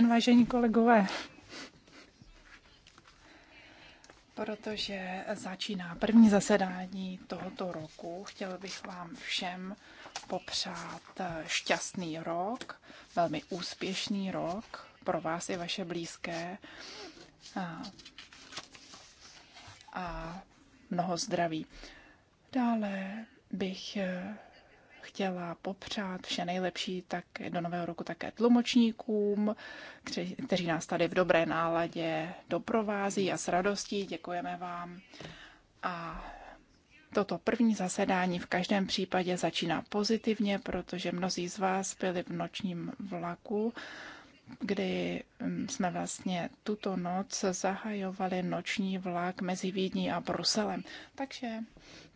den, vážení kolegové. Protože začíná první zasedání tohoto roku, chtěl bych vám všem popřát šťastný rok, velmi úspěšný rok pro vás i vaše blízké a, a mnoho zdraví. Dále bych chtěla popřát vše nejlepší tak do nového roku také tlumočníkům, kteří, nás tady v dobré náladě doprovází a s radostí. Děkujeme vám. A Toto první zasedání v každém případě začíná pozitivně, protože mnozí z vás byli v nočním vlaku kdy mm, jsme vlastně tuto noc zahajovali noční vlak mezi Vídní a Bruselem. Takže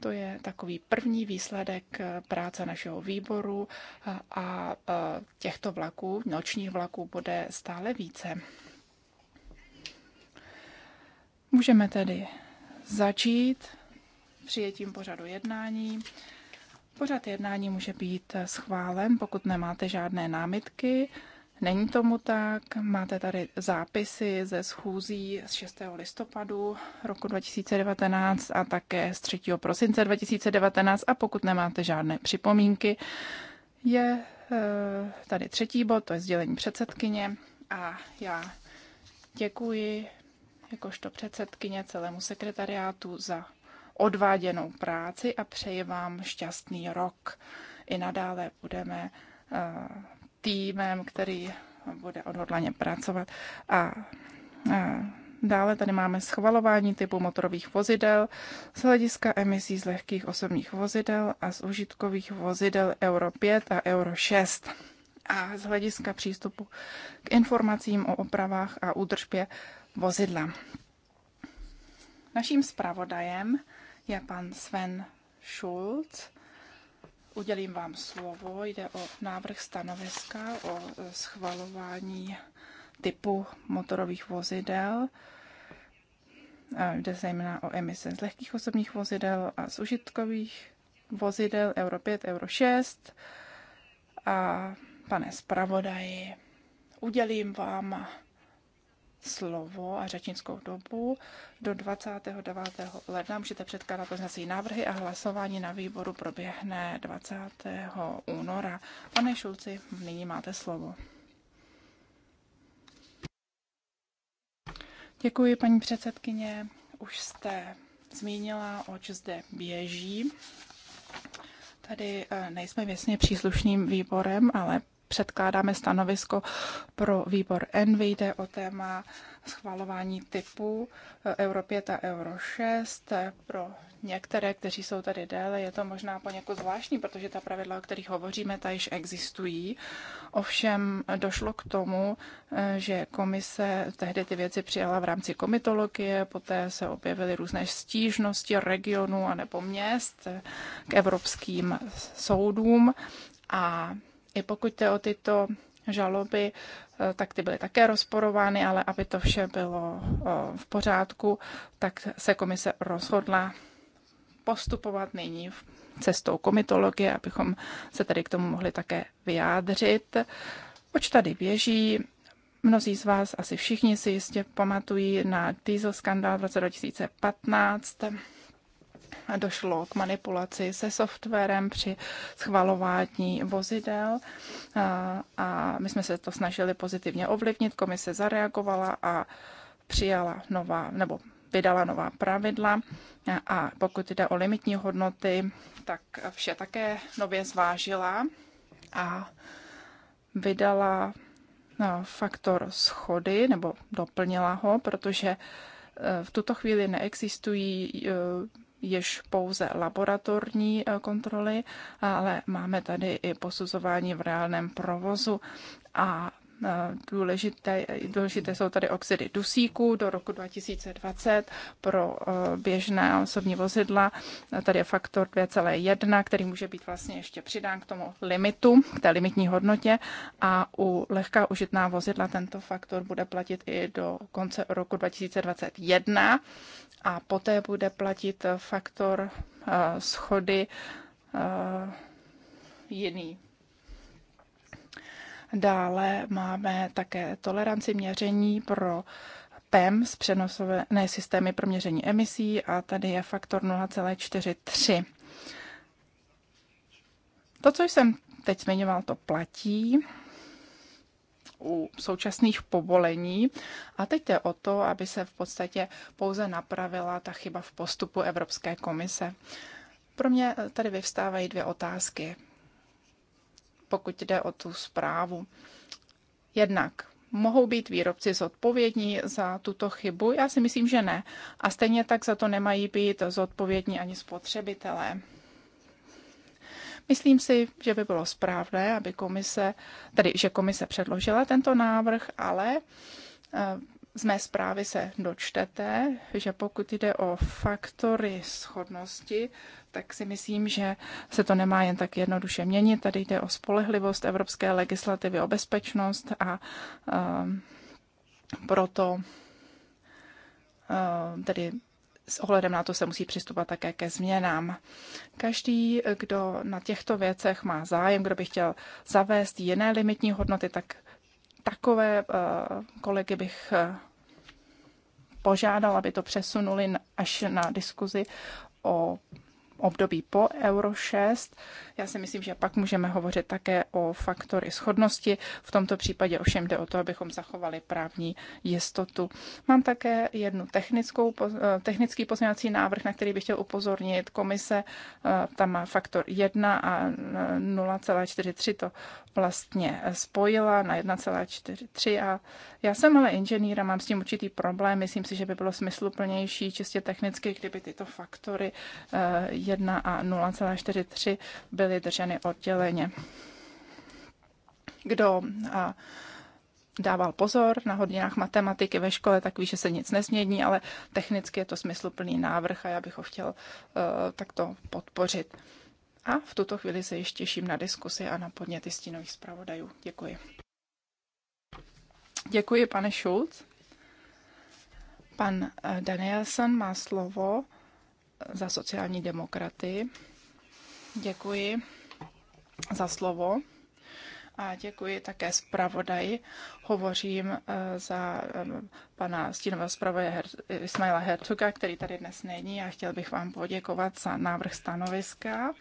to je takový první výsledek eh, práce našeho výboru eh, a eh, těchto vlaků, nočních vlaků, bude stále více. Můžeme tedy začít přijetím pořadu jednání. Pořad jednání může být schválen, pokud nemáte žádné námitky. Není tomu tak. Máte tady zápisy ze schůzí z 6. listopadu roku 2019 a také z 3. prosince 2019. A pokud nemáte žádné připomínky, je eh, tady třetí bod, to je sdělení předsedkyně. A já děkuji jakožto předsedkyně celému sekretariátu za odváděnou práci a přeji vám šťastný rok. I nadále budeme eh, týmem, který bude odhodlaně pracovat. A Dále tady máme schvalování typu motorových vozidel z hlediska emisí z lehkých osobních vozidel a z užitkových vozidel Euro 5 a Euro 6 a z hlediska přístupu k informacím o opravách a údržbě vozidla. Naším zpravodajem je pan Sven Schulz Udělím vám slovo. Jde o návrh stanoviska o e, schvalování typu motorových vozidel. Jde zejména o emise z lehkých osobních vozidel a z užitkových vozidel Euro 5, Euro 6. A pane zpravodaji, udělím vám slovo a řečnickou dobu do 29. ledna. Můžete předkládat poznací návrhy a hlasování na výboru proběhne 20. února. Pane Šulci, nyní máte slovo. Děkuji, paní předsedkyně. Už jste zmínila, oč zde běží. Tady eh, nejsme věcně příslušným výborem, ale předkládáme stanovisko pro výbor ENVY. Jde o téma schvalování typu eh, Euro 5 a Euro 6. Eh, pro některé, kteří jsou tady déle, je to možná poněkud zvláštní, protože ta pravidla, o kterých hovoříme, ta již existují. Ovšem eh, došlo k tomu, že komise tehdy ty věci přijala v rámci komitologie, poté se objevily různé stížnosti regionů nebo měst k evropským soudům a i pokud jde o tyto žaloby, eh, tak ty byly také rozporovány, ale aby to vše bylo eh, v pořádku, tak se komise rozhodla postupovat nyní cestou komitologie, abychom se tady k tomu mohli také vyjádřit. Oč tady běží? Mnozí z vás, asi všichni si jistě pamatují na diesel skandál v roce 2015, došlo k manipulaci se softwarem při schvalování vozidel a my jsme se to snažili pozitivně ovlivnit. Komise zareagovala a přijala nová, nebo vydala nová pravidla a pokud jde o limitní hodnoty, tak vše také nově zvážila a vydala no, faktor schody nebo doplnila ho, protože e, v tuto chvíli neexistují e, již pouze laboratorní eh, kontroly, ale máme tady i posuzování v reálném provozu a důležité, důležité jsou tady oxidy dusíku do roku 2020 pro eh, běžné osobní vozidla. Tady je faktor 2,1, který může být vlastně ještě přidán k tomu limitu, k té limitní hodnotě a u lehká užitná vozidla tento faktor bude platit i do konce roku 2021 a poté bude platit faktor eh, schody eh, jiný Dále máme také toleranci měření pro e z přenosové systémy pro měření emisí a tady je faktor 0,43. To, co jsem teď zmiňoval, to platí u současných povolení. A teď je o to, aby se v podstatě pouze napravila ta chyba v postupu Evropské komise. Pro mě tady vyvstávají dvě otázky pokud jde o tu zprávu. Jednak mohou být výrobci zodpovědní za tuto chybu? Já si myslím, že ne. A stejně tak za to nemají být zodpovědní ani spotřebitelé. Myslím si, že by bylo správné, aby komise, tedy že komise předložila tento návrh, ale eh, z mé zprávy se dočtete, že pokud jde o faktory schodnosti, tak si myslím, že se to nemá jen tak jednoduše měnit. Tady jde o spolehlivost evropské legislativy o bezpečnost a um, proto um, tedy s ohledem na to se musí přistupovat také ke změnám. Každý, kdo na těchto věcech má zájem, kdo by chtěl zavést jiné limitní hodnoty, tak takové uh, kolegy bych uh, požádal, aby to přesunuli až na diskuzi o období po Euro 6. Já si myslím, že pak můžeme hovořit také o faktory schodnosti. V tomto případě ovšem jde o to, abychom zachovali právní jistotu. Mám také jednu technickou, eh, technický pozměňovací návrh, na který bych chtěl upozornit. Komise eh, tam má faktor 1 a 0,43 eh, to vlastně spojila na 1,43 a já jsem ale inženýr a mám s tím určitý problém. Myslím si, že by bylo smysluplnější čistě technicky, kdyby tyto faktory 1 a 0,43 byly drženy odděleně. Kdo a, dával pozor na hodinách matematiky ve škole, tak ví, že se nic nezmění, ale technicky je to smysluplný návrh a já bych ho chtěl uh, takto podpořit. A v tuto chvíli se ještě těším na diskusi a na podněty stínových zpravodajů. Děkuji. Děkuji, pane Schulz. Pan e, Danielson má slovo za sociální demokraty. Děkuji za slovo a děkuji také zpravodaji. Hovořím eh, za eh, pana stínového zpravodaje Ismaila Hertuga, který tady dnes není a chtěl bych vám poděkovat za návrh stanoviska.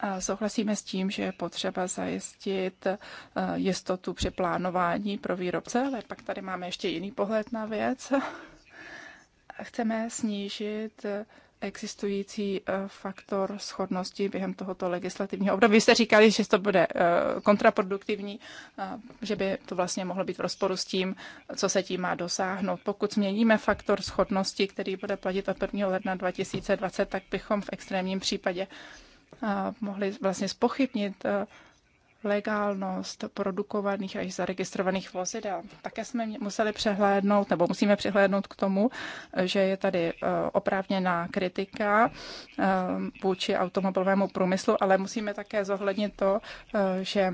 A souhlasíme s tím, že je potřeba zajistit eh, jistotu při plánování pro výrobce, ale pak tady máme ještě jiný pohled na věc. Chceme snížit existující eh, faktor schodnosti během tohoto legislativního období. Vy jste říkali, že to bude eh, kontraproduktivní, eh, že by to vlastně mohlo být v rozporu s tím, co se tím má dosáhnout. Pokud změníme faktor schodnosti, který bude platit od 1. ledna 2020, tak bychom v extrémním případě mohli vlastně spochybnit legálnost produkovaných a již zaregistrovaných vozidel. Také jsme museli přehlédnout, nebo musíme přehlédnout k tomu, že je tady eh, oprávněná kritika eh, vůči automobilovému průmyslu, ale musíme také zohlednit to, eh, že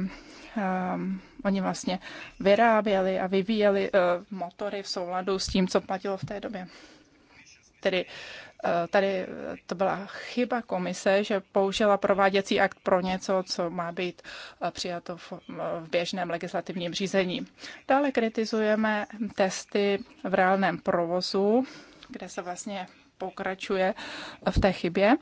oni vlastně vyráběli a vyvíjeli motory v souladu s tím, co platilo v té době. Tedy Eh, tady eh, to byla chyba komise, že použila prováděcí akt pro něco, co má být eh, přijato v, běžném legislativním řízení. Dále kritizujeme testy v reálném provozu, kde se vlastně pokračuje v té chybě.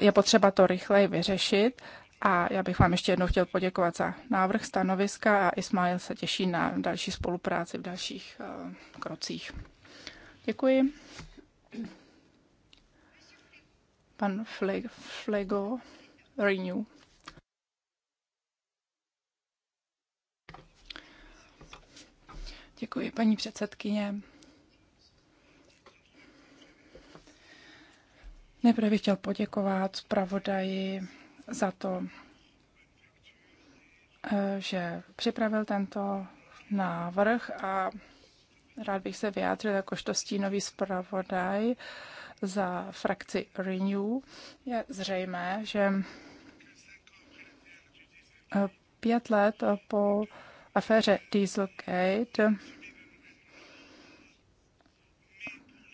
Je potřeba to rychleji vyřešit. A já bych vám ještě jednou chtěl poděkovat za návrh stanoviska a Ismail se těší na další spolupráci v dalších krocích. Děkuji pan Flego Renew. Děkuji, paní předsedkyně. Nejprve bych chtěl poděkovat zpravodaji za to, že připravil tento návrh a rád bych se vyjádřil jakožto stínový zpravodaj za frakci Renew, je zřejmé, že eh, pět let po aféře Dieselgate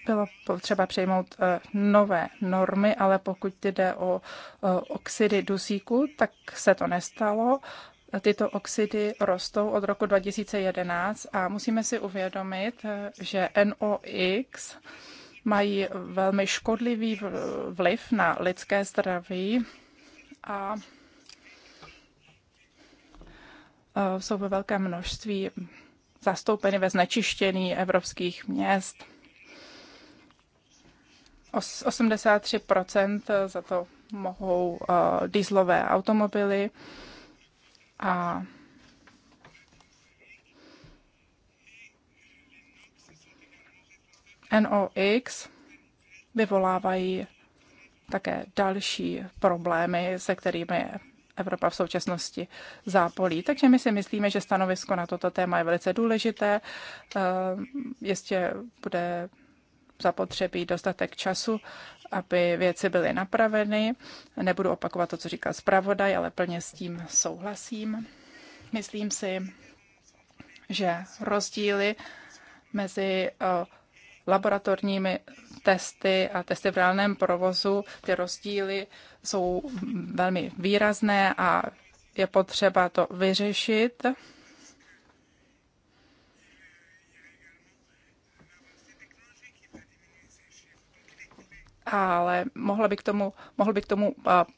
bylo potřeba přejmout eh, nové normy, ale pokud jde o eh, oxidy dusíku, tak se to nestalo. Tyto oxidy rostou od roku 2011 a musíme si uvědomit, že NOx mají velmi škodlivý vliv na lidské zdraví a eh, jsou ve velkém množství zastoupeny ve znečištění evropských měst. 83% za to mohou uh, automobily a NOx vyvolávají také další problémy, se kterými je Evropa v současnosti zápolí. Takže my si myslíme, že stanovisko na toto téma je velice důležité. Eh, jistě bude zapotřebí dostatek času, aby věci byly napraveny. Nebudu opakovat to, co říkal zpravodaj, ale plně s tím souhlasím. Myslím si, že rozdíly mezi eh, laboratorními testy a testy v reálném provozu, ty rozdíly jsou velmi výrazné a je potřeba to vyřešit. ale mohl by k tomu, mohl by k tomu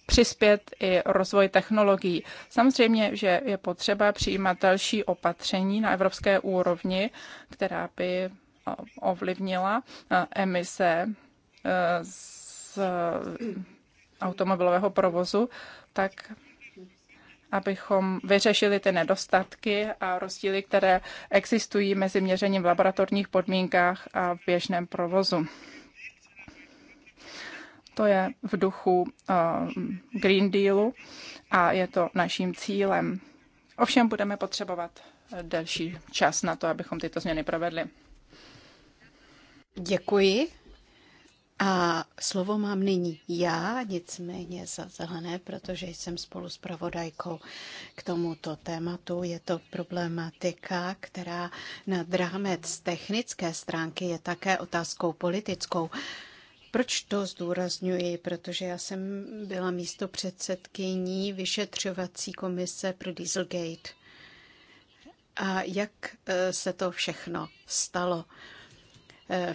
přispět i rozvoj technologií. Samozřejmě, že je potřeba přijímat další opatření na evropské úrovni, která by ovlivnila eh, emise eh, z automobilového provozu, tak abychom vyřešili ty nedostatky a rozdíly, které existují mezi měřením v laboratorních podmínkách a v běžném provozu. To je v duchu eh, Green Dealu a je to naším cílem. Ovšem budeme potřebovat delší čas na to, abychom tyto změny provedli. Děkuji. A slovo mám nyní já, nicméně za zelené, protože jsem spolu s pravodajkou k tomuto tématu. Je to problematika, která na rámec technické stránky je také otázkou politickou. Proč to zdůrazňuji? Protože já jsem byla místo předsedkyní vyšetřovací komise pro Dieselgate. A jak eh, se to všechno stalo?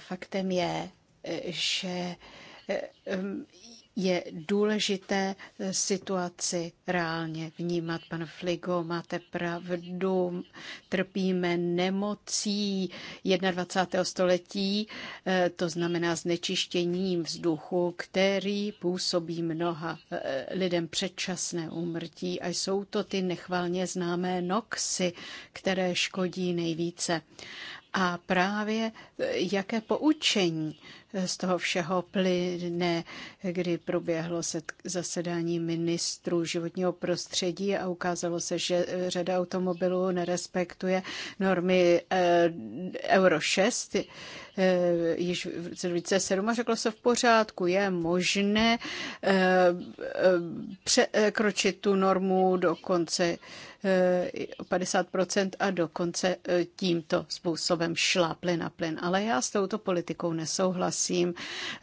Faktem je, že ehm, je důležité situaci reálně vnímat. Pan Fligo, máte pravdu, trpíme nemocí 21. století, eh, to znamená znečištěním vzduchu, který působí mnoha eh, lidem předčasné úmrtí a jsou to ty nechvalně známé noxy, které škodí nejvíce. A právě eh, jaké poučení z toho všeho plyne, kdy proběhlo zasedání ministrů životního prostředí a ukázalo se, že řada automobilů nerespektuje normy eh, Euro 6 eh, již v roce 2007 a řeklo se v pořádku, je možné eh, překročit tu normu do konce 50% a dokonce tímto způsobem šlápli na plyn. Ale já s touto politikou nesouhlasím prosím,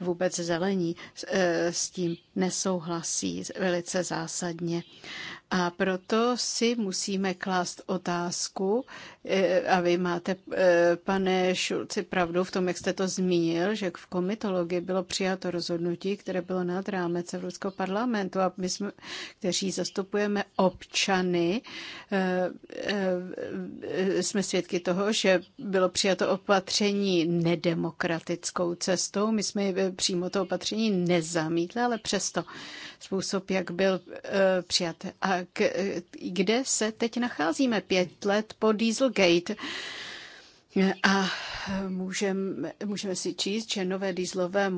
vůbec zelení eh, s tím nesouhlasí velice zásadně. A proto si musíme klást otázku, eh, a vy máte, eh, pane Šulci, pravdu v tom, jak jste to zmínil, že v komitologii bylo přijato rozhodnutí, které bylo nad rámec Evropského parlamentu a my jsme, kteří zastupujeme občany, eh, jsme svědky toho, že bylo přijato opatření nedemokratickou cestou. My jsme přímo to opatření nezamítli, ale přesto způsob, jak byl přijat. A tak kde se teď nacházíme pět let po Dieselgate? A můžem, můžeme si číst, že nové dýzlové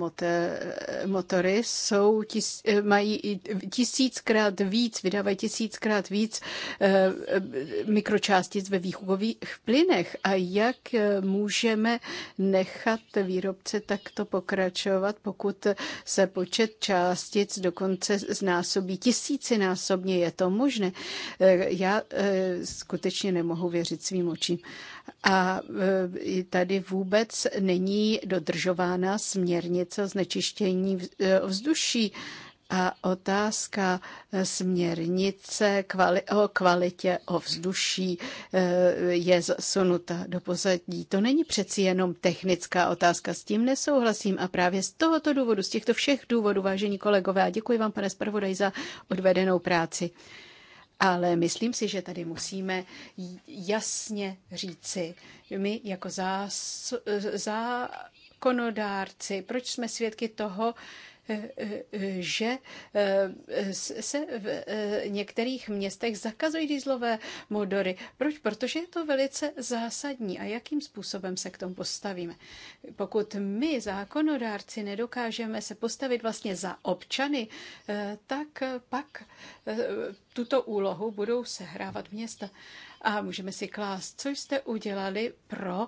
motory jsou tis, mají tisíckrát víc, vydávají tisíckrát víc eh, mikročástic ve výchukových plynech. A jak můžeme nechat výrobce takto pokračovat, pokud se počet částic dokonce znásobí tisícinásobně? Je to možné? Eh, já eh, skutečně nemohu věřit svým očím a e, tady vůbec není dodržována směrnice o znečištění e, vzduší. A otázka e, směrnice kvali- o kvalitě ovzduší je zasunuta do pozadí. To není přeci jenom technická otázka, s tím nesouhlasím. A právě z tohoto důvodu, z těchto všech důvodů, vážení kolegové, a děkuji vám, pane zpravodaj, za odvedenou práci. Ale myslím si, že tady musíme jasně říci, my jako zás, zákonodárci, proč jsme svědky toho, že eh, se v eh, některých městech zakazují dýzlové modory. Proč? Protože je to velice zásadní. A jakým způsobem se k tomu postavíme? Pokud my, zákonodárci, nedokážeme se postavit vlastně za občany, eh, tak pak tuto úlohu budou sehrávat města a můžeme si klást, co jste udělali pro um,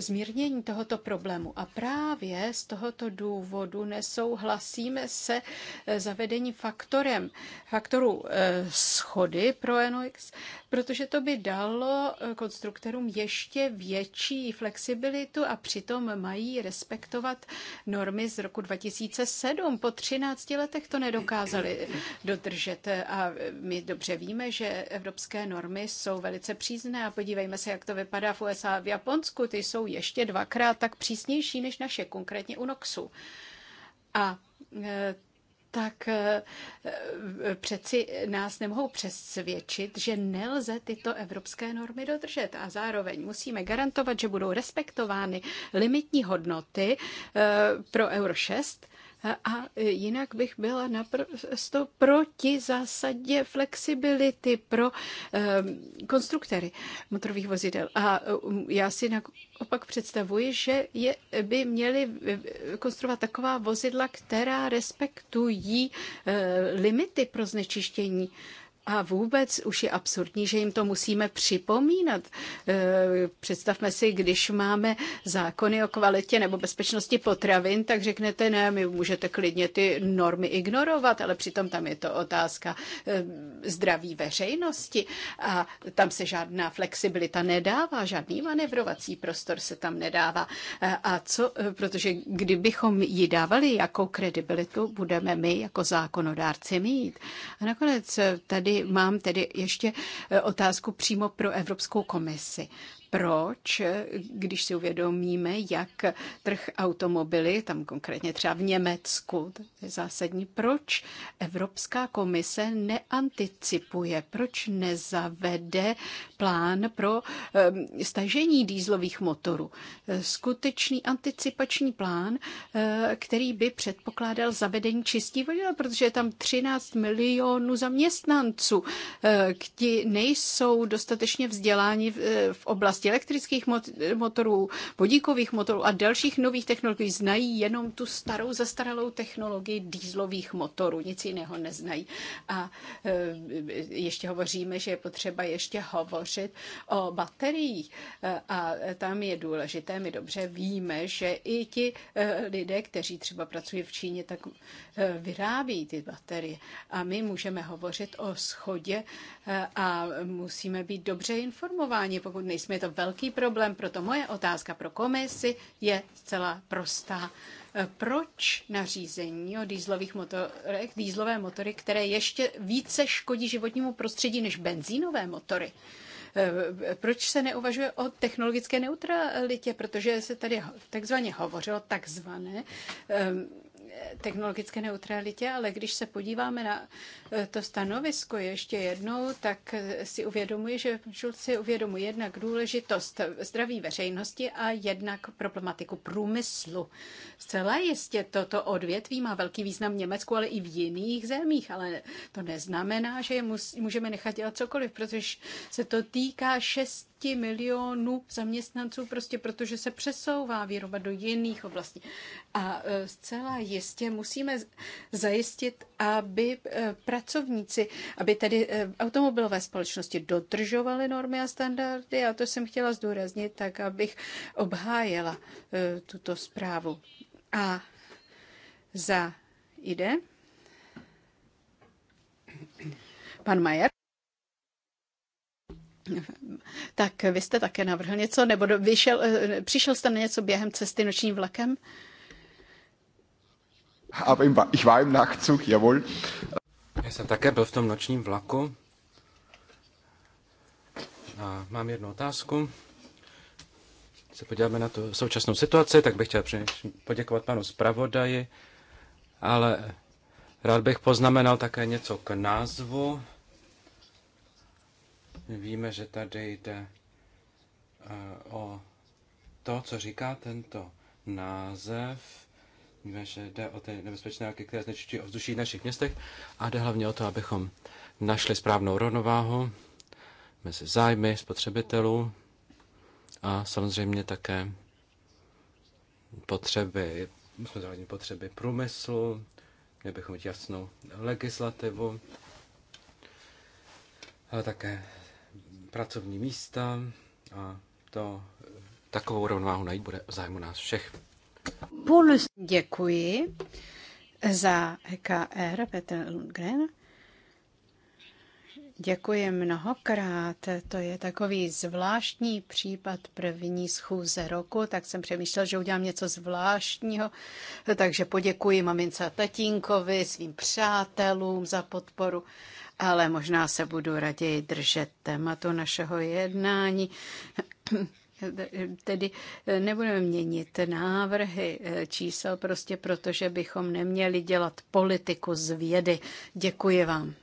zmírnění tohoto problému. A právě z tohoto důvodu nesouhlasíme se eh, zavedení faktorem, faktoru uh, schody pro NOx, protože to by dalo konstruktorům ještě větší flexibilitu a přitom mají respektovat normy z roku 2007. Po 13 letech to nedokázali dodržet a my dobře víme, že evropské normy jsou jsou velice přízné a podívejme se, jak to vypadá v USA a v Japonsku. Ty jsou ještě dvakrát tak přísnější než naše, konkrétně u NOXu. A e, tak e, e, přeci nás nemohou přesvědčit, že nelze tyto evropské normy dodržet a zároveň musíme garantovat, že budou respektovány limitní hodnoty pro Euro 6 a jinak bych byla naprosto proti zásadě flexibility pro ehm, konstruktory motorových vozidel. A um, já si opak představuji, že je, by měli eh, konstruovat taková vozidla, která respektují eh, limity pro znečištění. A vůbec už je absurdní, že jim to musíme připomínat. E, představme si, když máme zákony o kvalitě nebo bezpečnosti potravin, tak řeknete, ne, my můžete klidně ty normy ignorovat, ale přitom tam je to otázka e, zdraví veřejnosti a tam se žádná flexibilita nedává, žádný manevrovací prostor se tam nedává. E, a co, protože kdybychom ji dávali, jakou kredibilitu budeme my jako zákonodárci mít. A nakonec tady mám tedy ještě eh, otázku přímo pro Evropskou komisi. Proč, eh, když si uvědomíme, jak trh automobily, tam konkrétně třeba v Německu, to je zásadní, proč Evropská komise neanticipuje, proč nezavede plán pro ehm, stažení dýzlových motorů. Skutečný anticipační plán, eh, který by předpokládal zavedení čistí vody, protože je tam 13 milionů zaměstnanců, eh, kteří nejsou dostatečně vzděláni v eh, oblasti elektrických motorů, vodíkových motorů a dalších nových technologií. Znají jenom tu starou, zastaralou technologii dýzlových motorů, nic jiného neznají. A ještě hovoříme, že je potřeba ještě hovořit hovořit o bateriích. Eh, a tam je důležité, my dobře víme, že i ti eh, lidé, kteří třeba pracují v Číně, tak eh, vyrábí ty baterie. A my můžeme hovořit o schodě a musíme být dobře informováni. Pokud nejsme, je to velký problém. Proto moje otázka pro komisi je zcela prostá proč nařízení o dýzlových motorech, dýzlové motory, které ještě více škodí životnímu prostředí než benzínové motory, Eh, proč se neuvažuje o technologické neutralitě? Protože se tady takzvaně hovořilo takzvané eh, technologické neutralitě, ale když se podíváme na eh, to stanovisko ještě jednou, tak eh, si uvědomuji, že Schulz si uvědomuje jednak důležitost zdraví veřejnosti a jednak problematiku průmyslu. Zcela jistě toto odvětví má velký význam v Německu, ale i v jiných zemích, ale to neznamená, že je můžeme nechat dělat cokoliv, protože se to týká šest milionů zaměstnanců, prostě protože se přesouvá výroba do jiných oblastí. A e, zcela jistě musíme zajistit, aby e, pracovníci, aby tedy e, automobilové společnosti dodržovaly normy a standardy, a to jsem chtěla zdůraznit, tak abych obhájela tuto zprávu. A za ide pan Majer. Tak vy jste také navrhl něco, nebo vyšel, eh, přišel jste na něco během cesty nočním vlakem? Aber ich war im Nachtzug, jawohl. Já jsem také byl v tom nočním vlaku. A mám jednu otázku. Když se podíváme na tu současnou situaci, tak bych chtěl poděkovat panu zpravodaji, ale rád bych poznamenal také něco k názvu Víme, že tady jde eh, o to, co říká tento název. Víme, že jde o ty nebezpečné války, které znečišťují ovzduší v našich městech a jde hlavně o to, abychom našli správnou rovnováhu mezi zájmy spotřebitelů a samozřejmě také potřeby, musíme zohlednit potřeby průmyslu, měli bychom mít jasnou legislativu, ale také pracovní místa a to takovou rovnováhu najít bude v zájmu nás všech. Děkuji za EKR Petr Lundgren. Děkuji mnohokrát. To je takový zvláštní případ první schůze roku, tak jsem přemýšlel, že udělám něco zvláštního. Takže poděkuji mamince a tatínkovi, svým přátelům za podporu ale možná se budu raději držet tématu našeho jednání. Tedy eh, nebudeme měnit návrhy eh, čísel prostě proto, že bychom neměli dělat politiku z vědy. Děkuji vám.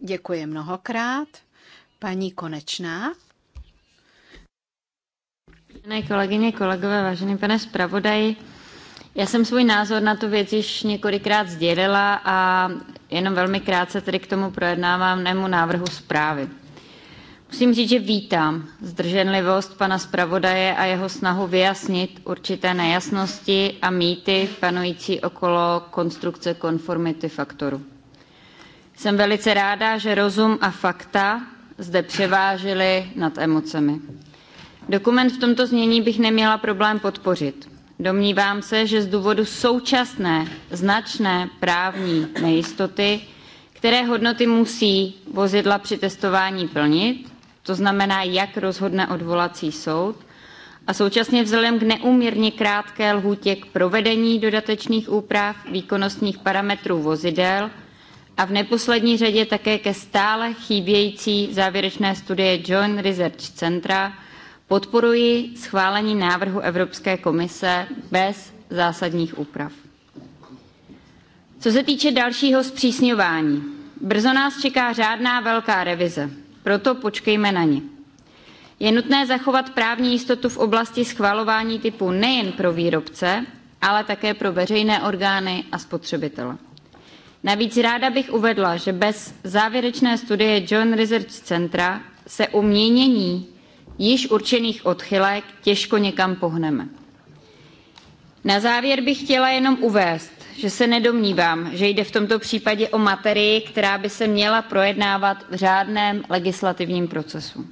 Děkuji mnohokrát. Paní Konečná. Ne, kolegyně, kolegové, vážený pane zpravodaji, já jsem svůj názor na tu věc již několikrát sdělila a jenom velmi krátce tedy k tomu projednávanému návrhu zprávy. Musím říct, že vítám zdrženlivost pana zpravodaje a jeho snahu vyjasnit určité nejasnosti a mýty panující okolo konstrukce konformity faktoru. Jsem velice ráda, že rozum a fakta zde převážily nad emocemi. Dokument v tomto znění bych neměla problém podpořit. Domnívám se, že z důvodu současné značné právní nejistoty, které hodnoty musí vozidla při testování plnit, to znamená, jak rozhodne odvolací soud, a současně vzhledem k neúměrně krátké lhůtě k provedení dodatečných úprav výkonnostních parametrů vozidel a v neposlední řadě také ke stále chybějící závěrečné studie Joint Research Centra Podporuji schválení návrhu Evropské komise bez zásadních úprav. Co se týče dalšího zpřísňování, brzo nás čeká řádná velká revize, proto počkejme na ni. Je nutné zachovat právní jistotu v oblasti schvalování typu nejen pro výrobce, ale také pro veřejné orgány a spotřebitele. Navíc ráda bych uvedla, že bez závěrečné studie John Research Centra se u měnění již určených odchylek těžko někam pohneme. Na závěr bych chtěla jenom uvést, že se nedomnívám, že jde v tomto případě o materii, která by se měla projednávat v řádném legislativním procesu.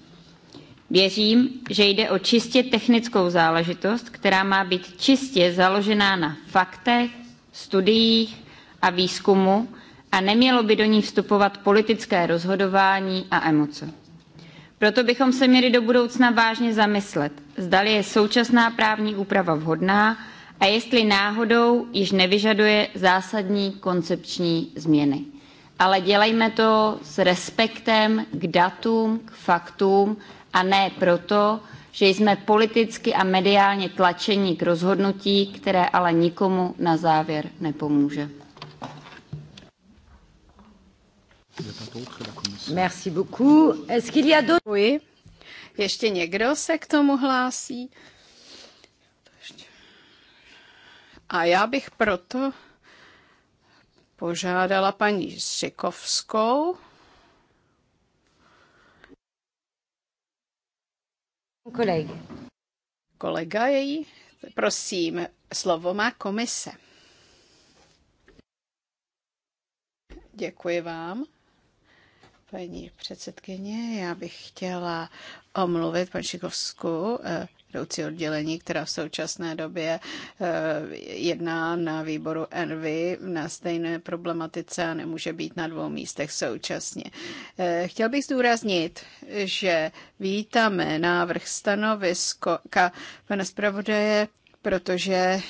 Věřím, že jde o čistě technickou záležitost, která má být čistě založená na faktech, studiích a výzkumu a nemělo by do ní vstupovat politické rozhodování a emoce. Proto bychom se měli do budoucna vážně zamyslet, zdali je současná právní úprava vhodná a jestli náhodou již nevyžaduje zásadní koncepční změny. Ale dělejme to s respektem k datům, k faktům a ne proto, že jsme politicky a mediálně tlačeni k rozhodnutí, které ale nikomu na závěr nepomůže. Merci beaucoup. Est-ce qu'il y a d'autres? Ještě někdo se k tomu hlásí? A já bych proto požádala paní Šikovskou. Kolega. Kolega její. Prosím, slovo má komise. Děkuji vám paní předsedkyně. Já bych chtěla omluvit paní Šikovskou, eh, vedoucí oddělení, která v současné době eh, jedná na výboru Nv na stejné problematice a nemůže být na dvou místech současně. Eh, chtěl bych zdůraznit, že vítáme návrh stanoviska pana zpravodaje, protože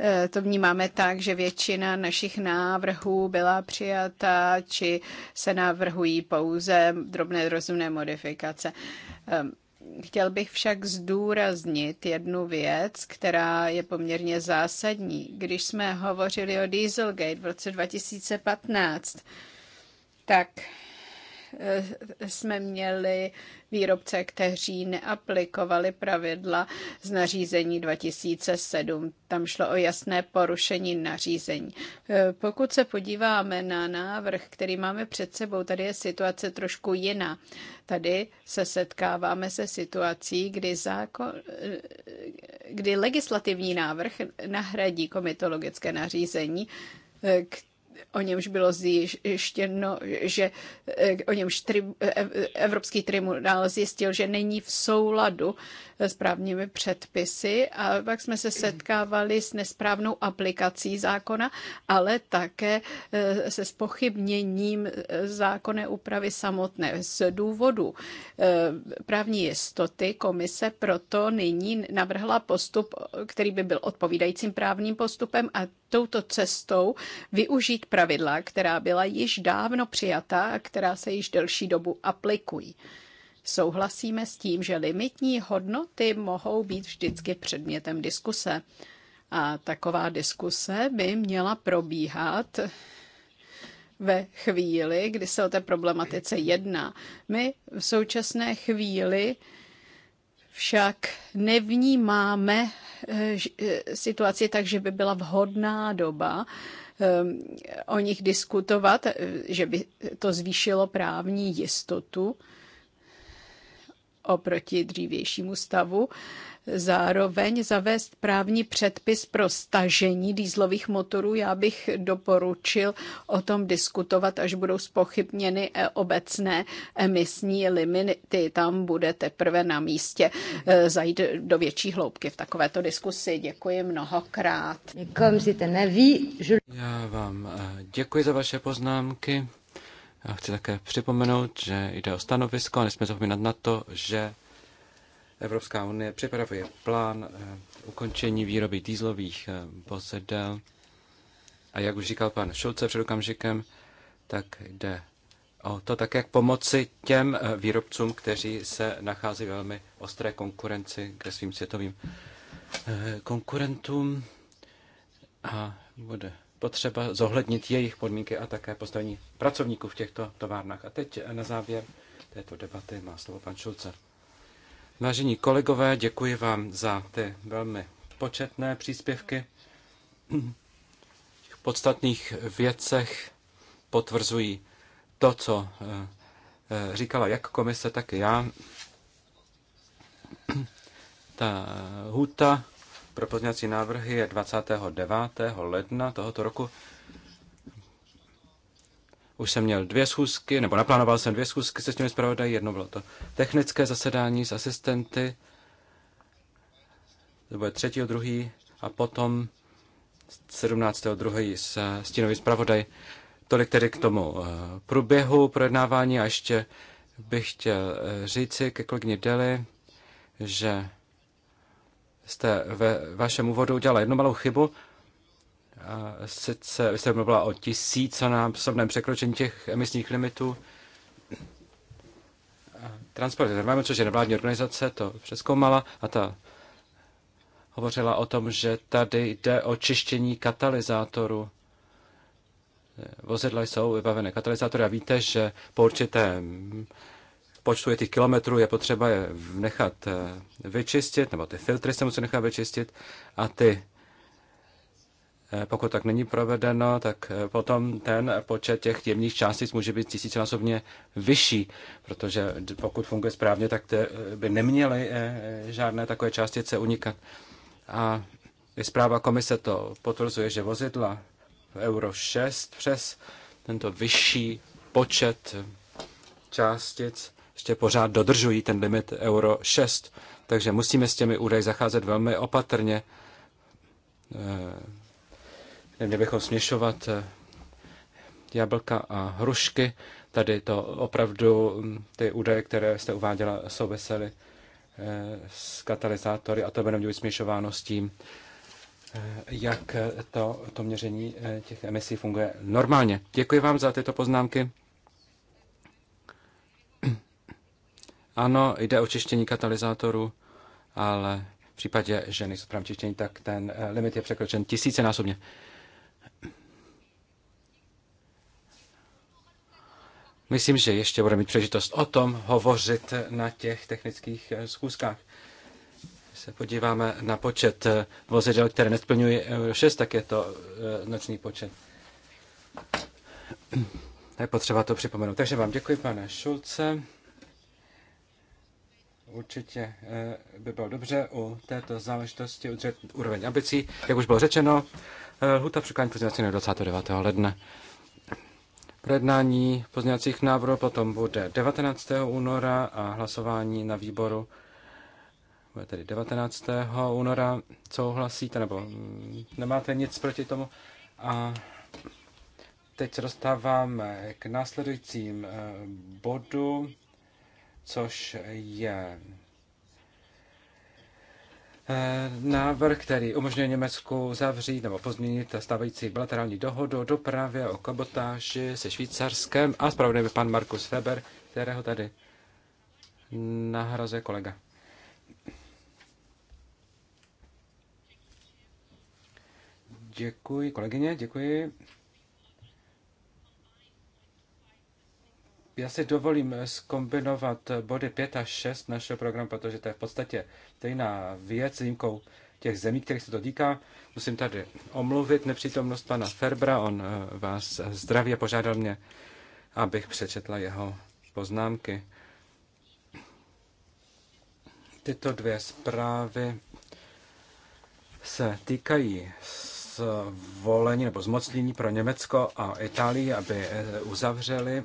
Eh, to vnímáme tak, že většina našich návrhů byla přijata, či se navrhují pouze drobné rozumné modifikace. Ehm, chtěl bych však zdůraznit jednu věc, která je poměrně zásadní. Když jsme hovořili o Dieselgate v roce 2015, tak Eh, jsme měli výrobce, kteří neaplikovali pravidla z nařízení 2007. Tam šlo o jasné porušení nařízení. Eh, pokud se podíváme na návrh, který máme před sebou, tady je situace trošku jiná. Tady se setkáváme se situací, kdy, zákon, eh, kdy legislativní návrh nahradí komitologické nařízení, o němž bylo zjištěno, že eh, o němž tri, eh, eh, Evropský tribunál zjistil, že není v souladu s právními předpisy a pak jsme se setkávali s nesprávnou aplikací zákona, ale také se spochybněním zákonné úpravy samotné. Z důvodu právní jistoty komise proto nyní navrhla postup, který by byl odpovídajícím právním postupem a touto cestou využít pravidla, která byla již dávno přijata a která se již delší dobu aplikují. Souhlasíme s tím, že limitní hodnoty mohou být vždycky předmětem diskuse. A taková diskuse by měla probíhat ve chvíli, kdy se o té problematice jedná. My v současné chvíli však nevnímáme Eh, eh, situaci, takže by byla vhodná doba ehm, o nich diskutovat, eh, že by to zvýšilo právní jistotu oproti dřívějšímu stavu. Zároveň zavést právní předpis pro stažení dýzlových motorů. Já bych doporučil o tom diskutovat, až budou spochybněny e, obecné emisní limity. Tam bude teprve na místě e, zajít do větší hloubky v takovéto diskusi. Děkuji mnohokrát. Já vám e, děkuji za vaše poznámky. A chci také připomenout, že jde o stanovisko a nesmíme zapomínat na to, že Evropská unie připravuje plán eh, ukončení výroby dýzlových eh, vozidel. A jak už říkal pan Šulce před okamžikem, tak jde o to tak, jak pomoci těm eh, výrobcům, kteří se nachází velmi ostré konkurenci ke svým světovým konkurentům. A bude potřeba zohlednit jejich podmínky a také postavení pracovníků v těchto továrnách. A teď na závěr této debaty má slovo pan Šulce. Vážení kolegové, děkuji vám za ty velmi početné příspěvky. V podstatných věcech potvrzují to, co eh, říkala jak komise, tak i já. Ta huta pro pozměňovací návrhy je 29. ledna tohoto roku. Už jsem měl dvě schůzky, nebo naplánoval jsem dvě schůzky se s těmi zpravodají. Jedno bylo to technické zasedání s asistenty, to bude 3. druhý a potom 17. druhý s stínový zpravodaj. Tolik tedy k tomu eh, průběhu projednávání a ještě bych chtěl eh, říci ke kolegyni Deli, že jste ve vašem úvodu udělala jednu malou chybu. A sice vy jste mluvila o tisíconásobném překročení těch emisních limitů. Transport Environment, což je nevládní organizace, to přeskoumala a ta hovořila o tom, že tady jde o čištění katalyzátoru. Vozidla jsou vybavené katalyzátory a víte, že po určitém počtu je těch kilometrů, je potřeba je nechat eh, vyčistit, nebo ty filtry se musí nechat vyčistit a ty, eh, pokud tak není provedeno, tak eh, potom ten počet těch jemných částic může být tisícinásobně vyšší, protože pokud funguje správně, tak ty by neměly žádné takové částice unikat. A i zpráva komise to potvrzuje, že vozidla Euro 6 přes tento vyšší počet částic ještě pořád dodržují ten limit euro 6, takže musíme s těmi údaji zacházet velmi opatrně. Neměli eh, bychom směšovat eh, jablka a hrušky. Tady to opravdu, hm, ty údaje, které jste uváděla, souvisely eh, s katalyzátory a to by nemělo být směšováno s tím, jak to, to měření těch emisí funguje normálně. Děkuji vám za tyto poznámky. Ano, jde o čištění katalyzátoru, ale v případě, že nejsou správně čištění, tak ten eh, limit je překročen tisícenásobně. Myslím, že ještě bude mít přežitost o tom hovořit na těch technických eh, schůzkách. Když se podíváme na počet eh, vozidel, které nesplňují Euro 6, tak je to noční počet. Je potřeba to připomenout. Takže vám děkuji, pane Šulce určitě eh, by bylo dobře u této záležitosti udržet úroveň ambicí. Jak už bylo řečeno, eh, lhuta překládání pozměňovacího 29. ledna. Projednání pozměňovacích návrhů potom bude 19. února a hlasování na výboru bude tedy 19. února. Souhlasíte nebo mm, nemáte nic proti tomu? A teď se dostáváme k následujícím eh, bodům což je eh, návrh, který umožňuje Německu zavřít nebo pozměnit stávající bilaterální dohodu o dopravě, o kabotáži se Švýcarskem a zpravodajuje pan Markus Weber, kterého tady nahrazuje kolega. Děkuji, kolegyně, děkuji. Já si dovolím skombinovat body 5 a 6 našeho programu, protože to je v podstatě stejná věc s výjimkou těch zemí, kterých se to týká. Musím tady omluvit nepřítomnost pana Ferbra, on eh, vás zdraví a požádal mě, abych přečetla jeho poznámky. Tyto dvě zprávy se týkají zvolení nebo zmocnění pro Německo a Itálii, aby eh, uzavřeli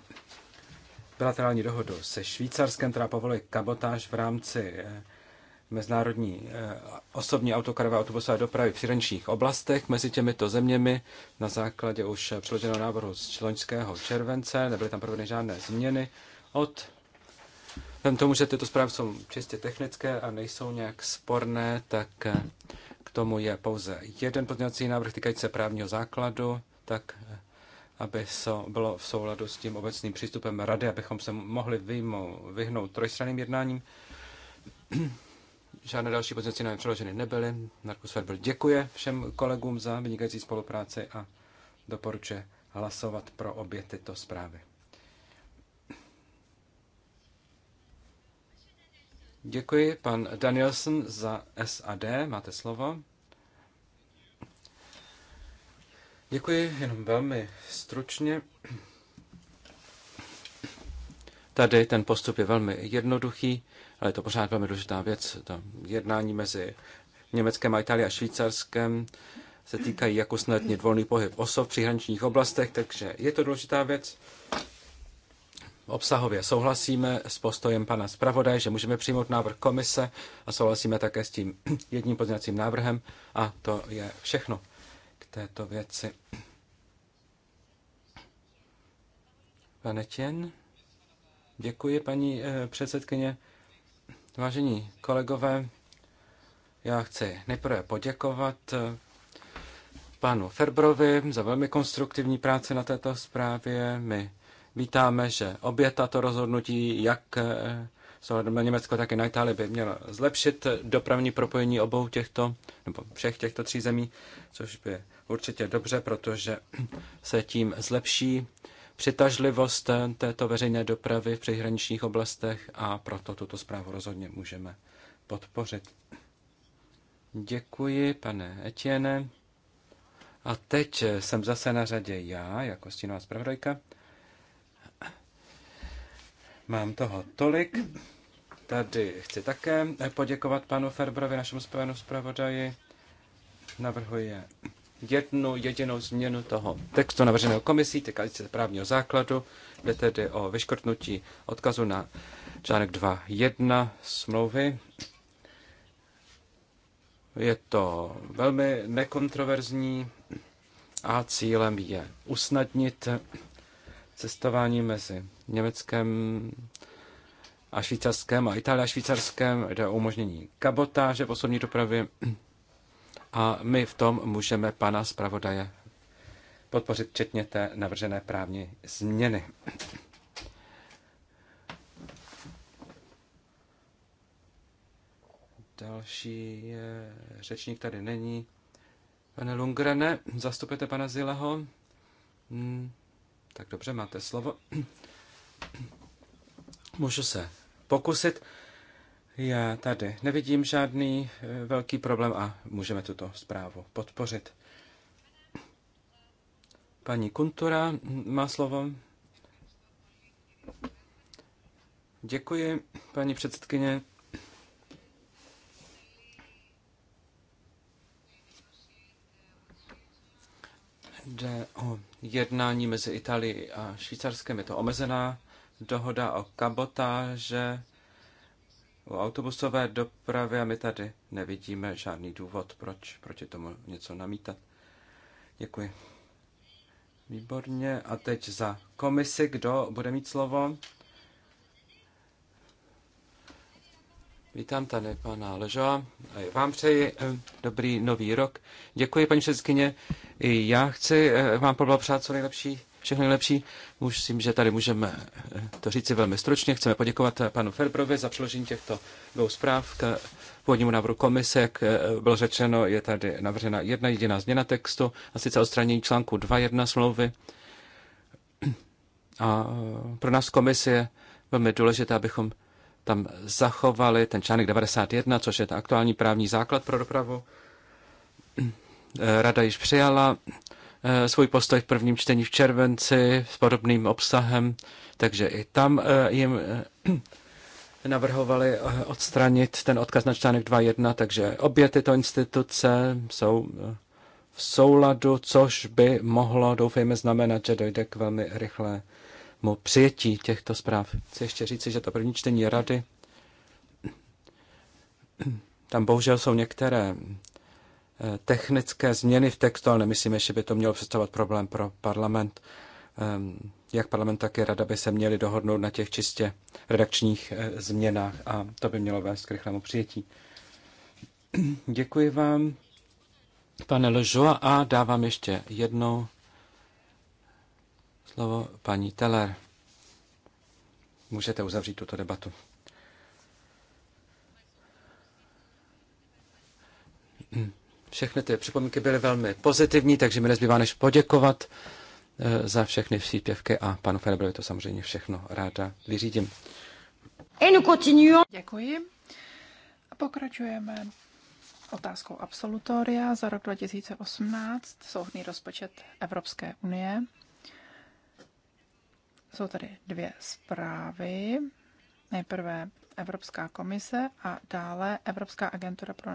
bilaterální dohodu se Švýcarskem, která povoluje kabotáž v rámci eh, mezinárodní eh, osobní autokarové autobusové dopravy v přírodních oblastech mezi těmito zeměmi na základě už předloženého návrhu z loňského července. Nebyly tam provedeny žádné změny od Vem tomu, že tyto zprávy jsou čistě technické a nejsou nějak sporné, tak eh, k tomu je pouze jeden pozměňovací návrh týkající se právního základu, tak aby se bylo v souladu s tím obecným přístupem rady, abychom se mohli vyjmout, vyhnout trojstranným jednáním. Žádné další pozici nám přeloženy nebyly. Markus Ferber děkuje všem kolegům za vynikající spolupráci a doporučuje hlasovat pro obě tyto zprávy. Děkuji, pan Danielson za SAD. Máte slovo. Děkuji, jenom velmi stručně. Tady ten postup je velmi jednoduchý, ale je to pořád velmi důležitá věc. To jednání mezi Německem a Itálií a Švýcarskem se týkají jako usnadnit volný pohyb osob v příhraničních oblastech, takže je to důležitá věc. Obsahově souhlasíme s postojem pana zpravodaje, že můžeme přijmout návrh komise a souhlasíme také s tím jedním pozměňovacím návrhem a to je všechno této věci. Pane Tien, děkuji paní eh, předsedkyně. Vážení kolegové, já chci nejprve poděkovat eh, panu Ferbrovi za velmi konstruktivní práci na této zprávě. My vítáme, že obě tato rozhodnutí, jak eh, na Německo, tak i na Itálii, by měla zlepšit dopravní propojení obou těchto, nebo všech těchto tří zemí, což by určitě dobře, protože se tím zlepší přitažlivost této veřejné dopravy v přihraničních oblastech a proto tuto zprávu rozhodně můžeme podpořit. Děkuji, pane Etienne. A teď jsem zase na řadě já, jako stínová zpravodajka. Mám toho tolik. Tady chci také poděkovat panu Ferbrovi, našemu spojenu zpravodaji. Navrhuje jednu jedinou změnu toho textu navrženého komisí, týkající se právního základu, jde tedy o vyškrtnutí odkazu na článek 2.1 smlouvy. Je to velmi nekontroverzní a cílem je usnadnit cestování mezi Německem a Švýcarskem a Itálie a Švýcarskem. Jde o umožnění kabotáže v osobní dopravě a my v tom můžeme pana zpravodaje podpořit, včetně té navržené právní změny. Další řečník tady není. Pane Lungrene, zastupujete pana Zileho? Hmm, tak dobře, máte slovo. Můžu se pokusit. Já tady nevidím žádný eh, velký problém a můžeme tuto zprávu podpořit. Paní Kuntura má slovo. Děkuji, paní předsedkyně. Jde o jednání mezi Itálií a Švýcarskem. Je to omezená dohoda o kabotáže. že u autobusové dopravy a my tady nevidíme žádný důvod, proč proti tomu něco namítat. Děkuji. Výborně. A teď za komisi, kdo bude mít slovo? Vítám tady pana Ležova. Vám přeji eh, dobrý nový rok. Děkuji, paní předsedkyně. Já chci eh, vám poblahopřát co nejlepší všechno nejlepší. Myslím, že tady můžeme eh, to říci velmi stručně. Chceme poděkovat eh, panu Ferbrovi za přeložení těchto dvou zpráv k eh, původnímu návrhu komise. Jak bylo řečeno, je tady navržena jedna jediná změna textu, a sice odstranění článku 2.1 smlouvy. A pro nás komise je velmi důležité, abychom tam zachovali ten článek 91, což je ten aktuální právní základ pro dopravu. Rada již přijala Eh, svůj postoj v prvním čtení v červenci s podobným obsahem, takže i tam eh, jim eh, navrhovali odstranit ten odkaz na článek 2.1, takže obě tyto instituce jsou v souladu, což by mohlo, doufejme, znamenat, že dojde k velmi rychlému přijetí těchto zpráv. Chci ještě říci, že to první čtení rady, tam bohužel jsou některé Eh, technické změny v textu, ale nemyslím, že by to mělo představovat problém pro parlament. Ehm, jak parlament, tak i rada by se měli dohodnout na těch čistě redakčních eh, změnách a to by mělo vést k rychlému přijetí. Děkuji vám, pane Ležua, a dávám ještě jednou slovo paní Teller. Můžete uzavřít tuto debatu. Všechny ty připomínky byly velmi pozitivní, takže mi nezbývá než poděkovat eh, za všechny příspěvky a panu Ferbrovi to samozřejmě všechno ráda vyřídím. Děkuji. A pokračujeme otázkou absolutoria za rok 2018, souhný rozpočet Evropské unie. Jsou tady dvě zprávy. Nejprve Evropská komise a dále Evropská agentura pro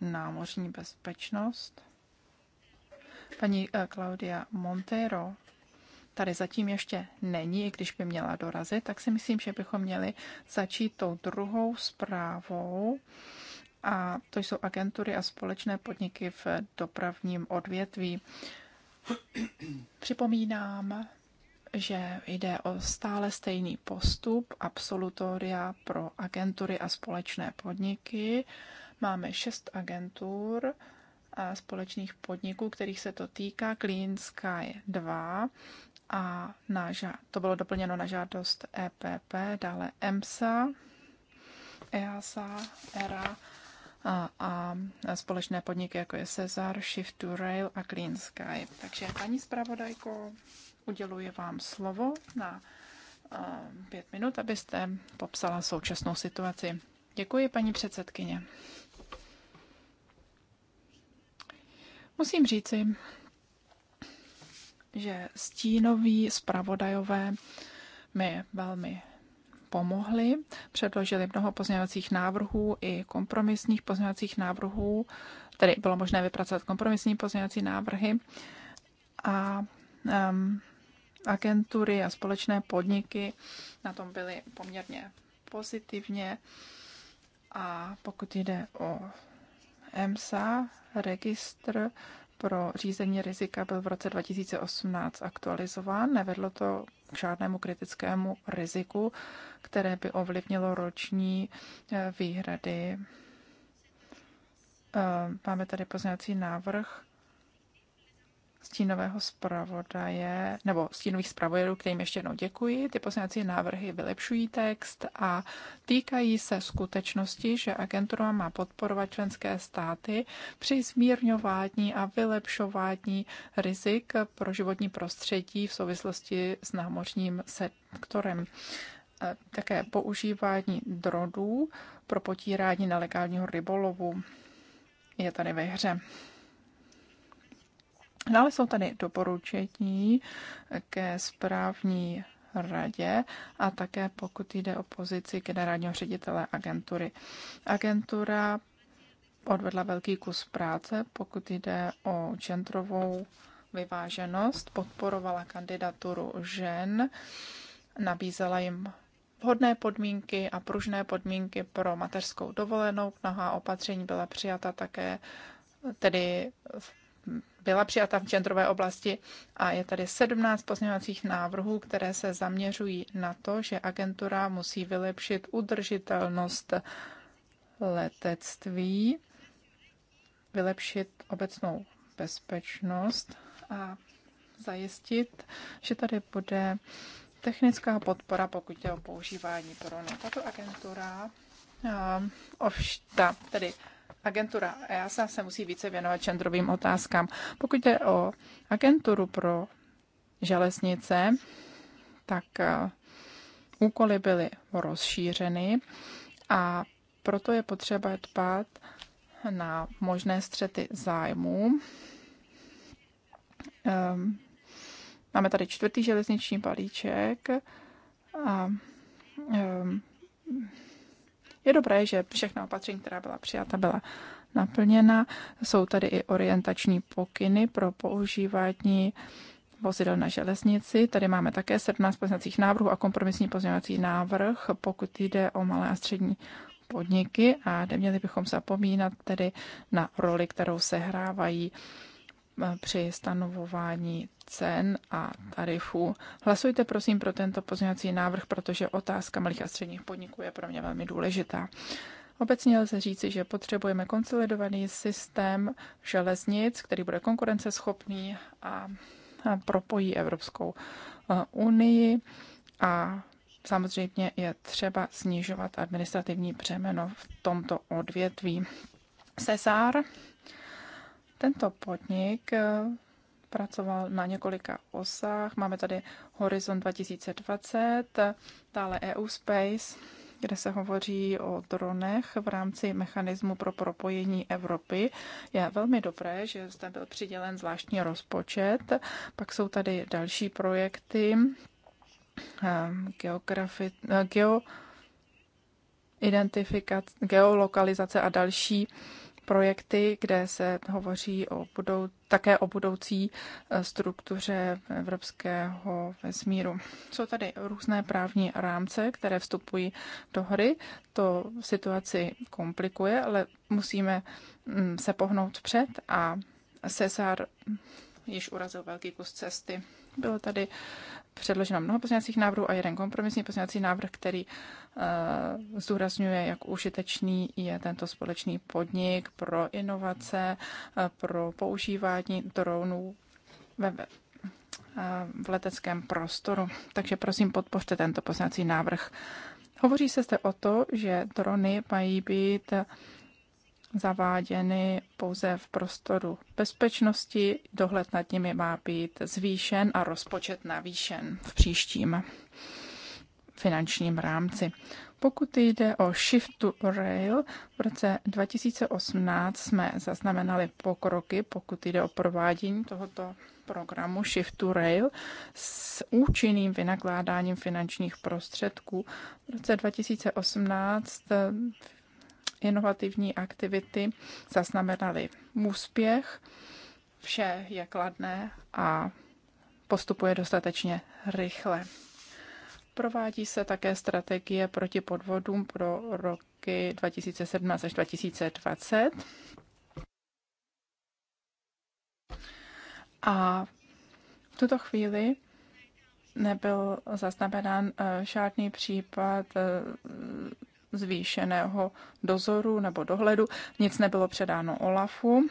námořní bezpečnost. Paní eh, Claudia Montero tady zatím ještě není, i když by měla dorazit, tak si myslím, že bychom měli začít tou druhou zprávou. A to jsou agentury a společné podniky v dopravním odvětví. Připomínám, že jde o stále stejný postup absolutoria pro agentury a společné podniky Máme šest agentur a společných podniků, kterých se to týká. Clean Sky 2 a na, to bylo doplněno na žádost EPP, dále EMSA, EASA, ERA a, a společné podniky, jako je Cezar, Shift to Rail a Clean Sky. Takže, paní zpravodajko, uděluji vám slovo na pět minut, abyste popsala současnou situaci. Děkuji, paní předsedkyně. Musím říci, že stínoví zpravodajové mi velmi pomohli, předložili mnoho pozměňovacích návrhů i kompromisních pozměňovacích návrhů, tedy bylo možné vypracovat kompromisní pozměňovací návrhy a um, agentury a společné podniky na tom byly poměrně pozitivně a pokud jde o EMSA, registr pro řízení rizika byl v roce 2018 aktualizován. Nevedlo to k žádnému kritickému riziku, které by ovlivnilo roční eh, výhrady. Eh, máme tady pozněcí návrh stínového zpravodaje, nebo stínových zpravodajů, kterým ještě jednou děkuji. Ty poslanecí návrhy vylepšují text a týkají se skutečnosti, že agentura má podporovat členské státy při zmírňování a vylepšování rizik pro životní prostředí v souvislosti s námořním sektorem také používání drodů pro potírání nelegálního rybolovu je tady ve hře. Dále jsou tady doporučení ke správní radě a také pokud jde o pozici generálního ředitele agentury. Agentura odvedla velký kus práce, pokud jde o čentrovou vyváženost, podporovala kandidaturu žen, nabízela jim vhodné podmínky a pružné podmínky pro mateřskou dovolenou. Mnohá opatření byla přijata také tedy v byla přijata v genderové oblasti a je tady 17 pozměňovacích návrhů, které se zaměřují na to, že agentura musí vylepšit udržitelnost letectví, vylepšit obecnou bezpečnost a zajistit, že tady bude technická podpora, pokud je o používání pro Tato agentura, ehm, ovšta, tedy agentura EASA se musí více věnovat čendrovým otázkám. Pokud jde o agenturu pro železnice, tak eh, úkoly byly rozšířeny a proto je potřeba dbát na možné střety zájmů. Ehm, máme tady čtvrtý železniční balíček a ehm, je dobré, že všechna opatření, která byla přijata, byla naplněna. Jsou tady i orientační pokyny pro používání vozidel na železnici. Tady máme také 17 pozměňovacích návrhů a kompromisní pozměňovací návrh, pokud jde o malé a střední podniky a neměli bychom zapomínat tedy na roli, kterou sehrávají Eh, při stanovování cen a tarifů. Hlasujte prosím pro tento pozměňovací návrh, protože otázka malých a středních podniků je pro mě velmi důležitá. Obecně lze říci, že potřebujeme konsolidovaný systém železnic, který bude konkurenceschopný a propojí Evropskou eh, unii a samozřejmě je třeba snižovat administrativní břemeno v tomto odvětví. Cesar tento podnik eh, pracoval na několika osách. Máme tady Horizon 2020, dále EU Space, kde se hovoří o dronech v rámci mechanismu pro propojení Evropy. Je velmi dobré, že zde byl přidělen zvláštní rozpočet. Pak jsou tady další projekty, eh, geografi, eh, geo, identifikace, geolokalizace a další projekty, kde se hovoří o budou, také o budoucí e, struktuře evropského vesmíru. Jsou tady různé právní rámce, které vstupují do hry. To situaci komplikuje, ale musíme mm, se pohnout před a Cesar již urazil velký kus cesty. Bylo tady předloženo mnoho pozměňovacích návrhů a jeden kompromisní pozměňovací návrh, který uh, zdůrazňuje, jak užitečný je tento společný podnik pro inovace, uh, pro používání dronů ve, uh, v leteckém prostoru. Takže prosím, podpořte tento pozměňovací návrh. Hovoří se zde o to, že drony mají být uh, zaváděny pouze v prostoru bezpečnosti. Dohled nad nimi má být zvýšen a rozpočet navýšen v příštím finančním rámci. Pokud jde o Shift to Rail, v roce 2018 jsme zaznamenali pokroky, pokud jde o provádění tohoto programu Shift to Rail s účinným vynakládáním finančních prostředků. V roce 2018 inovativní aktivity zaznamenaly úspěch. Vše je kladné a postupuje dostatečně rychle. Provádí se také strategie proti podvodům pro roky 2017 až 2020. A v tuto chvíli nebyl zaznamenán eh, žádný případ eh, zvýšeného dozoru nebo dohledu. Nic nebylo předáno OLAFu.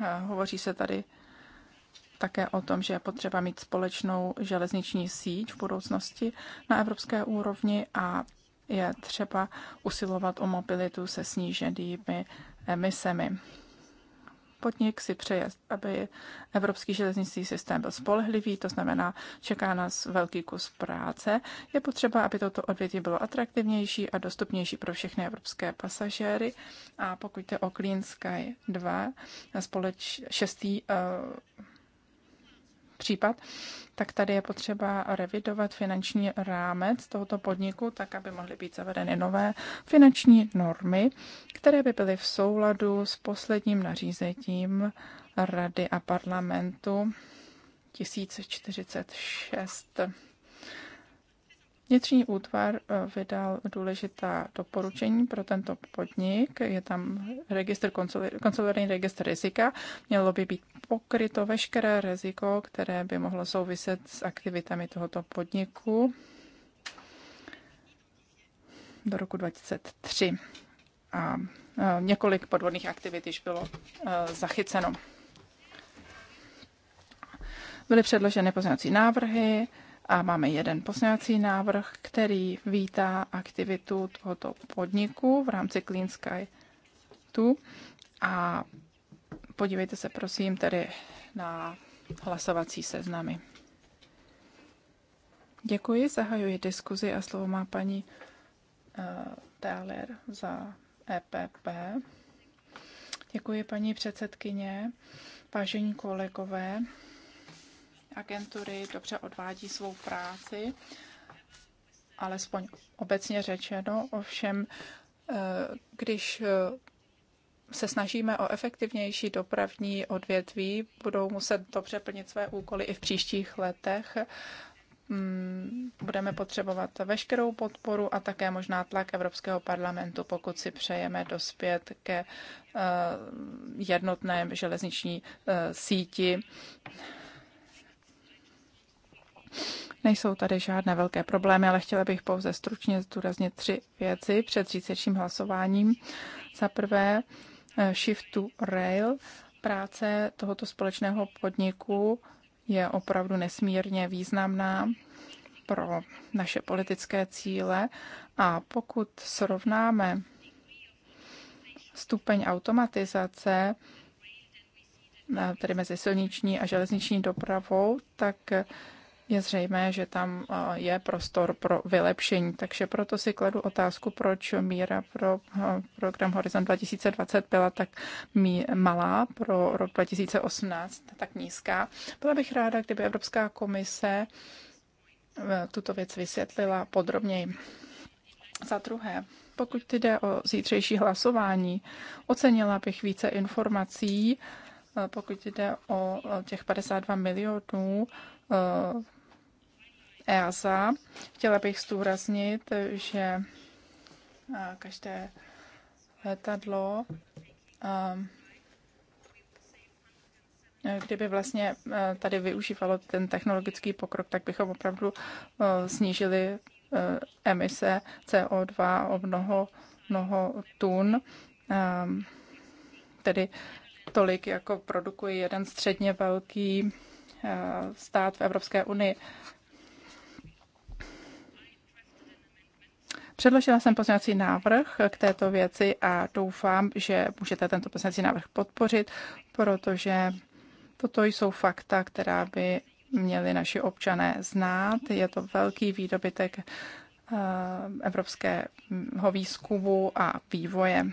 Eh, hovoří se tady také o tom, že je potřeba mít společnou železniční síť v budoucnosti na evropské úrovni a je třeba usilovat o mobilitu se sníženými emisemi. Podnik si přeje, aby evropský železniční systém byl spolehlivý, to znamená, čeká nás velký kus práce. Je potřeba, aby toto odvětví bylo atraktivnější a dostupnější pro všechny evropské pasažéry. A pokud jde o Clean Sky 2, společ, šestý uh, případ, tak tady je potřeba revidovat finanční rámec tohoto podniku, tak aby mohly být zavedeny nové finanční normy, které by byly v souladu s posledním nařízením Rady a parlamentu 1046. Vnitřní útvar eh, vydal důležitá doporučení pro tento podnik. Je tam registr, konsolidovaný registr rizika. Mělo by být pokryto veškeré riziko, které by mohlo souviset s aktivitami tohoto podniku do roku 2003. A eh, několik podvodných aktivit již bylo eh, zachyceno. Byly předloženy pozměňovací návrhy, a máme jeden poslanecí návrh, který vítá aktivitu tohoto podniku v rámci Clean Sky 2. A podívejte se prosím tedy na hlasovací seznamy. Děkuji, zahajuji diskuzi a slovo má paní uh, eh, Taylor za EPP. Děkuji, paní předsedkyně, vážení kolegové agentury dobře odvádí svou práci, alespoň obecně řečeno, ovšem eh, když eh, se snažíme o efektivnější dopravní odvětví, budou muset dobře plnit své úkoly i v příštích letech. Mm, budeme potřebovat veškerou podporu a také možná tlak Evropského parlamentu, pokud si přejeme dospět ke eh, jednotné železniční síti Nejsou tady žádné velké problémy, ale chtěla bych pouze stručně zdůraznit tři věci před řícečním hlasováním. Za prvé, eh, Shift to Rail, práce tohoto společného podniku je opravdu nesmírně významná pro naše politické cíle a pokud srovnáme stupeň automatizace eh, tedy mezi silniční a železniční dopravou, tak je zřejmé, že tam je prostor pro vylepšení. Takže proto si kladu otázku, proč míra pro program Horizont 2020 byla tak malá, pro rok 2018 tak nízká. Byla bych ráda, kdyby Evropská komise e, tuto věc vysvětlila podrobněji. Za druhé, pokud jde o zítřejší hlasování, ocenila bych více informací, e, pokud jde o e, těch 52 milionů EASA. Chtěla bych zdůraznit, že e, každé letadlo, e, kdyby vlastně e, tady využívalo ten technologický pokrok, tak bychom opravdu snížili emise CO2 o mnoho, mnoho tun, tedy tolik, jako produkuje jeden středně velký stát v Evropské unii. Předložila jsem pozměňovací návrh k této věci a doufám, že můžete tento pozměňovací návrh podpořit, protože toto jsou fakta, která by měli naši občané znát. Je to velký výdobytek eh, evropského výzkumu a vývoje.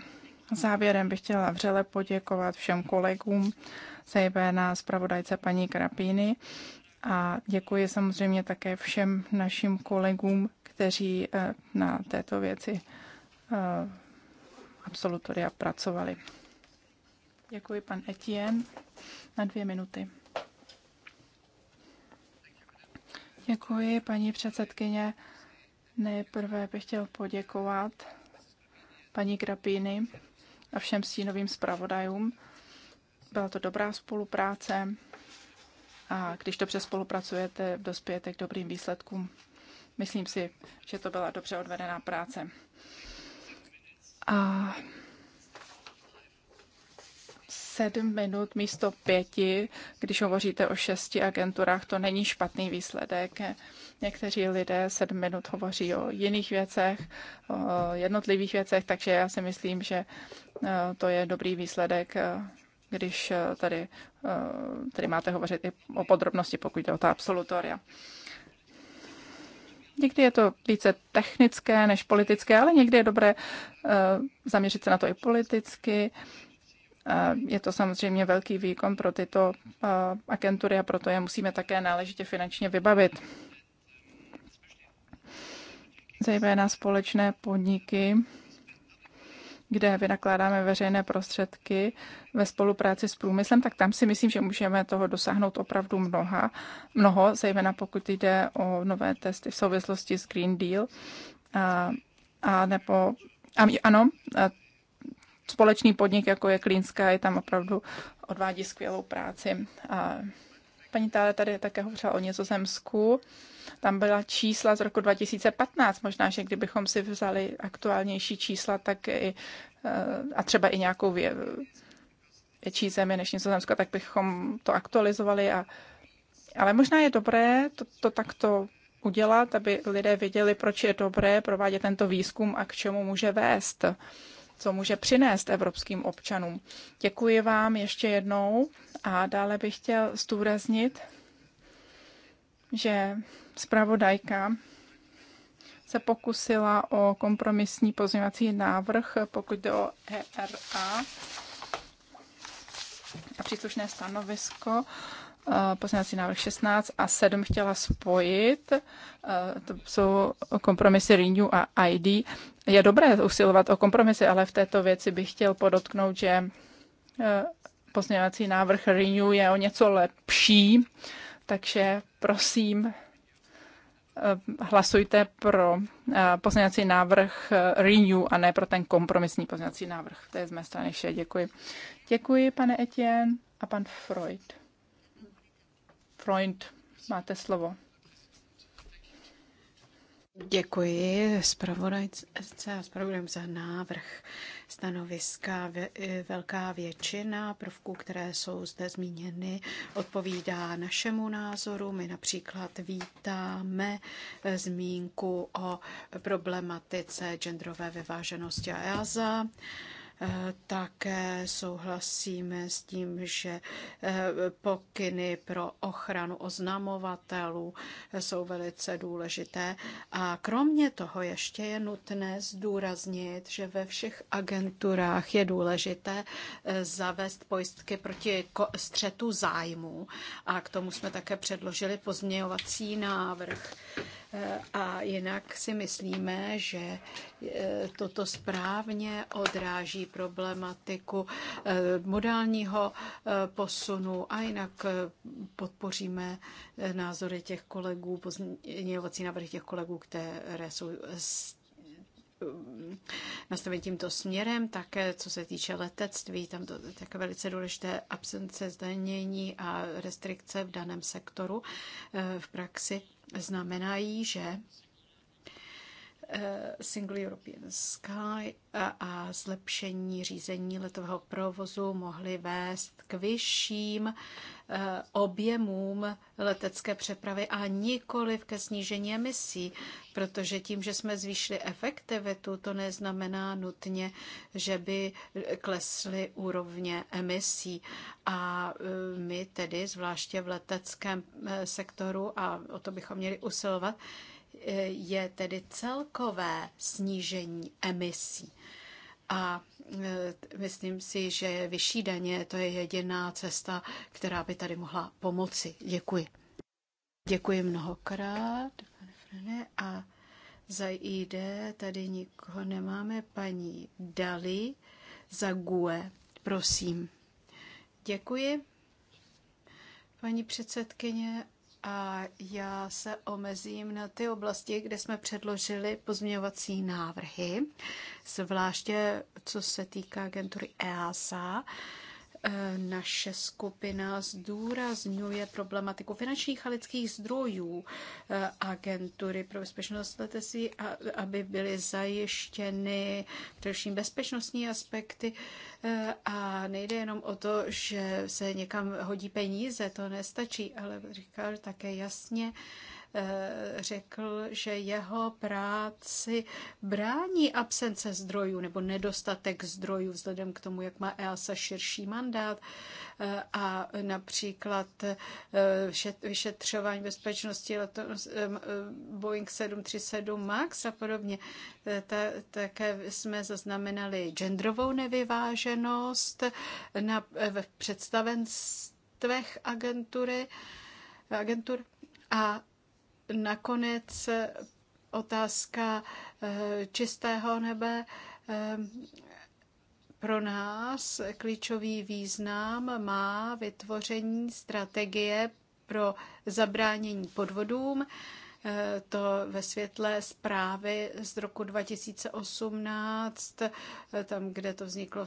Závěrem bych chtěla vřele poděkovat všem kolegům, zejména zpravodajce paní Krapíny a děkuji samozřejmě také všem našim kolegům, kteří eh, na této věci eh, absolutoria pracovali. Děkuji pan Etienne na dvě minuty. Děkuji, paní předsedkyně. Nejprve bych chtěl poděkovat paní Grapíny a všem stínovým zpravodajům. Byla to dobrá spolupráce a když dobře spolupracujete, dospějete k dobrým výsledkům. Myslím si, že to byla dobře odvedená práce. A sedm minut místo pěti, když hovoříte o šesti agenturách, to není špatný výsledek. Někteří lidé sedm minut hovoří o jiných věcech, o jednotlivých věcech, takže já si myslím, že eh, to je dobrý výsledek eh, když eh, tady, eh, tady máte hovořit i o podrobnosti, pokud jde o ta absolutoria. Někdy je to více technické než politické, ale někdy je dobré eh, zaměřit se na to i politicky. Je to samozřejmě velký výkon pro tyto agentury a proto je musíme také náležitě finančně vybavit. Zejména společné podniky kde vynakládáme veřejné prostředky ve spolupráci s průmyslem, tak tam si myslím, že můžeme toho dosáhnout opravdu mnoha, mnoho, zejména pokud jde o nové testy v souvislosti s Green Deal. A, a nebo, a, ano, a společný podnik, jako je Klínská, je tam opravdu odvádí skvělou práci. A Paní Tále tady také hovořila o Nizozemsku. Tam byla čísla z roku 2015. Možná, že kdybychom si vzali aktuálnější čísla, tak i, eh, a třeba i nějakou vě, větší zemi než Nizozemsko, tak bychom to aktualizovali. A, ale možná je dobré to, to takto udělat, aby lidé věděli, proč je dobré provádět tento výzkum a k čemu může vést co může přinést evropským občanům. Děkuji vám ještě jednou a dále bych chtěl zdůraznit, že zpravodajka se pokusila o kompromisní pozměňovací návrh, pokud jde o ERA a příslušné stanovisko pozměňovací návrh 16 a 7 chtěla spojit. To jsou kompromisy Renew a ID. Je dobré usilovat o kompromisy, ale v této věci bych chtěl podotknout, že e, pozměňovací návrh Renew je o něco lepší, takže prosím, e, hlasujte pro e, pozměňovací návrh Renew a ne pro ten kompromisní pozměňovací návrh. To je z mé strany vše. Děkuji. Děkuji, pane Etienne a pan Freud. Freund, máte slovo. Děkuji zpravodajce a zpravodajům za návrh stanoviska. E, velká většina prvků, které jsou zde zmíněny, odpovídá našemu názoru. My například vítáme e, zmínku o problematice genderové vyváženosti a EASA. Také souhlasíme s tím, že eh, pokyny pro ochranu oznamovatelů eh, jsou velice důležité. A kromě toho ještě je nutné zdůraznit, že ve všech agenturách je důležité eh, zavést pojistky proti střetu zájmů. A k tomu jsme také předložili pozměňovací návrh. A jinak si myslíme, že e, toto správně odráží problematiku e, modálního e, posunu a jinak podpoříme názory těch kolegů, pozměňovací návrhy těch kolegů, které jsou nastavit tímto směrem. Také co se týče letectví, tam to je také velice důležité absence zdanění a restrikce v daném sektoru v praxi znamenají, že Eh, single European Sky a zlepšení řízení letového provozu mohly vést k vyšším eh, objemům letecké přepravy a nikoli ke snížení emisí, protože tím, že jsme zvýšili efektivitu, to neznamená nutně, že by klesly úrovně emisí. A eh, my tedy, zvláště v leteckém sektoru, a o to bychom měli usilovat, je tedy celkové snížení emisí. A e, myslím si, že vyšší daně to je jediná cesta, která by tady mohla pomoci. Děkuji. Děkuji mnohokrát, pane A za ID tady nikoho nemáme. Paní Dali za GUE, prosím. Děkuji. Paní předsedkyně, a já se omezím na ty oblasti, kde jsme předložili pozměňovací návrhy, zvláště co se týká agentury EASA. Naše skupina zdůrazňuje problematiku finančních a lidských zdrojů eh, agentury pro bezpečnost letectví, aby byly zajištěny především bezpečnostní aspekty. Eh, a nejde jenom o to, že se někam hodí peníze, to nestačí, ale říkal také jasně, Eh, řekl, že jeho práci brání absence zdrojů nebo nedostatek zdrojů vzhledem k tomu, jak má EASA širší mandát eh, a například eh, vyšetřování bezpečnosti Boeing 737 MAX a podobně. Také jsme zaznamenali genderovou nevyváženost na, v představenstvech agentury, agentur a nakonec otázka eh, čistého nebe eh, pro nás klíčový význam má vytvoření strategie pro zabránění podvodům to ve světle zprávy z roku 2018, tam, kde to vzniklo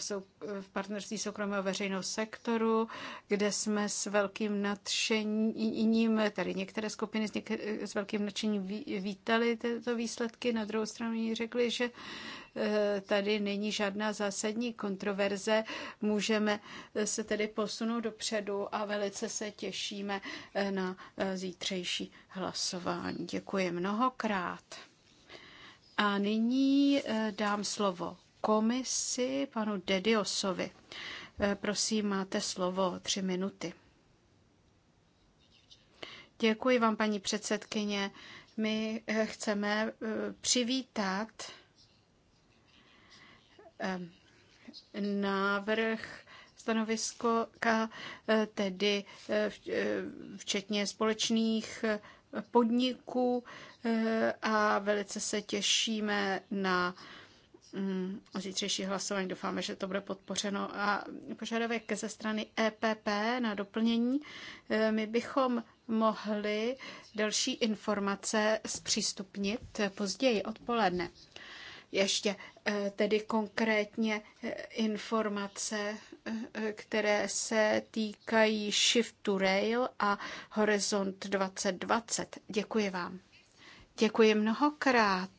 v partnerství soukromého veřejného sektoru, kde jsme s velkým nadšením, tady některé skupiny s, s velkým nadšením vítali tyto výsledky, na druhou stranu řekli, že Eh, tady není žádná zásadní kontroverze. Můžeme eh, se tedy posunout dopředu a velice se těšíme eh, na zítřejší hlasování. Děkuji mnohokrát. A nyní dám slovo komisi panu Dediosovi. Prosím, máte slovo tři minuty. Děkuji vám, paní předsedkyně. My chceme přivítat návrh stanovisko eh, tedy eh, eh, včetně společných podniků a velice se těšíme na mm, zítřejší hlasování. Doufáme, že to bude podpořeno. A požadavek ze strany EPP na doplnění. My bychom mohli další informace zpřístupnit později odpoledne ještě eh, tedy konkrétně eh, informace, eh, které se týkají Shift to Rail a Horizont 2020. Děkuji vám. Děkuji mnohokrát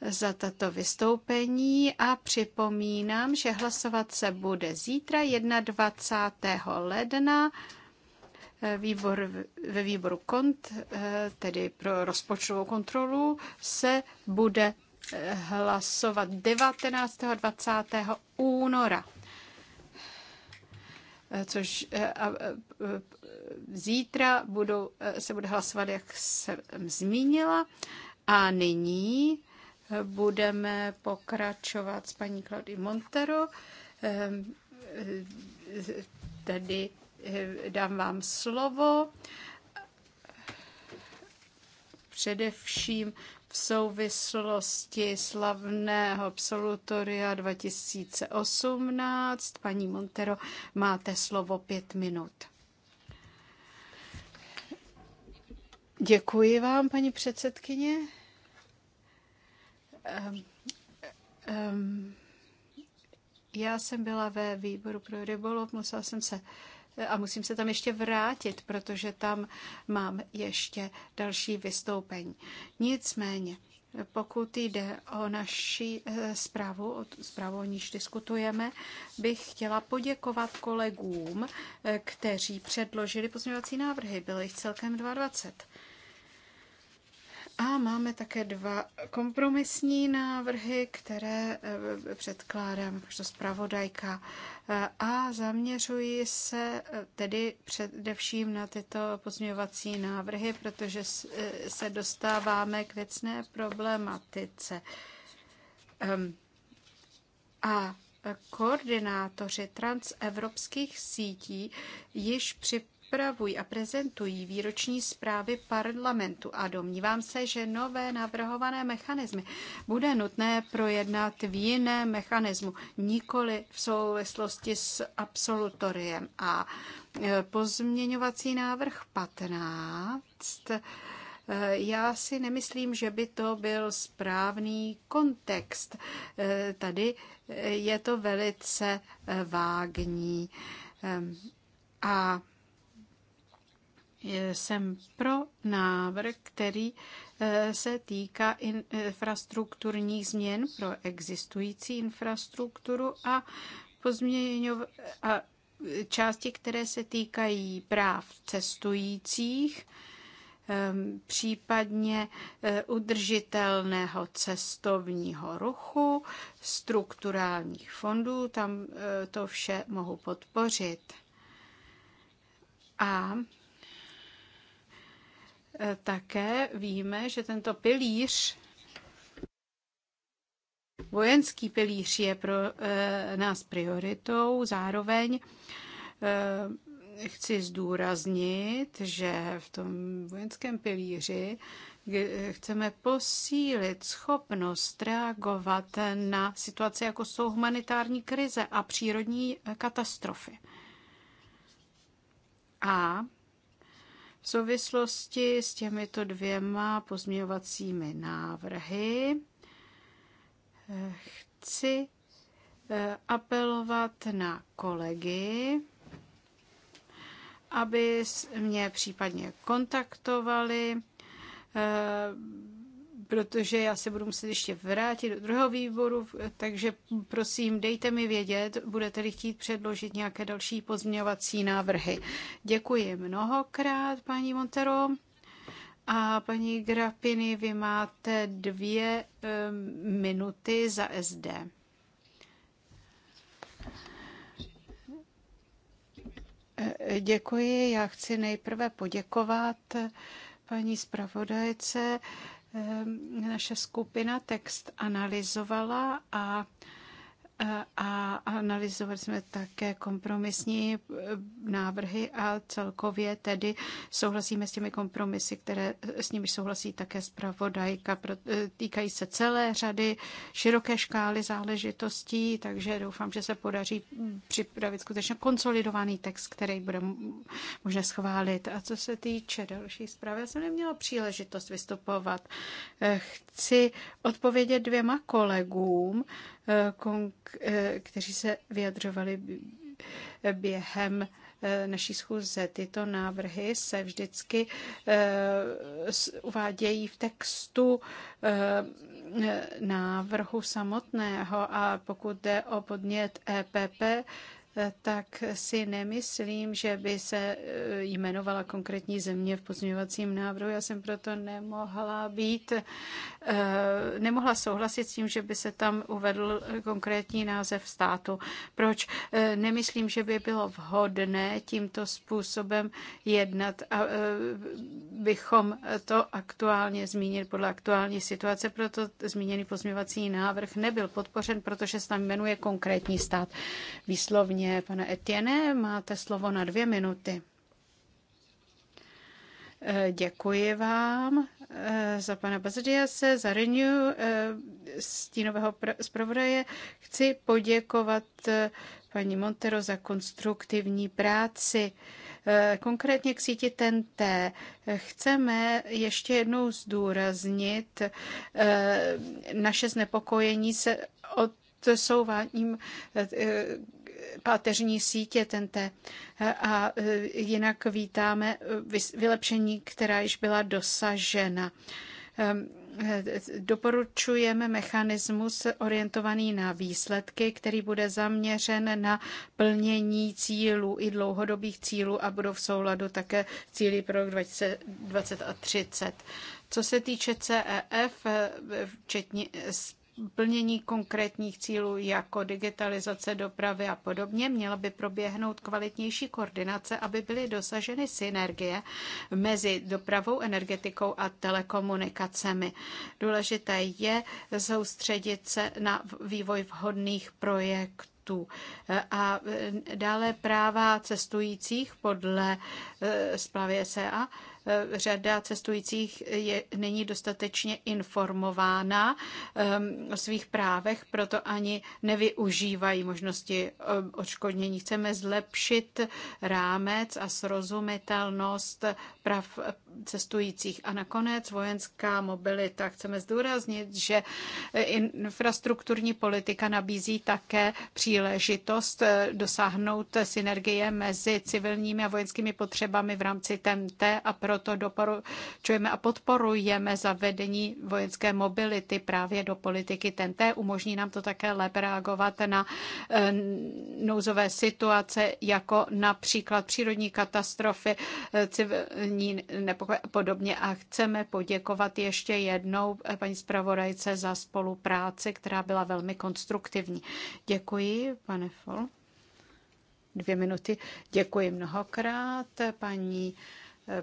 za tato vystoupení a připomínám, že hlasovat se bude zítra 21. ledna výbor, ve výboru KONT, tedy pro rozpočtovou kontrolu, se bude hlasovat 19. a 20. února. Eh, což eh, eh, zítra budou, se bude hlasovat, jak jsem zmínila. A nyní budeme pokračovat s paní Klaudy Montero. Tedy dám vám slovo především v souvislosti slavného absolutoria 2018. Paní Montero, máte slovo pět minut. Děkuji vám, paní předsedkyně. Um, um, já jsem byla ve výboru pro rybolov, musela jsem se a musím se tam ještě vrátit, protože tam mám ještě další vystoupení. Nicméně, pokud jde o naši eh, zprávu, o zprávu, o níž diskutujeme, bych chtěla poděkovat kolegům, eh, kteří předložili pozměňovací návrhy. Bylo jich celkem 22. A máme také dva kompromisní návrhy, které eh, předkládám jako zpravodajka eh, a zaměřuji se eh, tedy především na tyto pozměňovací návrhy, protože se dostáváme k věcné problematice. Ehm, a koordinátoři transevropských sítí již připravili připravují a prezentují výroční zprávy parlamentu a domnívám se, že nové navrhované mechanismy bude nutné projednat v jiném mechanismu, nikoli v souvislosti s absolutoriem. A e, pozměňovací návrh 15 e, já si nemyslím, že by to byl správný kontext. E, tady je to velice vágní. A jsem pro návrh, který eh, se týká infrastrukturních změn pro existující infrastrukturu a pozměňov a části, které se týkají práv cestujících, ehm, případně eh, udržitelného cestovního ruchu, strukturálních fondů, tam eh, to vše mohu podpořit. A Eh, také víme, že tento pilíř Vojenský pilíř je pro eh, nás prioritou, zároveň eh, chci zdůraznit, že v tom vojenském pilíři chceme posílit schopnost reagovat na situace, jako jsou humanitární krize a přírodní katastrofy. A souvislosti s těmito dvěma pozměňovacími návrhy chci eh, apelovat na kolegy, aby mě případně kontaktovali eh, protože já se budu muset ještě vrátit do druhého výboru, takže prosím, dejte mi vědět, budete-li chtít předložit nějaké další pozměňovací návrhy. Děkuji mnohokrát, paní Montero. A paní Grapiny, vy máte dvě um, minuty za SD. E, děkuji. Já chci nejprve poděkovat paní zpravodajce Ehm, naše skupina text analyzovala a a analyzovali jsme také kompromisní e, návrhy a celkově tedy souhlasíme s těmi kompromisy, které e, s nimi souhlasí také zpravodajka. E, týkají se celé řady široké škály záležitostí, takže doufám, že se podaří připravit skutečně konsolidovaný text, který bude možné schválit. A co se týče další zprávy, já jsem neměla příležitost vystupovat. Chci odpovědět dvěma kolegům, Eh, eh, kteří se vyjadřovali eh, během naší schůze. Tyto návrhy se vždycky uvádějí v textu návrhu samotného a pokud jde o podnět EPP, tak si nemyslím, že by se e, jmenovala konkrétní země v pozměňovacím návrhu. Já jsem proto nemohla být, e, nemohla souhlasit s tím, že by se tam uvedl konkrétní název státu. Proč? E, nemyslím, že by bylo vhodné tímto způsobem jednat a bychom to aktuálně zmínili podle aktuální situace, proto zmíněný pozměňovací návrh nebyl podpořen, protože se tam jmenuje konkrétní stát výslovně Výborně, pane Etienne, máte slovo na dvě minuty. Eh, děkuji vám eh, za pana Bazadiase, za Renew eh, stínového zpravodaje. Chci poděkovat paní Montero za konstruktivní práci. Konkrétně k síti TNT chceme ještě jednou zdůraznit naše znepokojení se odsouváním páteřní sítě tente A e, jinak vítáme e, vylepšení, která již byla dosažena. E, doporučujeme mechanismus orientovaný na výsledky, který bude zaměřen na plnění cílů i dlouhodobých cílů a budou v souladu také cíly pro rok 2020 a 2030. Co se týče CEF, včetně plnění konkrétních cílů jako digitalizace dopravy a podobně. Měla by proběhnout kvalitnější koordinace, aby byly dosaženy synergie mezi dopravou, energetikou a telekomunikacemi. Důležité je soustředit se na vývoj vhodných projektů A dále práva cestujících podle splavě eh, SEA Eh, řada cestujících je, není dostatečně informována eh, o svých právech, proto ani nevyužívají možnosti eh, odškodnění. Chceme zlepšit rámec a srozumitelnost prav cestujících. A nakonec vojenská mobilita. Chceme zdůraznit, že infrastrukturní politika nabízí také příležitost dosáhnout synergie mezi civilními a vojenskými potřebami v rámci TMT a pro proto doporučujeme a podporujeme zavedení vojenské mobility právě do politiky TNT. Umožní nám to také lépe reagovat na eh, nouzové situace, jako například přírodní katastrofy, eh, civilní nepokoje a podobně. A chceme poděkovat ještě jednou eh, paní zpravodajce za spolupráci, která byla velmi konstruktivní. Děkuji, pane Fol. Dvě minuty. Děkuji mnohokrát, paní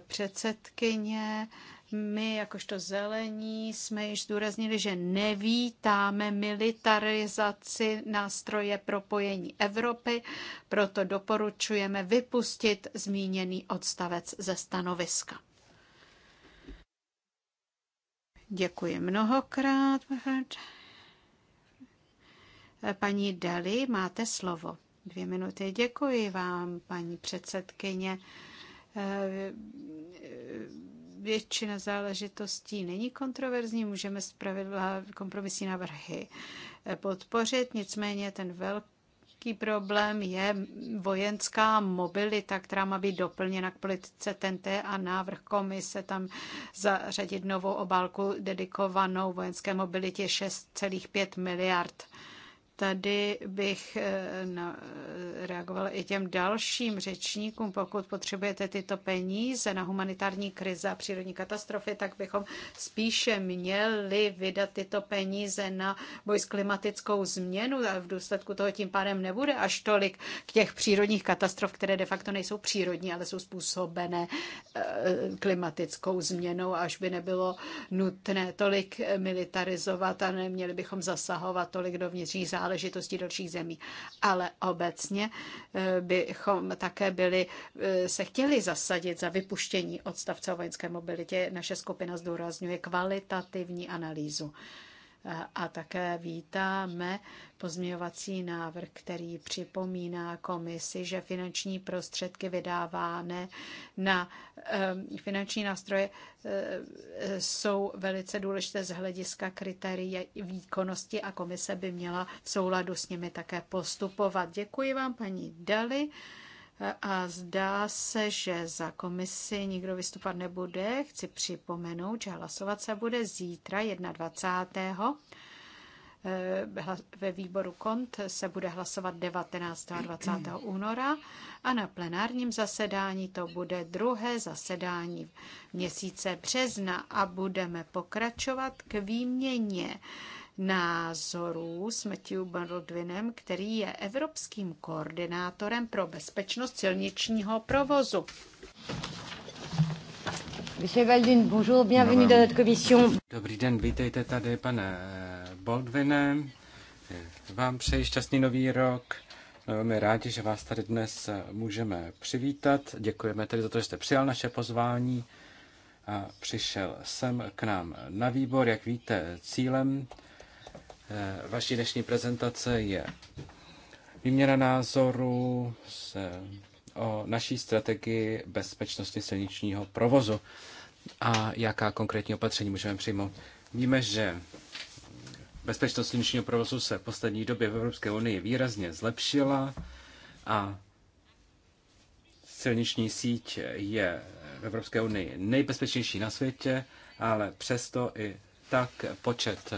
předsedkyně. My, jakožto zelení, jsme již zdůraznili, že nevítáme militarizaci nástroje propojení Evropy, proto doporučujeme vypustit zmíněný odstavec ze stanoviska. Děkuji mnohokrát. Paní Dali, máte slovo. Dvě minuty. Děkuji vám, paní předsedkyně. Eh, většina záležitostí není kontroverzní, můžeme zpravidla kompromisní návrhy eh, podpořit, nicméně ten velký problém je vojenská mobilita, která má být doplněna k politice TNT a návrh komise tam zařadit novou obálku dedikovanou vojenské mobilitě 6,5 miliard tady bych eh, eh, reagovala i těm dalším řečníkům. Pokud potřebujete tyto peníze na humanitární krize a přírodní katastrofy, tak bychom spíše měli vydat tyto peníze na boj s klimatickou změnu a v důsledku toho tím pádem nebude až tolik k těch přírodních katastrof, které de facto nejsou přírodní, ale jsou způsobené eh, klimatickou změnou, až by nebylo nutné tolik militarizovat a neměli bychom zasahovat tolik do vnitřních záležitostí záležitosti dalších zemí. Ale obecně eh, bychom také byli, eh, se chtěli zasadit za vypuštění odstavce o vojenské mobilitě. Naše skupina zdůrazňuje kvalitativní analýzu a také vítáme pozměňovací návrh, který připomíná komisi, že finanční prostředky vydávány na finanční nástroje eh, jsou velice důležité z hlediska kritérií výkonnosti a komise by měla v souladu s nimi také postupovat. Děkuji vám, paní Dali a zdá se, že za komisi nikdo vystupovat nebude. Chci připomenout, že hlasovat se bude zítra 21. Eh, ve výboru KONT se bude hlasovat 19. a 20. února a na plenárním zasedání to bude druhé zasedání měsíce března a budeme pokračovat k výměně názorů s Matthew Baldwinem, který je evropským koordinátorem pro bezpečnost silničního provozu. Dobrý den, vítejte tady, pane eh, Baldwine. Vám přeji šťastný nový rok. Velmi no, rádi, že vás tady dnes eh, můžeme přivítat. Děkujeme tedy za to, že jste přijal naše pozvání a přišel jsem k nám na výbor. Jak víte, cílem Eh, vaší dnešní prezentace je výměna názorů eh, o naší strategii bezpečnosti silničního provozu a jaká konkrétní opatření můžeme přijmout. Víme, že bezpečnost silničního provozu se v poslední době v Evropské unii výrazně zlepšila a silniční síť je v Evropské unii nejbezpečnější na světě, ale přesto i tak počet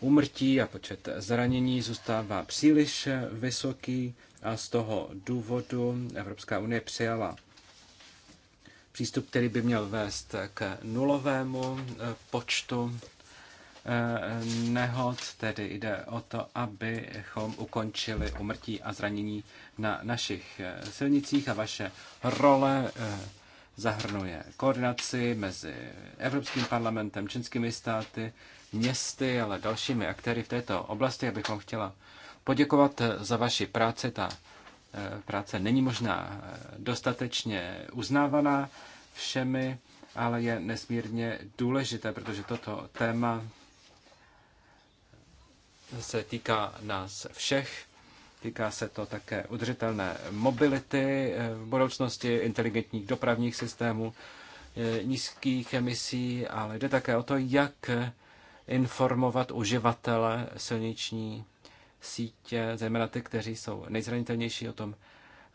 umrtí a počet zranění zůstává příliš vysoký a z toho důvodu Evropská unie přijala přístup, který by měl vést k nulovému eh, počtu eh, nehod, tedy jde o to, abychom ukončili umrtí a zranění na našich eh, silnicích a vaše role zahrnuje koordinaci mezi Evropským parlamentem, českými státy, městy, ale dalšími aktéry v této oblasti. Já vám chtěla poděkovat eh, za vaši práci. Ta eh, práce není možná eh, dostatečně uznávaná všemi, ale je nesmírně důležité, protože toto téma se týká nás všech. Týká se to také udržitelné mobility v budoucnosti, inteligentních dopravních systémů, nízkých emisí, ale jde také o to, jak informovat uživatele silniční sítě, zejména ty, kteří jsou nejzranitelnější o tom,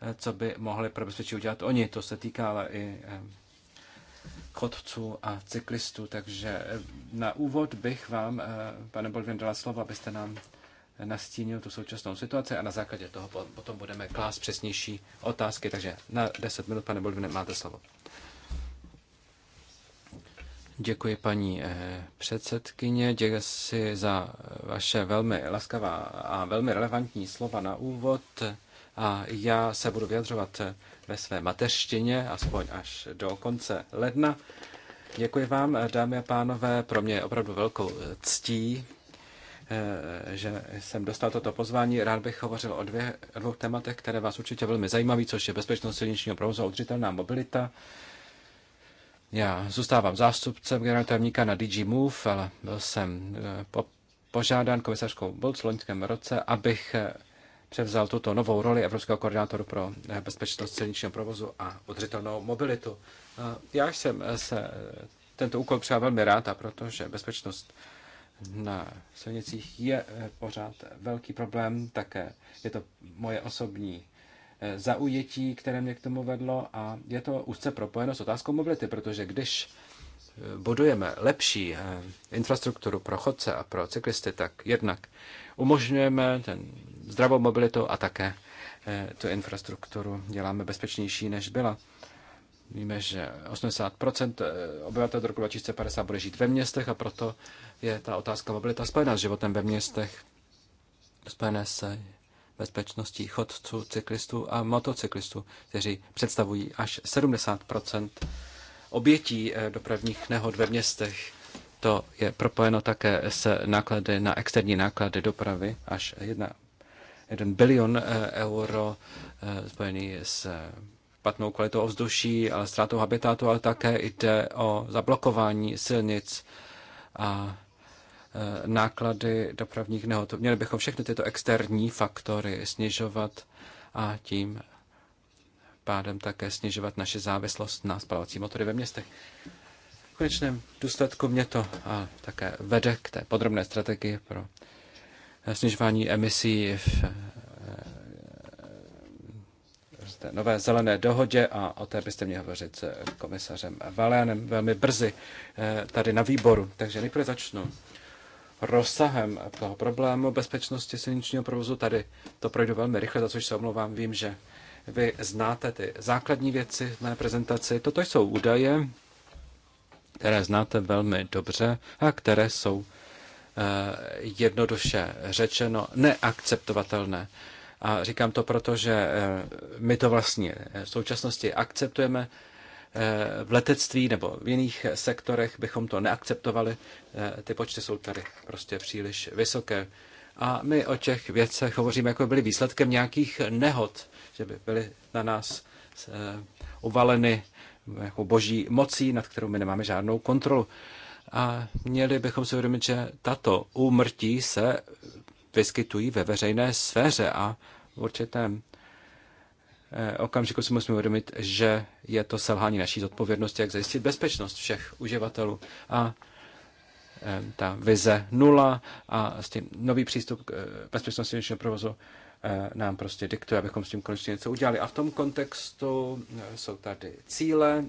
eh, co by mohli pro bezpečí udělat oni. To se týká ale i eh, chodců a cyklistů. Takže eh, na úvod bych vám, pane Bolvin, dala slovo, abyste nám nastínil tu současnou situaci a na základě toho potom budeme klást přesnější otázky. Takže na 10 minut, pane Bolvin, máte slovo. Děkuji paní eh, předsedkyně, děkuji si za vaše velmi laskavá a velmi relevantní slova na úvod a já se budu vyjadřovat eh, ve své mateřštině, aspoň až do konce ledna. Děkuji vám, eh, dámy a pánové, pro mě je opravdu velkou ctí, že jsem dostal toto pozvání. Rád bych hovořil o, dvě, o dvou tématech, které vás určitě velmi zajímaví, což je bezpečnost silničního provozu a udržitelná mobilita. Já zůstávám zástupcem generálního tajemníka na DG Move, ale byl jsem eh, po, požádán komisařkou Bolc v loňském roce, abych eh, převzal tuto novou roli Evropského koordinátoru pro eh, bezpečnost silničního provozu a udržitelnou mobilitu. Já jsem se tento úkol přijal velmi rád, a protože bezpečnost na silnicích je pořád velký problém, také je to moje osobní Eh, zaujetí, které mě k tomu vedlo a je to úzce propojeno s otázkou mobility, protože když eh, budujeme lepší eh, infrastrukturu pro chodce a pro cyklisty, tak jednak umožňujeme ten zdravou mobilitu a také tu infrastrukturu děláme bezpečnější, než byla. Víme, že 80% obyvatel do roku 2050 bude žít ve městech a proto je ta otázka mobilita spojena s životem ve městech, spojené se bezpečnosti chodců, cyklistů a motocyklistů, kteří představují až 70 obětí eh, dopravních nehod ve městech. To je propojeno také s náklady na externí náklady dopravy, až 1, 1 bilion eh, euro eh, spojený s špatnou kvalitou ovzduší, ale ztrátou habitatu, ale také jde o zablokování silnic a Eh, náklady dopravních nehod. Měli bychom všechny tyto externí faktory snižovat a tím pádem také snižovat naše závislost na spalovací motory ve městech. V konečném důsledku mě to a také vede k té podrobné strategii pro eh, snižování emisí eh, v té nové zelené dohodě a o té byste měli hovořit s komisařem Valianem velmi brzy tady na výboru. Takže nejprve začnu rozsahem toho problému bezpečnosti silničního provozu. Tady to projdu velmi rychle, za což se omlouvám. Vím, že vy znáte ty základní věci v mé prezentaci. Toto jsou údaje, které znáte velmi dobře a které jsou eh, jednoduše řečeno neakceptovatelné. A říkám to proto, že eh, my to vlastně eh, v současnosti akceptujeme, v letectví nebo v jiných sektorech bychom to neakceptovali. Eh, ty počty jsou tady prostě příliš vysoké. A my o těch věcech hovoříme, jako by byly výsledkem nějakých nehod, že by byly na nás eh, uvaleny jako boží mocí, nad kterou my nemáme žádnou kontrolu. A měli bychom si uvědomit, že tato úmrtí se vyskytují ve veřejné sféře a v určitém Eh, okamžiku si musíme uvědomit, že je to selhání naší zodpovědnosti, jak zajistit bezpečnost všech uživatelů. A eh, ta vize nula a s tím nový přístup k eh, bezpečnosti silničního provozu nám prostě diktuje, abychom s tím konečně něco udělali. A v tom kontextu jsou tady cíle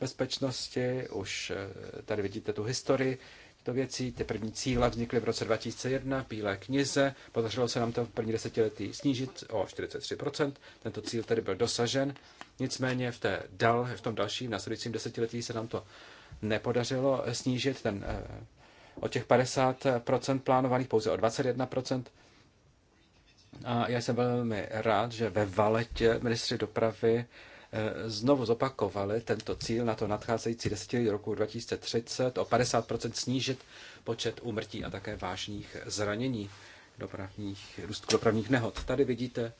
bezpečnosti, už tady vidíte tu historii to věcí. Ty první cíle vznikly v roce 2001, Bílé knize. Podařilo se nám to v první desetiletí snížit o 43%. Tento cíl tedy byl dosažen. Nicméně v, té dal, v tom dalším následujícím desetiletí se nám to nepodařilo snížit ten, eh, o těch 50% plánovaných pouze o 21%. A já jsem velmi rád, že ve Valetě ministři dopravy Eh, znovu zopakovali tento cíl na to nadcházející desetiletí roku 2030 o 50 snížit počet úmrtí a také vážných zranění dopravních, dopravních nehod. Tady vidíte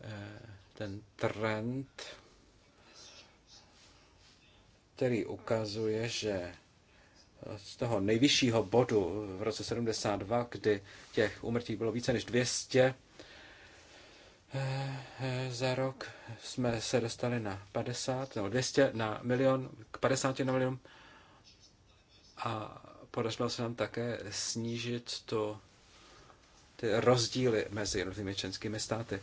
eh, ten trend, který ukazuje, že z toho nejvyššího bodu v roce 72, kdy těch úmrtí bylo více než 200, Eh, eh, za rok jsme se dostali na 50, nebo 200 na milion, k 50 na milion a podařilo se nám také snížit to, ty rozdíly mezi jednotlivými členskými státy.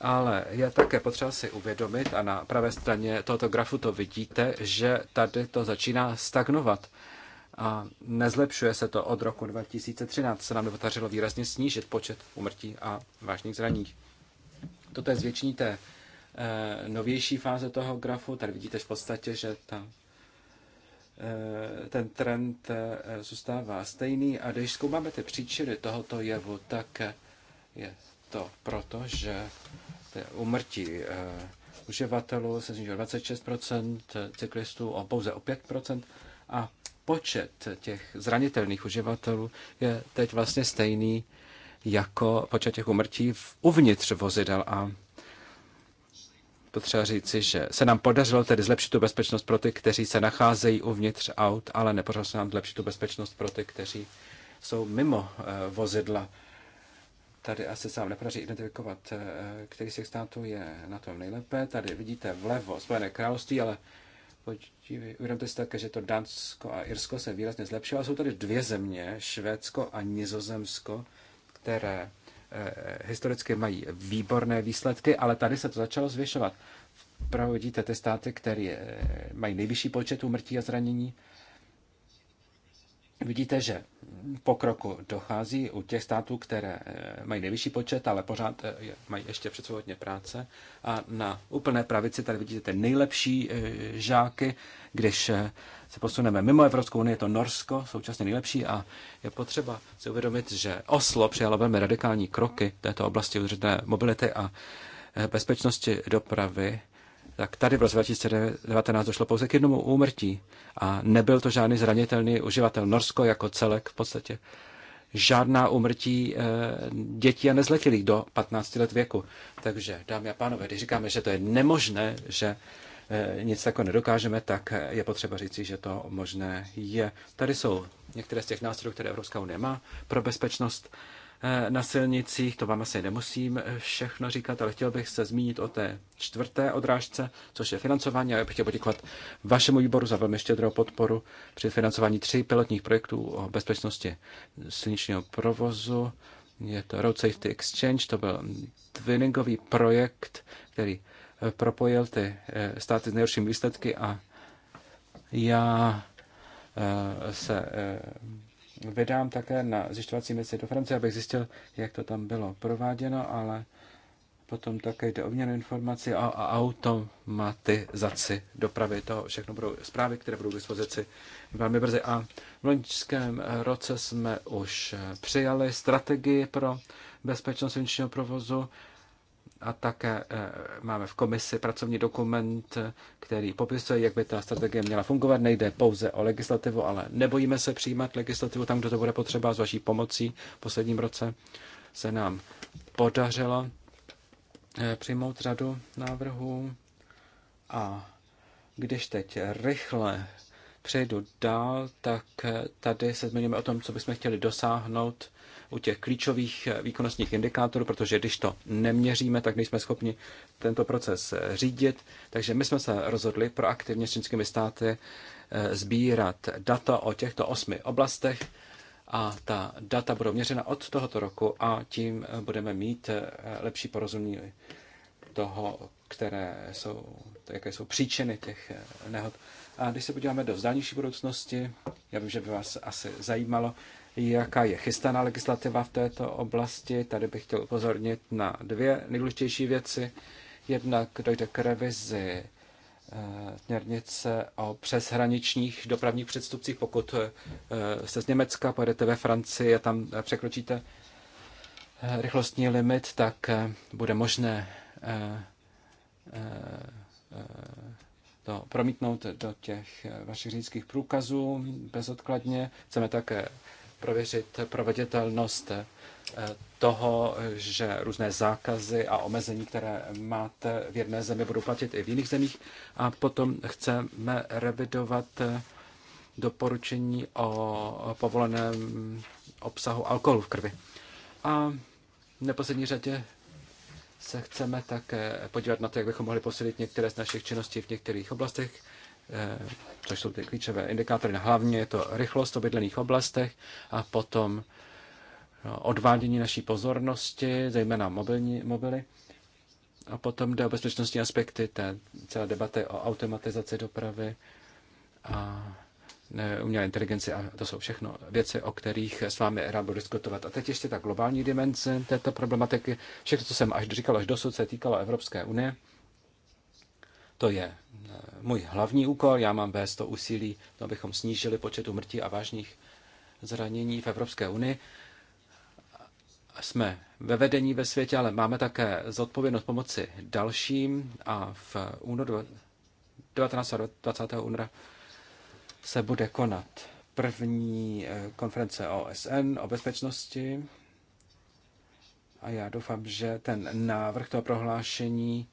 Ale je také potřeba si uvědomit, a na pravé straně tohoto grafu to vidíte, že tady to začíná stagnovat. A nezlepšuje se to od roku 2013, se nám nepodařilo výrazně snížit počet umrtí a vážných zraních. Toto je zvětšení té eh, novější fáze toho grafu. Tady vidíte v podstatě, že ta, eh, ten trend eh, zůstává stejný. A když zkoumáme ty příčiny tohoto jevu, tak je to proto, že umrtí uživatelů se snížilo 26%, cyklistů o pouze o 5% a počet těch zranitelných uživatelů je teď vlastně stejný jako počet těch umrtí v, uvnitř vozidel a potřeba říci, že se nám podařilo tedy zlepšit tu bezpečnost pro ty, kteří se nacházejí uvnitř aut, ale nepodařilo se nám zlepšit tu bezpečnost pro ty, kteří jsou mimo eh, vozidla. Tady asi se vám nepodaří identifikovat, eh, který z těch států je na tom nejlépe. Tady vidíte vlevo Spojené království, ale podívej, uvědomte si také, že to Dánsko a Irsko se výrazně zlepšilo. Jsou tady dvě země, Švédsko a Nizozemsko, které eh, historicky mají výborné výsledky, ale tady se to začalo zvyšovat. Vpravo vidíte ty státy, které eh, mají nejvyšší počet úmrtí a zranění Vidíte, že pokroku dochází u těch států, které eh, mají nejvyšší počet, ale pořád eh, mají ještě před práce. A na úplné pravici tady vidíte ty nejlepší eh, žáky. Když se posuneme mimo Evropskou unii, je to Norsko, současně nejlepší. A je potřeba si uvědomit, že Oslo přijalo velmi radikální kroky v této oblasti udržitelné mobility a bezpečnosti dopravy tak tady v roce 2019 došlo pouze k jednomu úmrtí a nebyl to žádný zranitelný uživatel. Norsko jako celek v podstatě žádná úmrtí eh, dětí a nezletilých do 15 let věku. Takže, dámy a pánové, když říkáme, že to je nemožné, že eh, nic takového nedokážeme, tak je potřeba říci, že to možné je. Tady jsou některé z těch nástrojů, které Evropská unie má pro bezpečnost Eh, na silnicích, to vám asi nemusím eh, všechno říkat, ale chtěl bych se zmínit o té čtvrté odrážce, což je financování a já bych chtěl poděkovat vašemu výboru za velmi štědrou podporu při financování tří pilotních projektů o bezpečnosti silničního provozu. Je to Road Safety Exchange, to byl twinningový projekt, který eh, propojil ty státy s nejhoršími výsledky a já se vydám také na zjišťovací misi do Francie, abych zjistil, jak to tam bylo prováděno, ale potom také jde o měnu informací a, a automatizaci dopravy. To všechno budou zprávy, které budou k dispozici velmi brzy. A v loňském roce jsme už přijali strategii pro bezpečnost silničního provozu a také eh, máme v komisi pracovní dokument, eh, který popisuje, jak by ta strategie měla fungovat. Nejde pouze o legislativu, ale nebojíme se přijímat legislativu tam, kde to bude potřeba. S vaší pomocí v posledním roce se nám podařilo eh, přijmout řadu návrhů. A když teď rychle přejdu dál, tak tady se zmiňujeme o tom, co bychom chtěli dosáhnout u těch klíčových výkonnostních indikátorů, protože když to neměříme, tak nejsme schopni tento proces řídit. Takže my jsme se rozhodli proaktivně s čínskými státy eh, sbírat data o těchto osmi oblastech a ta data budou měřena od tohoto roku a tím budeme mít eh, lepší porozumění toho, které jsou, jaké jsou příčiny těch eh, nehod. A když se podíváme do vzdálnější budoucnosti, já vím, že by vás asi zajímalo, jaká je chystaná legislativa v této oblasti. Tady bych chtěl upozornit na dvě nejdůležitější věci. Jednak dojde k revizi eh, směrnice o přeshraničních dopravních předstupcích. Pokud eh, se z Německa pojedete ve Francii a tam eh, překročíte rychlostní limit, tak bude možné to promítnout do těch eh, vašich řidičských průkazů bezodkladně. Chceme také prověřit proveditelnost eh, toho, že různé zákazy a omezení, které máte v jedné zemi, budou platit i v jiných zemích. A potom chceme revidovat eh, doporučení o povoleném obsahu alkoholu v krvi. A v neposlední řadě se chceme také podívat na to, jak bychom mohli posilit některé z našich činností v některých oblastech, eh, což jsou ty klíčové indikátory. Hlavně je to rychlost v obydlených oblastech a potom no, odvádění naší pozornosti, zejména mobilní, mobily. A potom jde o bezpečnostní aspekty té celé debaty o automatizaci dopravy a umělé inteligenci a to jsou všechno věci, o kterých s vámi rád budu diskutovat. A teď ještě ta globální dimenze této problematiky. Všechno, co jsem až říkal až dosud, se týkalo Evropské unie. To je eh, můj hlavní úkol. Já mám vést to úsilí, to, abychom snížili počet umrtí a vážných zranění v Evropské unii. Jsme ve vedení ve světě, ale máme také zodpovědnost pomoci dalším a v únoru 19. a 20. února se bude konat první eh, konference OSN o bezpečnosti a já doufám, že ten návrh toho prohlášení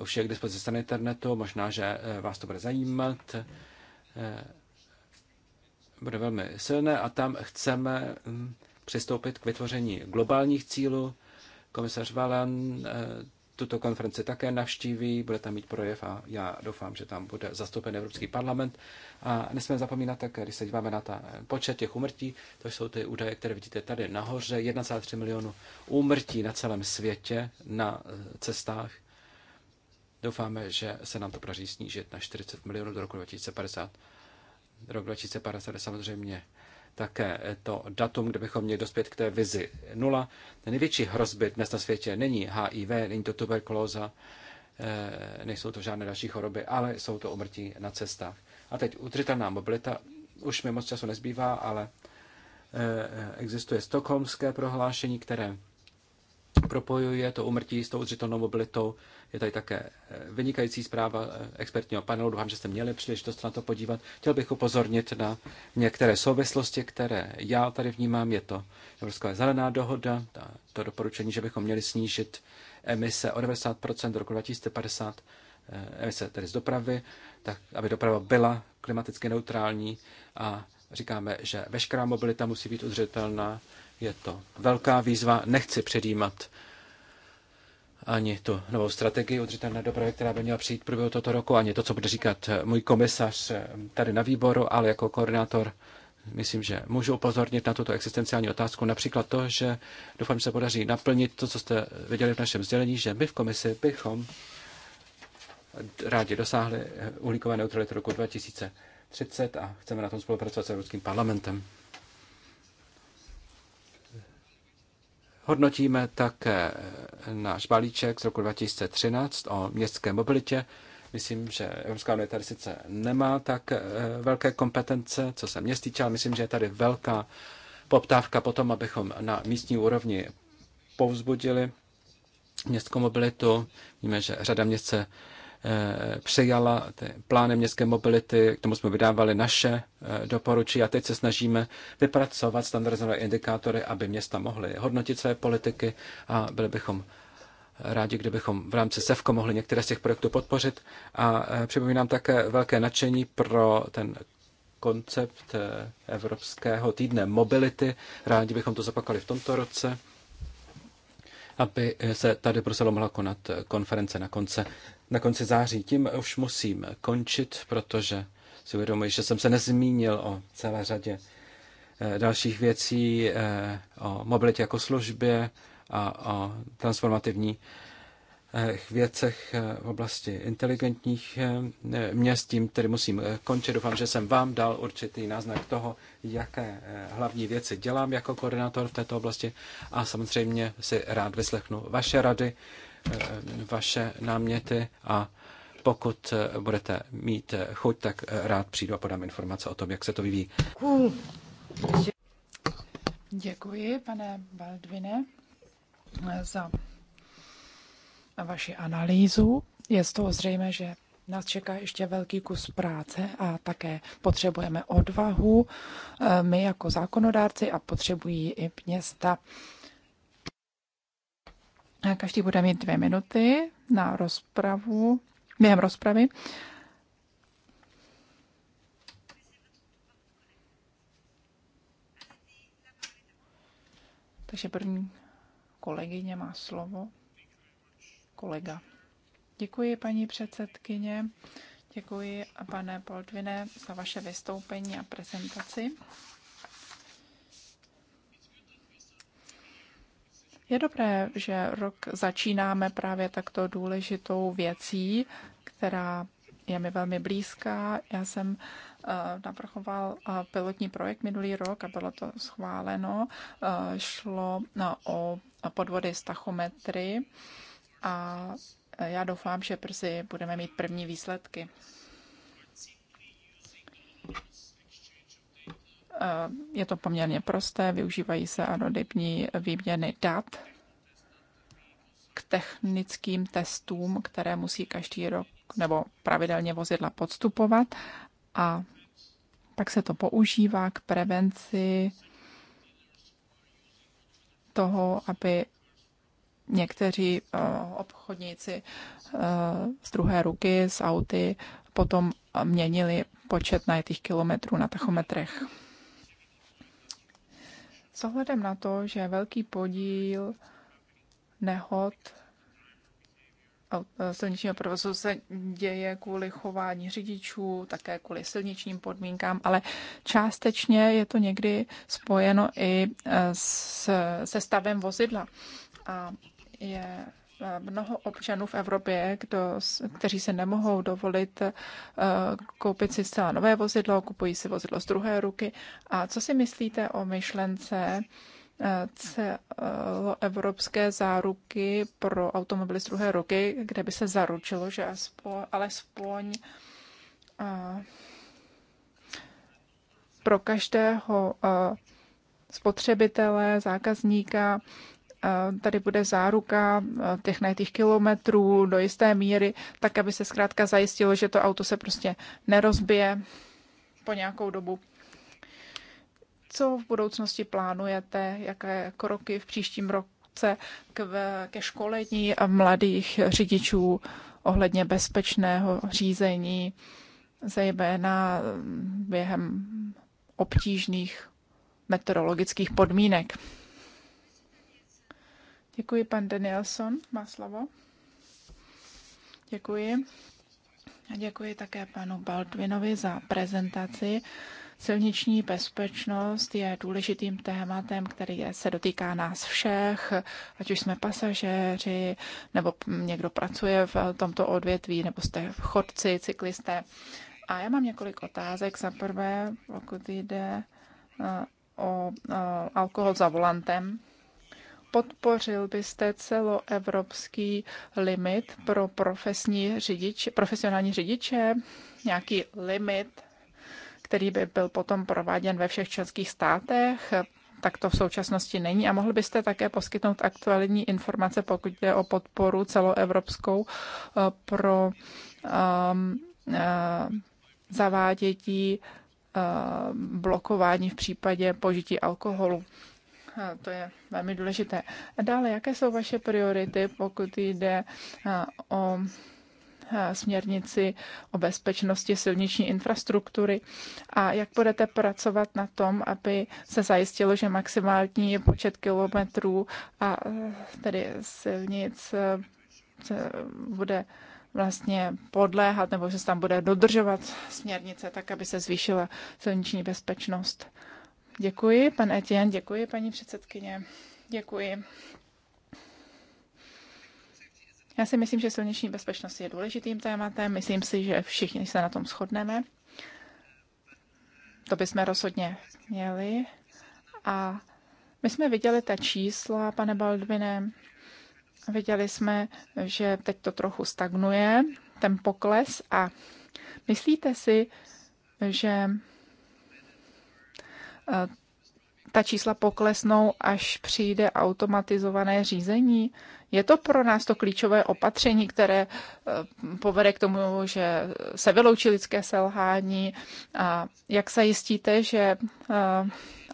už je k dispozici na internetu, možná, že eh, vás to bude zajímat. Eh, bude velmi silné a tam chceme hm, přistoupit k vytvoření globálních cílů. Komisař Valen tuto konferenci také navštíví, bude tam mít projev a já doufám, že tam bude zastoupen Evropský parlament. A nesmíme zapomínat také, když se díváme na ta počet těch umrtí, to jsou ty údaje, které vidíte tady nahoře, 1,3 milionu úmrtí na celém světě na eh, cestách. Doufáme, že se nám to podaří snížit na 40 milionů do roku 2050. Rok 2050 je samozřejmě také to datum, kde bychom měli dospět k té vizi nula. Ten největší hrozby dnes na světě není HIV, není to tuberkulóza, eh, nejsou to žádné další choroby, ale jsou to umrtí na cestách. A teď udržitelná mobilita, už mi moc času nezbývá, ale eh, eh, existuje stokholmské prohlášení, které propojuje to umrtí s tou udržitelnou mobilitou. Je tady také eh, vynikající zpráva eh, expertního panelu. Doufám, že jste měli příležitost na to podívat. Chtěl bych upozornit na některé souvislosti, které já tady vnímám. Je to Evropská zelená dohoda, to doporučení, že bychom měli snížit emise o 90 do roku 2050, eh, emise tedy z dopravy, tak aby doprava byla klimaticky neutrální a říkáme, že veškerá mobilita musí být udržitelná je to velká výzva, nechci předjímat ani tu novou strategii udržitelné dopravy, která by měla přijít průběhu tohoto roku, ani to, co bude říkat můj komisař tady na výboru, ale jako koordinátor myslím, že můžu upozornit na tuto existenciální otázku. Například to, že doufám, že se podaří naplnit to, co jste viděli v našem sdělení, že my v komisi bychom rádi dosáhli uhlíkové neutrality roku 2030 a chceme na tom spolupracovat s Evropským parlamentem. Hodnotíme také náš balíček z roku 2013 o městské mobilitě. Myslím, že Evropská unie tady sice nemá tak eh, velké kompetence, co se měst týče, ale myslím, že je tady velká poptávka po tom, abychom na místní úrovni povzbudili městskou mobilitu. Víme, že řada měst se Eh, přijala ty plány městské mobility, k tomu jsme vydávali naše eh, doporučení a teď se snažíme vypracovat standardizované indikátory, aby města mohly hodnotit své politiky a byli bychom rádi, kdybychom v rámci sevko mohli některé z těch projektů podpořit. A eh, připomínám také velké nadšení pro ten koncept Evropského týdne mobility. Rádi bychom to zopakovali v tomto roce aby se tady Bruselu mohla konat konference na, konce, na konci září. Tím už musím končit, protože si uvědomuji, že jsem se nezmínil o celé řadě eh, dalších věcí, eh, o mobilitě jako službě a o transformativní eh, věcech v oblasti inteligentních měst. Tím tedy musím končit. Doufám, že jsem vám dal určitý náznak toho, jaké eh, hlavní věci dělám jako koordinátor v této oblasti a samozřejmě si rád vyslechnu vaše rady, eh, vaše náměty a pokud eh, budete mít chuť, tak rád přijdu a podám informace o tom, jak se to vyvíjí. Děkuji, pane Baldvine, za vaši analýzu. Je z toho zřejmé, že nás čeká ještě velký kus práce a také potřebujeme odvahu, e, my jako zákonodárci a potřebují i města. E, každý bude mít dvě minuty na rozpravu, během rozpravy. Takže první kolegyně má slovo. Kolega. Děkuji, paní předsedkyně. Děkuji, pane Poldvine, za vaše vystoupení a prezentaci. Je dobré, že rok začínáme právě takto důležitou věcí, která je mi velmi blízká. Já jsem eh, naprchoval eh, pilotní projekt minulý rok a bylo to schváleno. Eh, šlo no, o podvody z tachometry a já doufám, že brzy budeme mít první výsledky. Eh, je to poměrně prosté, využívají se anodybní výměny dat k technickým testům, které musí každý rok nebo pravidelně vozidla podstupovat a pak se to používá k prevenci toho, aby někteří eh, obchodníci eh, z druhé ruky, z auty, potom měnili počet najetých kilometrů na tachometrech. S ohledem na to, že velký podíl nehod eh, silničního provozu se děje kvůli chování řidičů, také kvůli silničním podmínkám, ale částečně je to někdy spojeno i s, se stavem vozidla. A je eh, mnoho občanů v Evropě, kdo, kteří se nemohou dovolit eh, koupit si zcela nové vozidlo, kupují si vozidlo z druhé ruky. A co si myslíte o myšlence eh, celoevropské záruky pro automobily z druhé ruky, kde by se zaručilo, že aspoň, alespoň pro každého spotřebitele, zákazníka tady bude záruka těch těch kilometrů do jisté míry, tak aby se zkrátka zajistilo, že to auto se prostě nerozbije po nějakou dobu. Co v budoucnosti plánujete, jaké kroky v příštím roce k, ke školení mladých řidičů ohledně bezpečného řízení, zejména během obtížných meteorologických podmínek? Děkuji, pan Danielson, má slovo. Děkuji. A děkuji také panu Baldvinovi za prezentaci. Silniční bezpečnost je důležitým tématem, který se dotýká nás všech, ať už jsme pasažéři, nebo někdo pracuje v tomto odvětví, nebo jste chodci, cyklisté. A já mám několik otázek. Za prvé, pokud jde eh, o eh, alkohol za volantem, podpořil byste celoevropský limit pro profesní řidiče, profesionální řidiče, nějaký limit, který by byl potom prováděn ve všech členských státech, tak to v současnosti není. A mohl byste také poskytnout aktuální informace, pokud jde o podporu celoevropskou eh, pro um, uh, zavádění uh, blokování v případě požití alkoholu to je velmi důležité. A dále, jaké jsou vaše priority, pokud jde o směrnici o bezpečnosti silniční infrastruktury a jak budete pracovat na tom, aby se zajistilo, že maximální počet kilometrů a tedy silnic bude vlastně podléhat nebo že se tam bude dodržovat směrnice tak, aby se zvýšila silniční bezpečnost. Děkuji, pan Etienne, děkuji, paní předsedkyně. Děkuji. Já si myslím, že silniční bezpečnost je důležitým tématem. Myslím si, že všichni se na tom shodneme. To bychom rozhodně měli. A my jsme viděli ta čísla, pane Baldvine. Viděli jsme, že teď to trochu stagnuje, ten pokles. A myslíte si, že ta čísla poklesnou, až přijde automatizované řízení? Je to pro nás to klíčové opatření, které eh, povede k tomu, že se vyloučí lidské selhání? A jak se jistíte, že eh,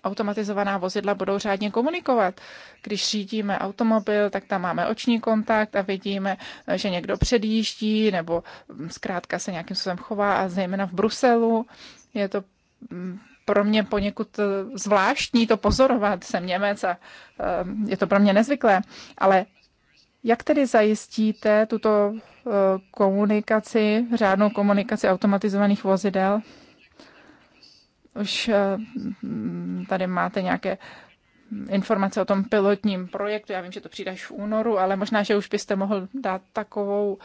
automatizovaná vozidla budou řádně komunikovat? Když řídíme automobil, tak tam máme oční kontakt a vidíme, eh, že někdo předjíždí nebo hm, zkrátka se nějakým způsobem chová a zejména v Bruselu je to hm, pro mě poněkud eh, zvláštní to pozorovat, jsem Němec a eh, je to pro mě nezvyklé, ale jak tedy zajistíte tuto eh, komunikaci, řádnou komunikaci automatizovaných vozidel? Už tady máte nějaké informace o tom pilotním projektu. Já vím, že to přijde až v únoru, ale možná, že už byste mohl dát takovou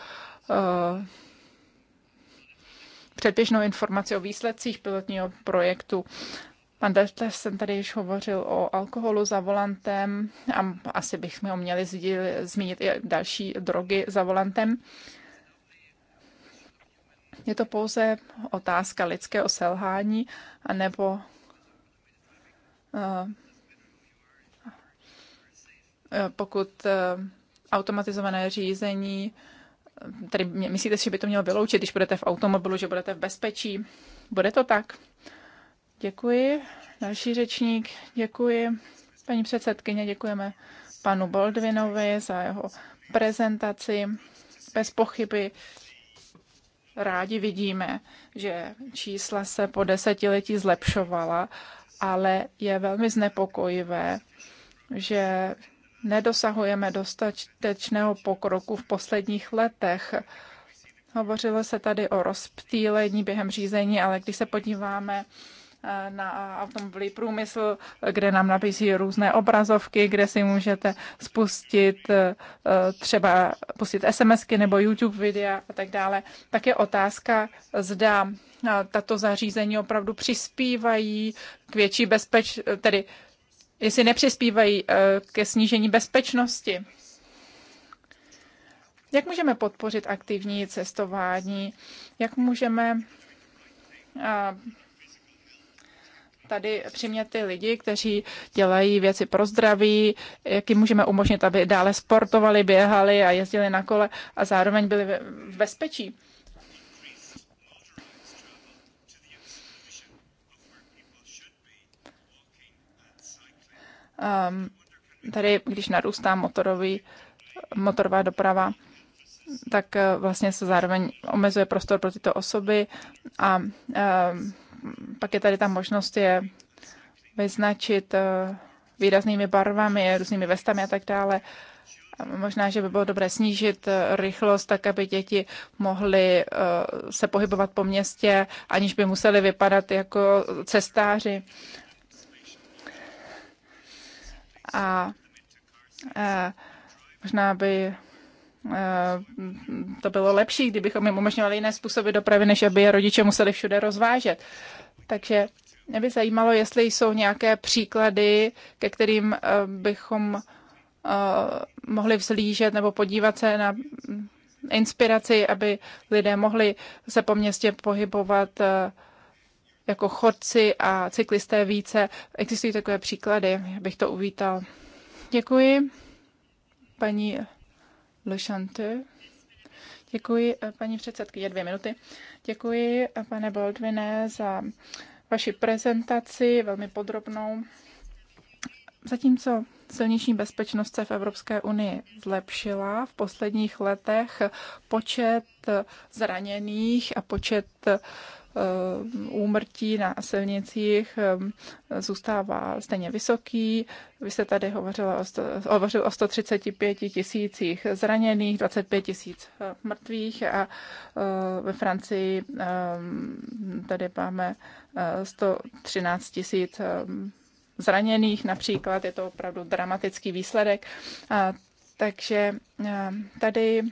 předběžnou informaci o výsledcích pilotního projektu. Pan Dertler jsem tady již hovořil o alkoholu za volantem a asi bychom ho měli zmínit i další drogy za volantem. Je to pouze otázka lidského selhání anebo uh, pokud eh, automatizované řízení Tedy myslíte si, že by to mělo vyloučit, když budete v automobilu, že budete v bezpečí? Bude to tak? Děkuji. Další řečník. Děkuji. Paní předsedkyně, děkujeme panu Boldvinovi za jeho prezentaci. Bez pochyby rádi vidíme, že čísla se po desetiletí zlepšovala, ale je velmi znepokojivé, že nedosahujeme dostatečného pokroku v posledních letech. Hovořilo se tady o rozptýlení během řízení, ale když se podíváme eh, na automobilový průmysl, kde nám nabízí různé obrazovky, kde si můžete spustit eh, třeba pustit SMSky nebo YouTube videa a tak dále, tak je otázka, zda eh, tato zařízení opravdu přispívají k větší bezpečnosti, tedy jestli nepřispívají eh, ke snížení bezpečnosti. Jak můžeme podpořit aktivní cestování? Jak můžeme eh, tady přimět ty lidi, kteří dělají věci pro zdraví, jak jim můžeme umožnit, aby dále sportovali, běhali a jezdili na kole a zároveň byli v bezpečí? Ehm, tady, když narůstá motorový, motorová doprava, tak eh, vlastně se zároveň omezuje prostor pro tyto osoby a ehm, pak je tady ta možnost je vyznačit eh, výraznými barvami, různými vestami a tak dále. Možná, že by bylo dobré snížit eh, rychlost, tak aby děti mohly se pohybovat po městě, aniž by museli vypadat jako cestáři a e, možná by e, to bylo lepší, kdybychom jim umožňovali jiné způsoby dopravy, než aby je rodiče museli všude rozvážet. Takže mě by zajímalo, jestli jsou nějaké příklady, ke kterým e, bychom mohli vzlížet nebo podívat se na mm, inspiraci, aby lidé mohli se po městě pohybovat jako chodci a cyklisté více. Existují takové příklady, bych to uvítal. Děkuji, paní Lešante. Děkuji, paní předsedkyně, dvě minuty. Děkuji, pane Boldvine, za vaši prezentaci, velmi podrobnou. Zatímco silniční bezpečnost se v Evropské unii zlepšila v posledních letech, počet zraněných a počet Eh, úmrtí na silnicích eh, zůstává stejně vysoký. Vy jste tady hovořila o, sto, hovořil o 135 tisících zraněných, 25 tisíc eh, mrtvých a ve Francii tady máme 113 tisíc zraněných například. Je to opravdu dramatický výsledek. takže tady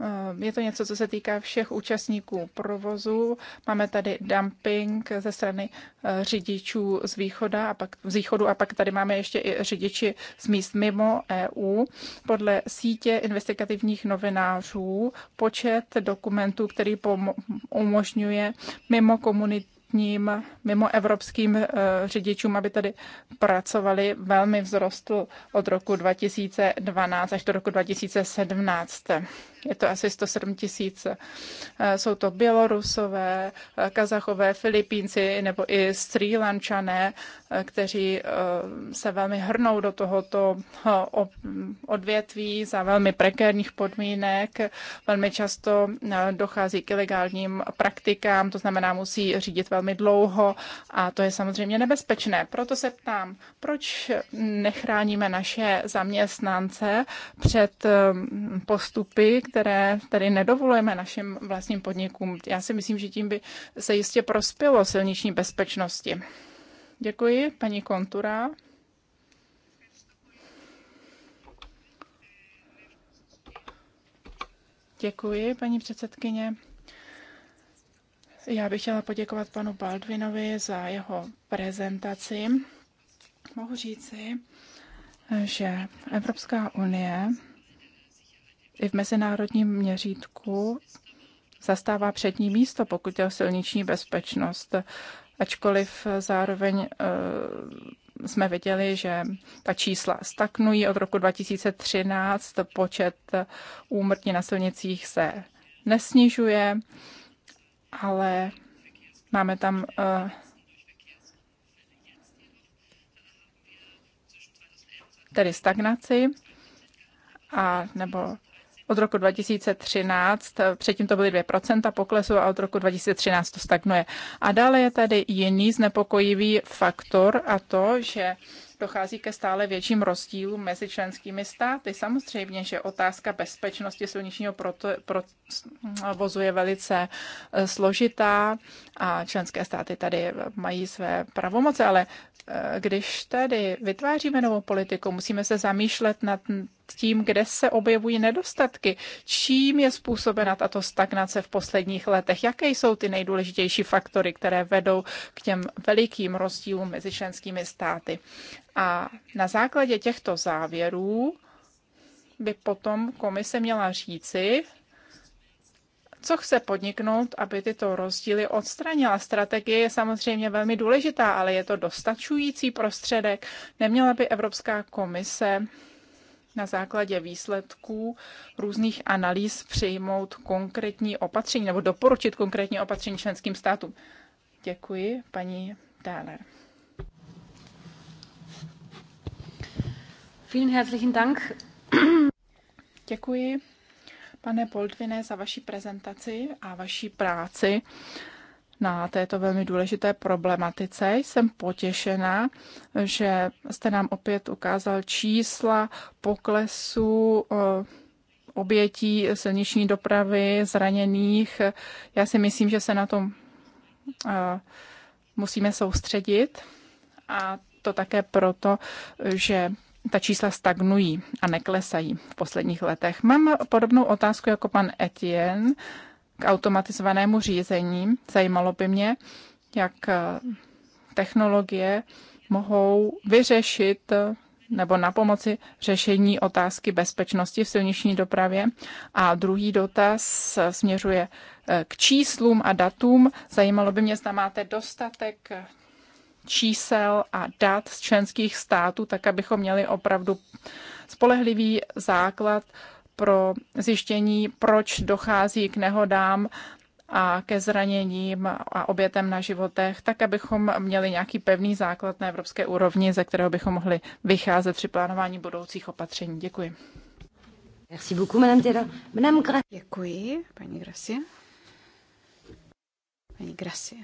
Eh, je to něco, co se týká všech účastníků provozu. Máme tady dumping ze strany eh, řidičů z, východa a pak, z východu a pak tady máme ještě i řidiči z míst mimo EU. Podle sítě investigativních novinářů počet dokumentů, který umožňuje mimo komunitu mimo evropským eh, řidičům, aby tady pracovali, velmi vzrostl od roku 2012 až do roku 2017 je to asi 107 tisíc. Eh, jsou to Bělorusové, eh, Kazachové, Filipínci nebo i Sri Lančané, eh, kteří se velmi hrnou do tohoto odvětví za velmi prekérních podmínek. Velmi často dochází k ilegálním praktikám, to znamená, musí řídit velmi dlouho a to je samozřejmě nebezpečné. Proto se ptám, proč nechráníme naše zaměstnance před postupy, které tady nedovolujeme našim vlastním podnikům. Já si myslím, že tím by se jistě prospělo silniční bezpečnosti. Děkuji, paní Kontura. Děkuji, paní předsedkyně. Já bych chtěla poděkovat panu Baldvinovi za jeho prezentaci. Mohu říci, že Evropská unie i v mezinárodním měřítku zastává přední místo, pokud je o silniční bezpečnost. Ačkoliv zároveň e, jsme viděli, že ta čísla stagnují od roku 2013, počet úmrtí na silnicích se nesnižuje, ale máme tam e, tedy stagnaci a nebo od roku 2013, eh, předtím to byly 2% poklesu a od roku 2013 to stagnuje. A dále je tady jiný znepokojivý faktor a to, že dochází ke stále větším rozdílům mezi členskými státy. Samozřejmě, že otázka bezpečnosti silničního provozu je velice eh, složitá a členské státy tady eh, mají své pravomoce, ale když tady vytváříme novou politiku, musíme se zamýšlet nad tím, kde se objevují nedostatky. Čím je způsobena tato stagnace v posledních letech? Jaké jsou ty nejdůležitější faktory, které vedou k těm velikým rozdílům mezi členskými státy? A na základě těchto závěrů by potom komise měla říci, co chce podniknout, aby tyto rozdíly odstranila. Strategie je samozřejmě velmi důležitá, ale je to dostačující prostředek. Neměla by Evropská komise na základě výsledků různých analýz přijmout konkrétní opatření nebo doporučit konkrétní opatření členským státům. Děkuji, paní Dáler. Vielen herzlichen Dank. Děkuji, pane Poldvine, za vaši prezentaci a vaši práci na této velmi důležité problematice. Jsem potěšena, že jste nám opět ukázal čísla poklesu eh, obětí silniční dopravy, zraněných. Já si myslím, že se na tom eh, musíme soustředit a to také proto, že ta čísla stagnují a neklesají v posledních letech. Mám podobnou otázku jako pan Etienne k automatizovanému řízení. Zajímalo by mě, jak eh, technologie mohou vyřešit eh, nebo na pomoci řešení otázky bezpečnosti v silniční dopravě. A druhý dotaz eh, směřuje k číslům a datům. Zajímalo by mě, zda máte dostatek čísel a dat z členských států, tak abychom měli opravdu spolehlivý základ pro zjištění, proč dochází k nehodám a ke zraněním a obětem na životech, tak abychom měli nějaký pevný základ na evropské úrovni, ze kterého bychom mohli vycházet při plánování budoucích opatření. Děkuji. Merci beaucoup, Madame Taylor. Madame Gra- Děkuji, paní Gracie. Paní Gracie.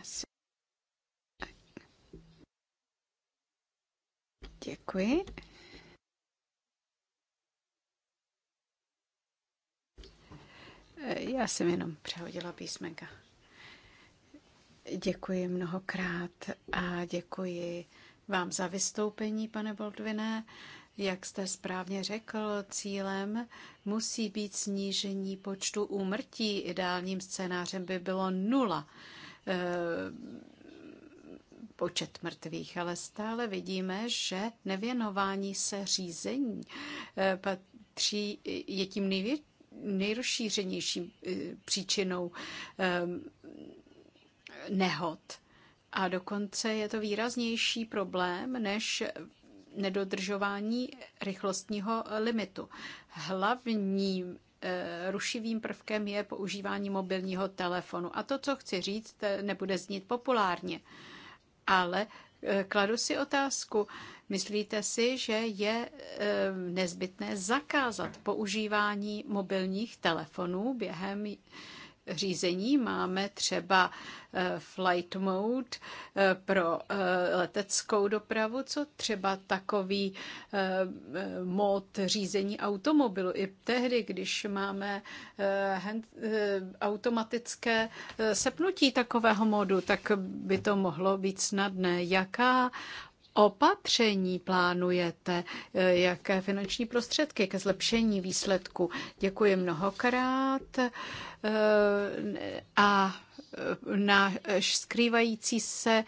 Děkuji. Já jsem jenom přehodila písmenka. Děkuji mnohokrát a děkuji vám za vystoupení, pane Boldviné. Jak jste správně řekl, cílem musí být snížení počtu úmrtí. Ideálním scénářem by bylo nula e, počet mrtvých, ale stále vidíme, že nevěnování se řízení e, patří, je tím největší nejrozšířenější eh, příčinou ehm, nehod. A dokonce je to výraznější problém než nedodržování rychlostního limitu. Hlavním eh, rušivým prvkem je používání mobilního telefonu. A to, co chci říct, eh, nebude znít populárně. Ale kladu si otázku, Myslíte si, že je eh, nezbytné zakázat používání mobilních telefonů během řízení. Máme třeba eh, flight mode eh, pro leteckou dopravu, co třeba takový mod řízení automobilu. I tehdy, když máme automatické sepnutí takového modu, tak by to mohlo být snadné. Jaká opatření plánujete, jaké finanční prostředky ke zlepšení výsledku. Děkuji mnohokrát a náš skrývající se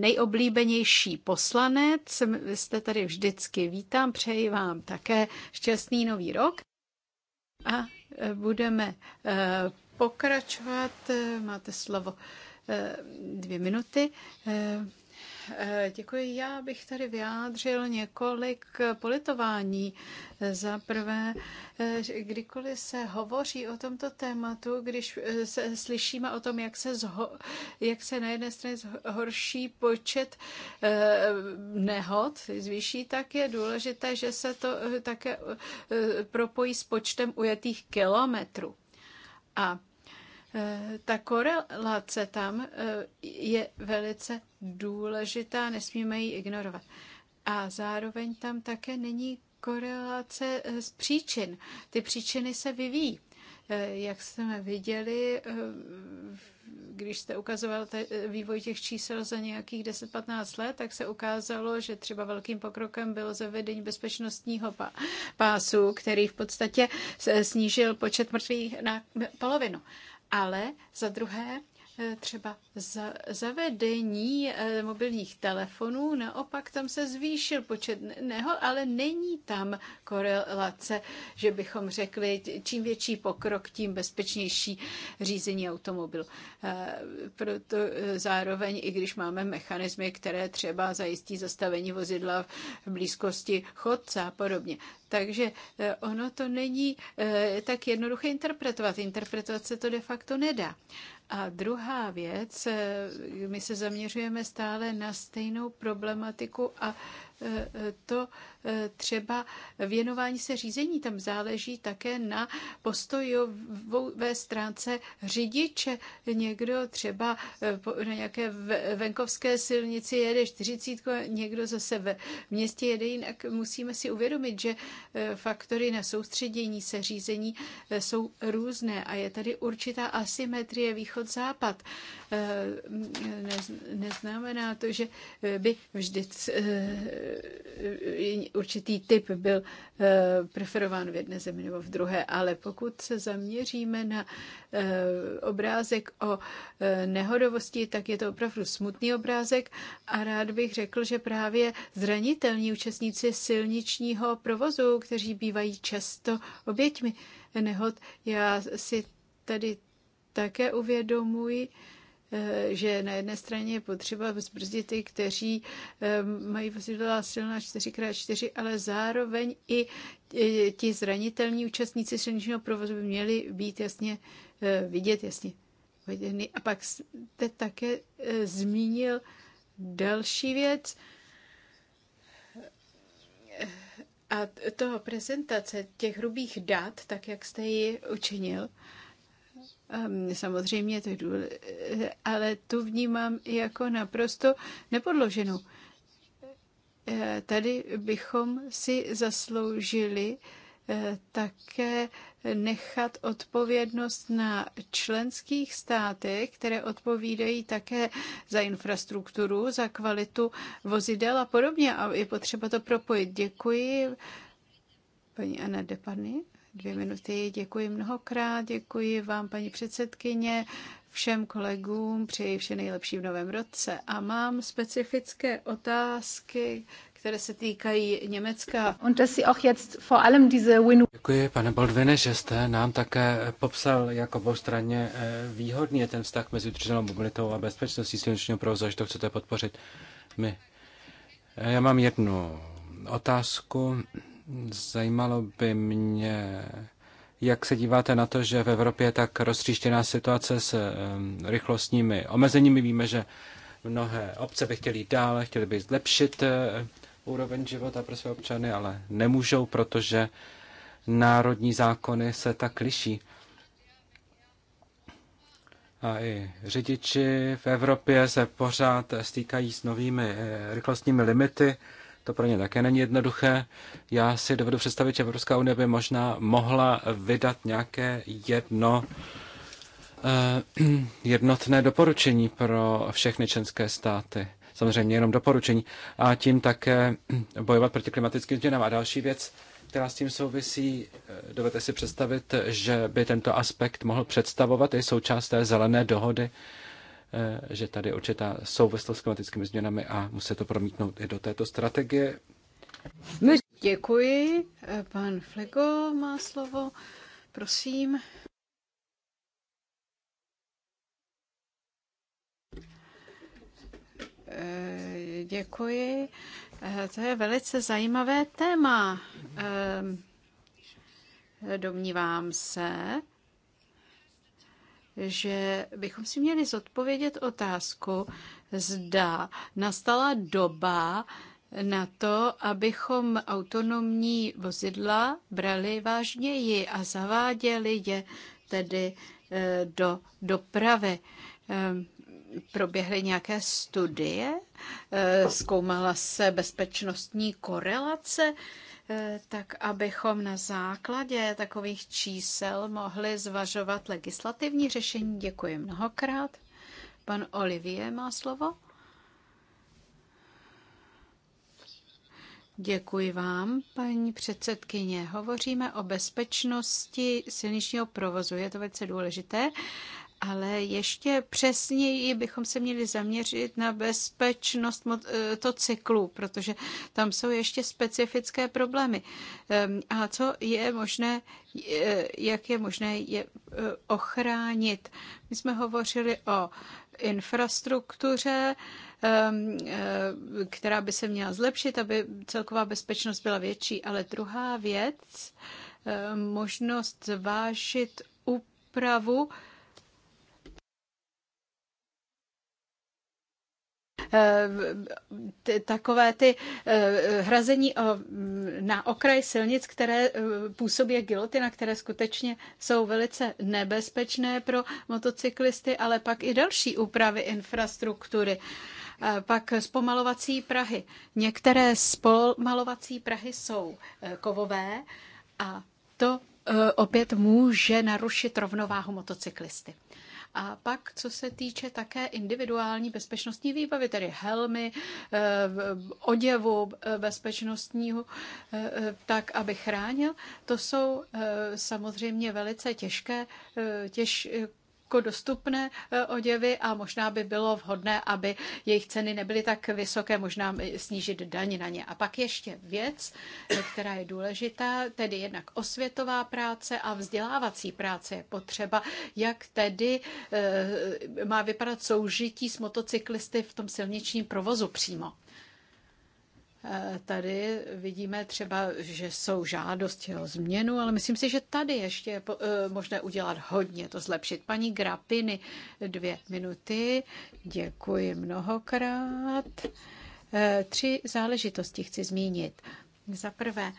nejoblíbenější poslanec. jste tady vždycky vítám, přeji vám také šťastný nový rok a budeme pokračovat. Máte slovo. Eh, dvě minuty. Eh, eh, děkuji. Já bych tady vyjádřil několik politování. Za prvé, kdykoliv se hovoří o tomto tématu, když se slyšíme o tom, jak se, zho, jak se na jedné straně zhorší počet nehod, zvýší, tak je důležité, že se to také propojí s počtem ujetých kilometrů. A Eh, ta korelace tam eh, je velice důležitá, nesmíme ji ignorovat. A zároveň tam také není korelace z eh, příčin. Ty příčiny se vyvíjí. Jak jsme viděli, když jste ukazoval vývoj těch čísel za nějakých 10-15 let, tak se ukázalo, že třeba velkým pokrokem bylo zavedení bezpečnostního pásu, který v podstatě snížil počet mrtvých na polovinu ale za druhé Eh, třeba zavedení eh, mobilních telefonů, naopak tam se zvýšil počet neho, ale není tam korelace, že bychom řekli, čím větší pokrok, tím bezpečnější řízení automobilu. Eh, proto zároveň, i když máme mechanismy, které třeba zajistí zastavení vozidla v blízkosti chodce a podobně, takže ono to není tak jednoduché interpretovat. Interpretace to de facto nedá. A druhá věc, eh, my se zaměřujeme stále na stejnou problematiku a Eh, eh, to eh, třeba věnování se řízení. Tam záleží také na postojové stránce řidiče. Někdo třeba na nějaké venkovské silnici jede 40, někdo zase ve městě jede jinak. Musíme si uvědomit, že faktory na soustředění se řízení jsou různé a je tady určitá asymetrie východ-západ. Neznamená to, že by vždy Eh, určitý typ byl eh, preferován v jedné zemi nebo v druhé, ale pokud se zaměříme na eh, obrázek o nehodovosti, tak je to opravdu smutný obrázek a rád bych řekl, že právě zranitelní účastníci silničního provozu, kteří bývají často oběťmi nehod, já si tady také uvědomuji, Eh, že na jedné straně je potřeba zbrzdit ty, kteří mají vozidla silná 4x4, ale zároveň i eh, ti zranitelní účastníci silničního provozu by měli být jasně eh, vidět, jasně viděny. A pak jste také zmínil další věc, a toho prezentace těch hrubých dat, tak jak jste ji učinil, Ehm, samozřejmě to je důležité, ale tu vnímám i jako naprosto nepodloženou. Eh, tady bychom si zasloužili eh, také nechat odpovědnost na členských státech, které odpovídají také za infrastrukturu, za kvalitu vozidel a podobně. A je potřeba to propojit. Děkuji. Paní Anna Depany dvě minuty. Děkuji mnohokrát, děkuji vám, paní předsedkyně, všem kolegům, přeji vše nejlepší v novém roce. A mám specifické otázky, které se týkají Německa. Und auch jetzt vor allem diese win Děkuji, pane Boldvine, že jste nám také popsal, jak oboustranně eh, výhodný je ten vztah mezi udržitelnou mobilitou a bezpečností silničního provozu, že to chcete podpořit. My. Eh, já mám jednu otázku Zajímalo by mě, jak se díváte na to, že v Evropě je tak roztříštěná situace s rychlostními omezeními. Víme, že mnohé obce by chtěly jít dál, chtěly by zlepšit eh, úroveň života pro své občany, ale nemůžou, protože národní zákony se tak liší. A i řidiči v Evropě se pořád stýkají s novými eh, rychlostními limity to pro ně také není jednoduché. Já si dovedu představit, že Evropská unie by možná mohla vydat nějaké jedno eh, jednotné doporučení pro všechny členské státy. Samozřejmě jenom doporučení. A tím také bojovat proti klimatickým změnám. A další věc, která s tím souvisí, eh, dovedete si představit, že by tento aspekt mohl představovat i součást té zelené dohody Eh, že tady určitá souvislost s klimatickými změnami a musí to promítnout i do této strategie. Děkuji. Eh, pan Flego má slovo. Prosím. Eh, děkuji. To je velice zajímavé téma. Domnívám se, že bychom si měli zodpovědět otázku, zda nastala doba na to, abychom autonomní vozidla brali vážněji a zaváděli je tedy eh, do dopravy eh, proběhly nějaké studie, eh, zkoumala se bezpečnostní korelace Eh, tak abychom na základě takových čísel mohli zvažovat legislativní řešení. Děkuji mnohokrát. Pan Olivier má slovo. Děkuji vám, paní předsedkyně. Hovoříme o bezpečnosti silničního provozu. Je to velice důležité ale ještě přesněji bychom se měli zaměřit na bezpečnost e, cyklu, protože tam jsou ještě specifické problémy. A co je možné, jak je možné je e, ochránit? My jsme hovořili o infrastruktuře, e, která by se měla zlepšit, aby celková bezpečnost byla větší. Ale druhá věc, možnost zvážit úpravu, Eh, takové ty eh, hrazení na okraj silnic, které eh, působí jak gilotina, které skutečně jsou velice nebezpečné pro motocyklisty, ale pak i další úpravy infrastruktury pak zpomalovací prahy. Některé zpomalovací prahy jsou kovové a to opět může narušit rovnováhu motocyklisty. A pak, co se týče také individuální bezpečnostní výbavy, tedy helmy, eh, oděvu eh, bezpečnostního, eh, tak, aby chránil, to jsou samozřejmě velice těžké, těžké jako dostupné eh, oděvy a možná by bylo vhodné, aby jejich ceny nebyly tak vysoké, možná snížit daň na ně. A pak ještě věc, eh, která je důležitá, tedy jednak osvětová práce a vzdělávací práce je potřeba, jak tedy eh, má vypadat soužití s motocyklisty v tom silničním provozu přímo. Eh, tady vidíme třeba, že jsou žádosti o změnu, ale myslím si, že tady ještě je eh, možné udělat hodně, to zlepšit. Paní Grapiny, dvě minuty. Děkuji mnohokrát. Eh, tři záležitosti chci zmínit. Za prvé,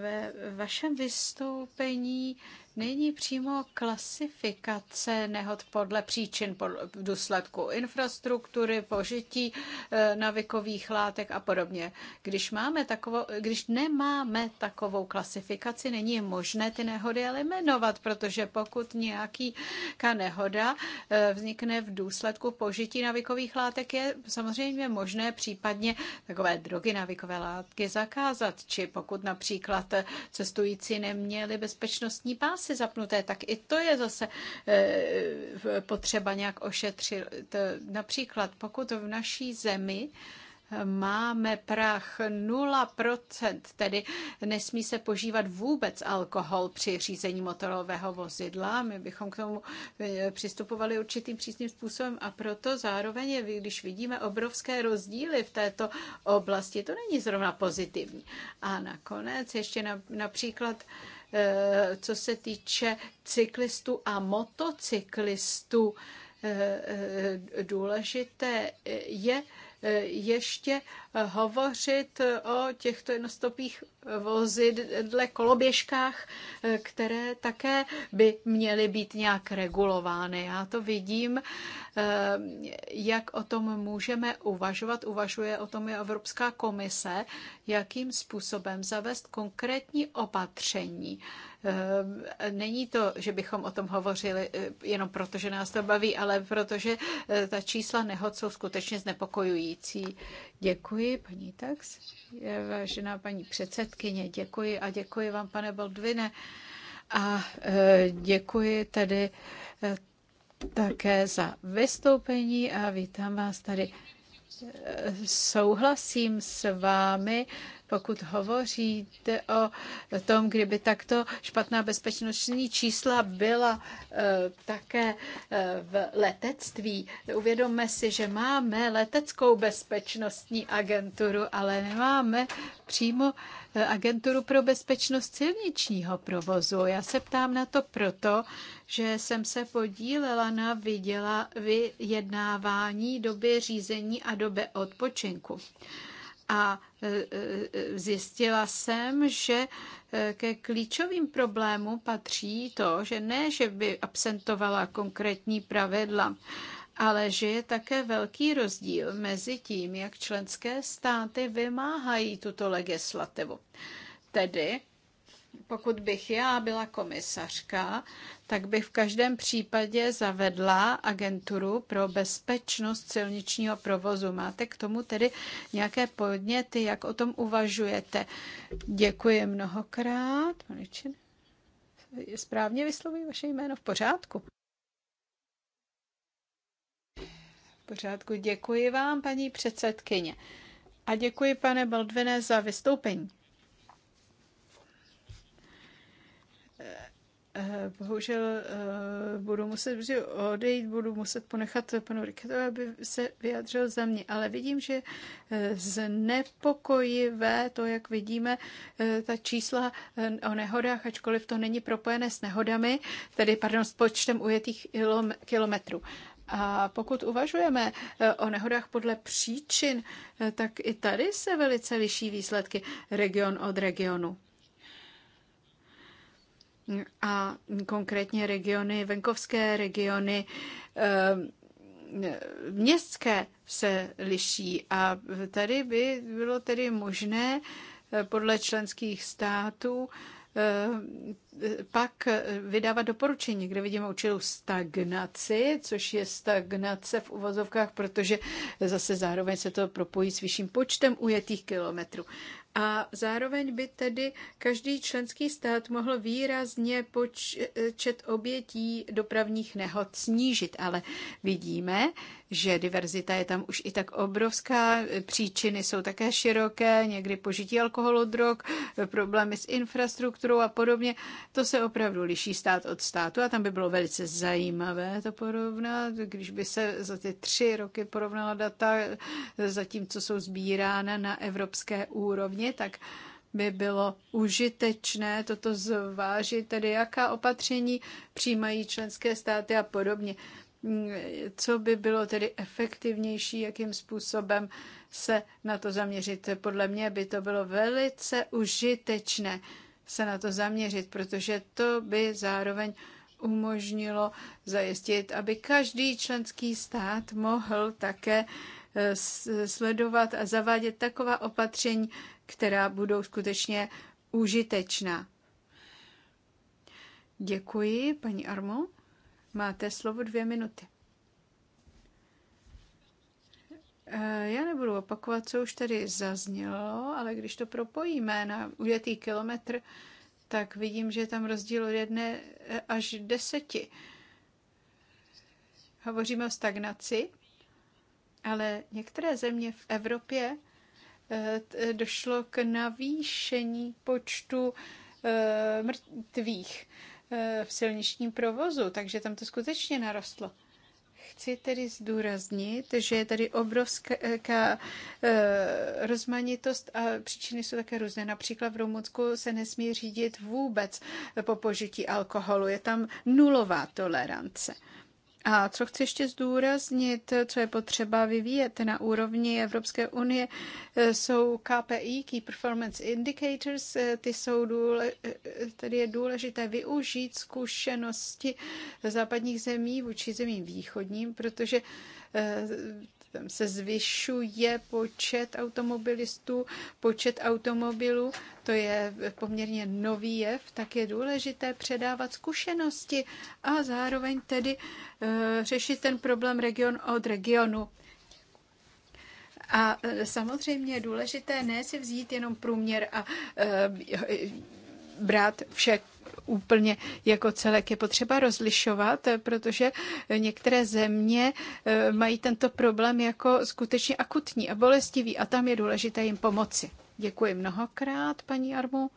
ve vašem vystoupení Není přímo klasifikace nehod podle příčin, v důsledku infrastruktury, požití eh, navikových látek a podobně. Když, máme takovou, když nemáme takovou klasifikaci, není možné ty nehody eliminovat, protože pokud nějaká nehoda eh, vznikne v důsledku požití navikových látek, je samozřejmě možné případně takové drogy navikové látky zakázat, či pokud například eh, cestující neměli bezpečnostní pásy, hlasy zapnuté, tak i to je zase e, potřeba nějak ošetřit. Například pokud v naší zemi e, máme prach 0%, tedy nesmí se požívat vůbec alkohol při řízení motorového vozidla. My bychom k tomu e, přistupovali určitým přísným způsobem a proto zároveň, když vidíme obrovské rozdíly v této oblasti, to není zrovna pozitivní. A nakonec ještě například Eh, co se týče cyklistů a motocyklistů. Eh, eh, důležité je Eh, ještě eh, hovořit eh, o těchto jednostopých vozidle koloběžkách, které také by měly být nějak regulovány. Já to vidím, jak o tom můžeme uvažovat. Uvažuje o tom i Evropská komise, jakým způsobem zavést konkrétní opatření, Ehm, není to, že bychom o tom hovořili eh, jenom proto, že nás to baví, ale protože eh, ta čísla nehod jsou skutečně znepokojující. Děkuji, paní Tax. Vážená paní předsedkyně, děkuji a děkuji vám, pane Baldvine. A eh, děkuji tedy také za vystoupení a vítám vás tady. Souhlasím s vámi, pokud hovoříte o tom, kdyby takto špatná bezpečnostní čísla byla eh, také eh, v letectví, uvědomme si, že máme leteckou bezpečnostní agenturu, ale nemáme přímo eh, agenturu pro bezpečnost silničního provozu. Já se ptám na to proto, že jsem se podílela na vyjednávání doby řízení a doby odpočinku. A e, e, e, zjistila jsem, že ke klíčovým problémům patří to, že ne, že by absentovala konkrétní pravidla, ale že je také velký rozdíl mezi tím, jak členské státy vymáhají tuto legislativu. Tedy pokud bych já byla komisařka, tak bych v každém případě zavedla agenturu pro bezpečnost silničního provozu. Máte k tomu tedy nějaké podněty, jak o tom uvažujete? Děkuji mnohokrát. správně vyslovuji vaše jméno v pořádku. V pořádku, děkuji vám, paní předsedkyně. A děkuji, pane Baldvine, za vystoupení. Eh, bohužel eh, budu muset odejít, budu muset ponechat panu Riketovi, aby se vyjadřil za mě. Ale vidím, že eh, znepokojivé to, jak vidíme, ta čísla o nehodách, ačkoliv to není propojené s nehodami, tedy, pardon, s počtem ujetých kilometrů. A pokud uvažujeme o nehodách podle příčin, tak i tady se velice liší výsledky region od regionu a konkrétně regiony, venkovské regiony, eh, městské se liší a tady by bylo tedy možné eh, podle členských států eh, pak vydávat doporučení, kde vidíme určitou stagnaci, což je stagnace v uvozovkách, protože zase zároveň se to propojí s vyšším počtem ujetých kilometrů. A zároveň by tedy každý členský stát mohl výrazně počet obětí dopravních nehod snížit. Ale vidíme, že diverzita je tam už i tak obrovská, příčiny jsou také široké, někdy požití alkoholu, drog, problémy s infrastrukturou a podobně. To se opravdu liší stát od státu a tam by bylo velice zajímavé to porovnat, když by se za ty tři roky porovnala data, za tím, co jsou sbírána na evropské úrovni, tak by bylo užitečné toto zvážit, tedy jaká opatření přijímají členské státy a podobně co by bylo tedy efektivnější, jakým způsobem se na to zaměřit. Podle mě by to bylo velice užitečné se na to zaměřit, protože to by zároveň umožnilo zajistit, aby každý členský stát mohl také eh, sledovat a zavádět taková opatření, která budou skutečně užitečná. Děkuji, paní Armo. Máte slovo dvě minuty. Eh, já nebudu opakovat, co už tady zaznělo, ale když to propojíme na ujetý kilometr, tak vidím, že je tam rozdíl od jedné eh, až deseti. Hovoříme o stagnaci, ale některé země v Evropě eh, došlo k navýšení počtu mrtvých E, v silničním provozu, takže tam to skutečně narostlo. Chci tedy zdůraznit, že je tady obrovská e, rozmanitost a příčiny jsou také různé. Například v Rumunsku se nesmí řídit vůbec po požití alkoholu. Je tam nulová tolerance. A co chci ještě zdůraznit, co je potřeba vyvíjet na úrovni Evropské unie, eh, jsou KPI, Key Performance Indicators, eh, ty jsou důle, eh, tady je důležité využít zkušenosti západních zemí vůči zemím východním, protože autem se zvyšuje počet automobilistů, počet automobilů. To je poměrně nový jev, tak je důležité předávat zkušenosti a zároveň tedy e, řešit ten problém region od regionu. A eh, samozřejmě je důležité ne si vzít jenom průměr a e, brát vše úplně jako celek. Je potřeba rozlišovat, protože některé země eh, mají tento problém jako skutečně akutní a bolestivý a tam je důležité jim pomoci. Děkuji mnohokrát, paní Armu.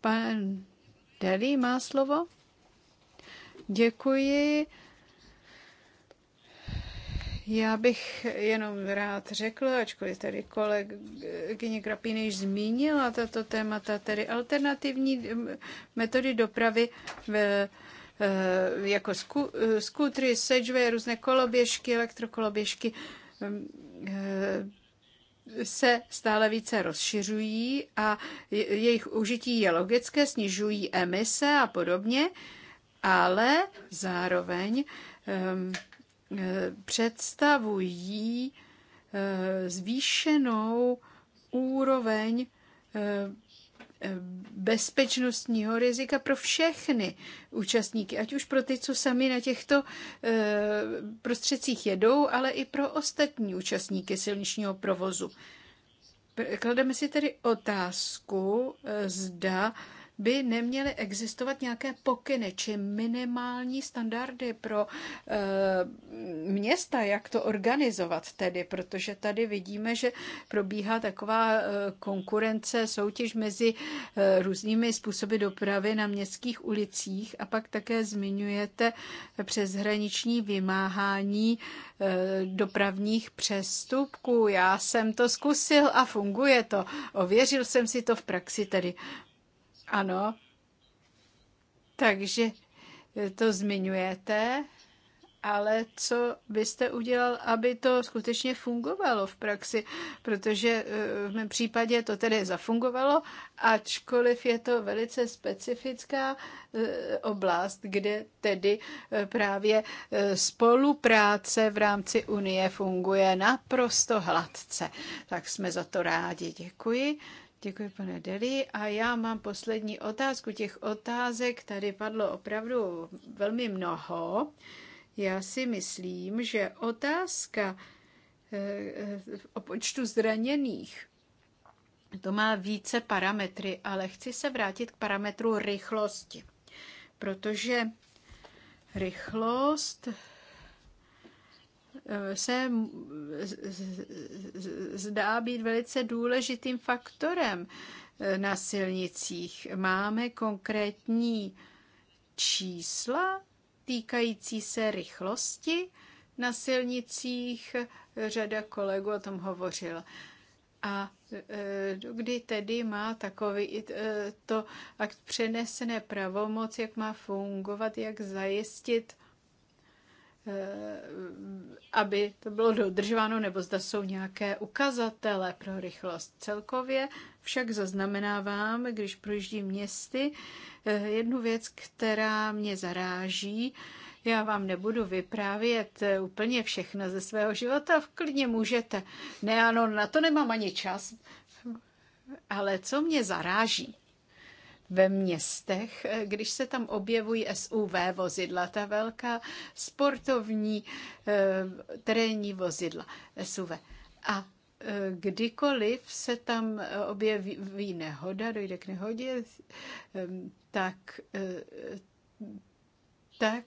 Pan Deli má slovo. Děkuji. Já bych jenom rád řekla, ačkoliv tady kolegyně Krapíny již zmínila tato témata, tedy alternativní metody dopravy v eh, jako sku, skutry, sedžve, různé koloběžky, elektrokoloběžky eh, se stále více rozšiřují a jejich užití je logické, snižují emise a podobně, ale zároveň ehm, Eh, představují eh, zvýšenou úroveň eh, bezpečnostního rizika pro všechny účastníky, ať už pro ty, co sami na těchto prostředcích jedou, ale i pro ostatní účastníky silničního provozu. Klademe si tedy otázku, zda by neměly existovat nějaké pokyny či minimální standardy pro e, města, jak to organizovat tedy, protože tady vidíme, že probíhá taková e, konkurence, soutěž mezi e, různými způsoby dopravy na městských ulicích a pak také zmiňujete přeshraniční vymáhání e, dopravních přestupků. Já jsem to zkusil a funguje to. Ověřil jsem si to v praxi tedy. Ano. Takže eh, to zmiňujete, ale co byste udělal, aby to skutečně fungovalo v praxi? Protože eh, v mém případě to tedy zafungovalo, ačkoliv je to velice specifická eh, oblast, kde tedy právě spolupráce v rámci Unie funguje naprosto hladce. Tak jsme za to rádi. Děkuji. Děkuji, pane Deli. A já mám poslední otázku. Těch otázek tady padlo opravdu velmi mnoho. Já si myslím, že otázka eh, eh, o počtu zraněných, to má více parametry, ale chci se vrátit k parametru rychlosti, protože rychlost Eh, se zdá být velice důležitým faktorem eh, na silnicích. Máme konkrétní čísla týkající se rychlosti na silnicích. Řada kolegů o tom hovořil A eh, kdy tedy má takový to akt přenesené pravomoc, jak má fungovat, jak zajistit Eh, aby to bylo dodržováno, nebo zda jsou nějaké ukazatele pro rychlost. Celkově však zaznamenávám, když projíždím městy, eh, jednu věc, která mě zaráží. Já vám nebudu vyprávět eh, úplně všechno ze svého života, klidně můžete. Ne, ano, na to nemám ani čas. Ale co mě zaráží, ve městech, eh, když se tam objevují SUV vozidla, ta velká sportovní eh, terénní vozidla SUV. A eh, kdykoliv se tam objeví nehoda, dojde k nehodě, tak tak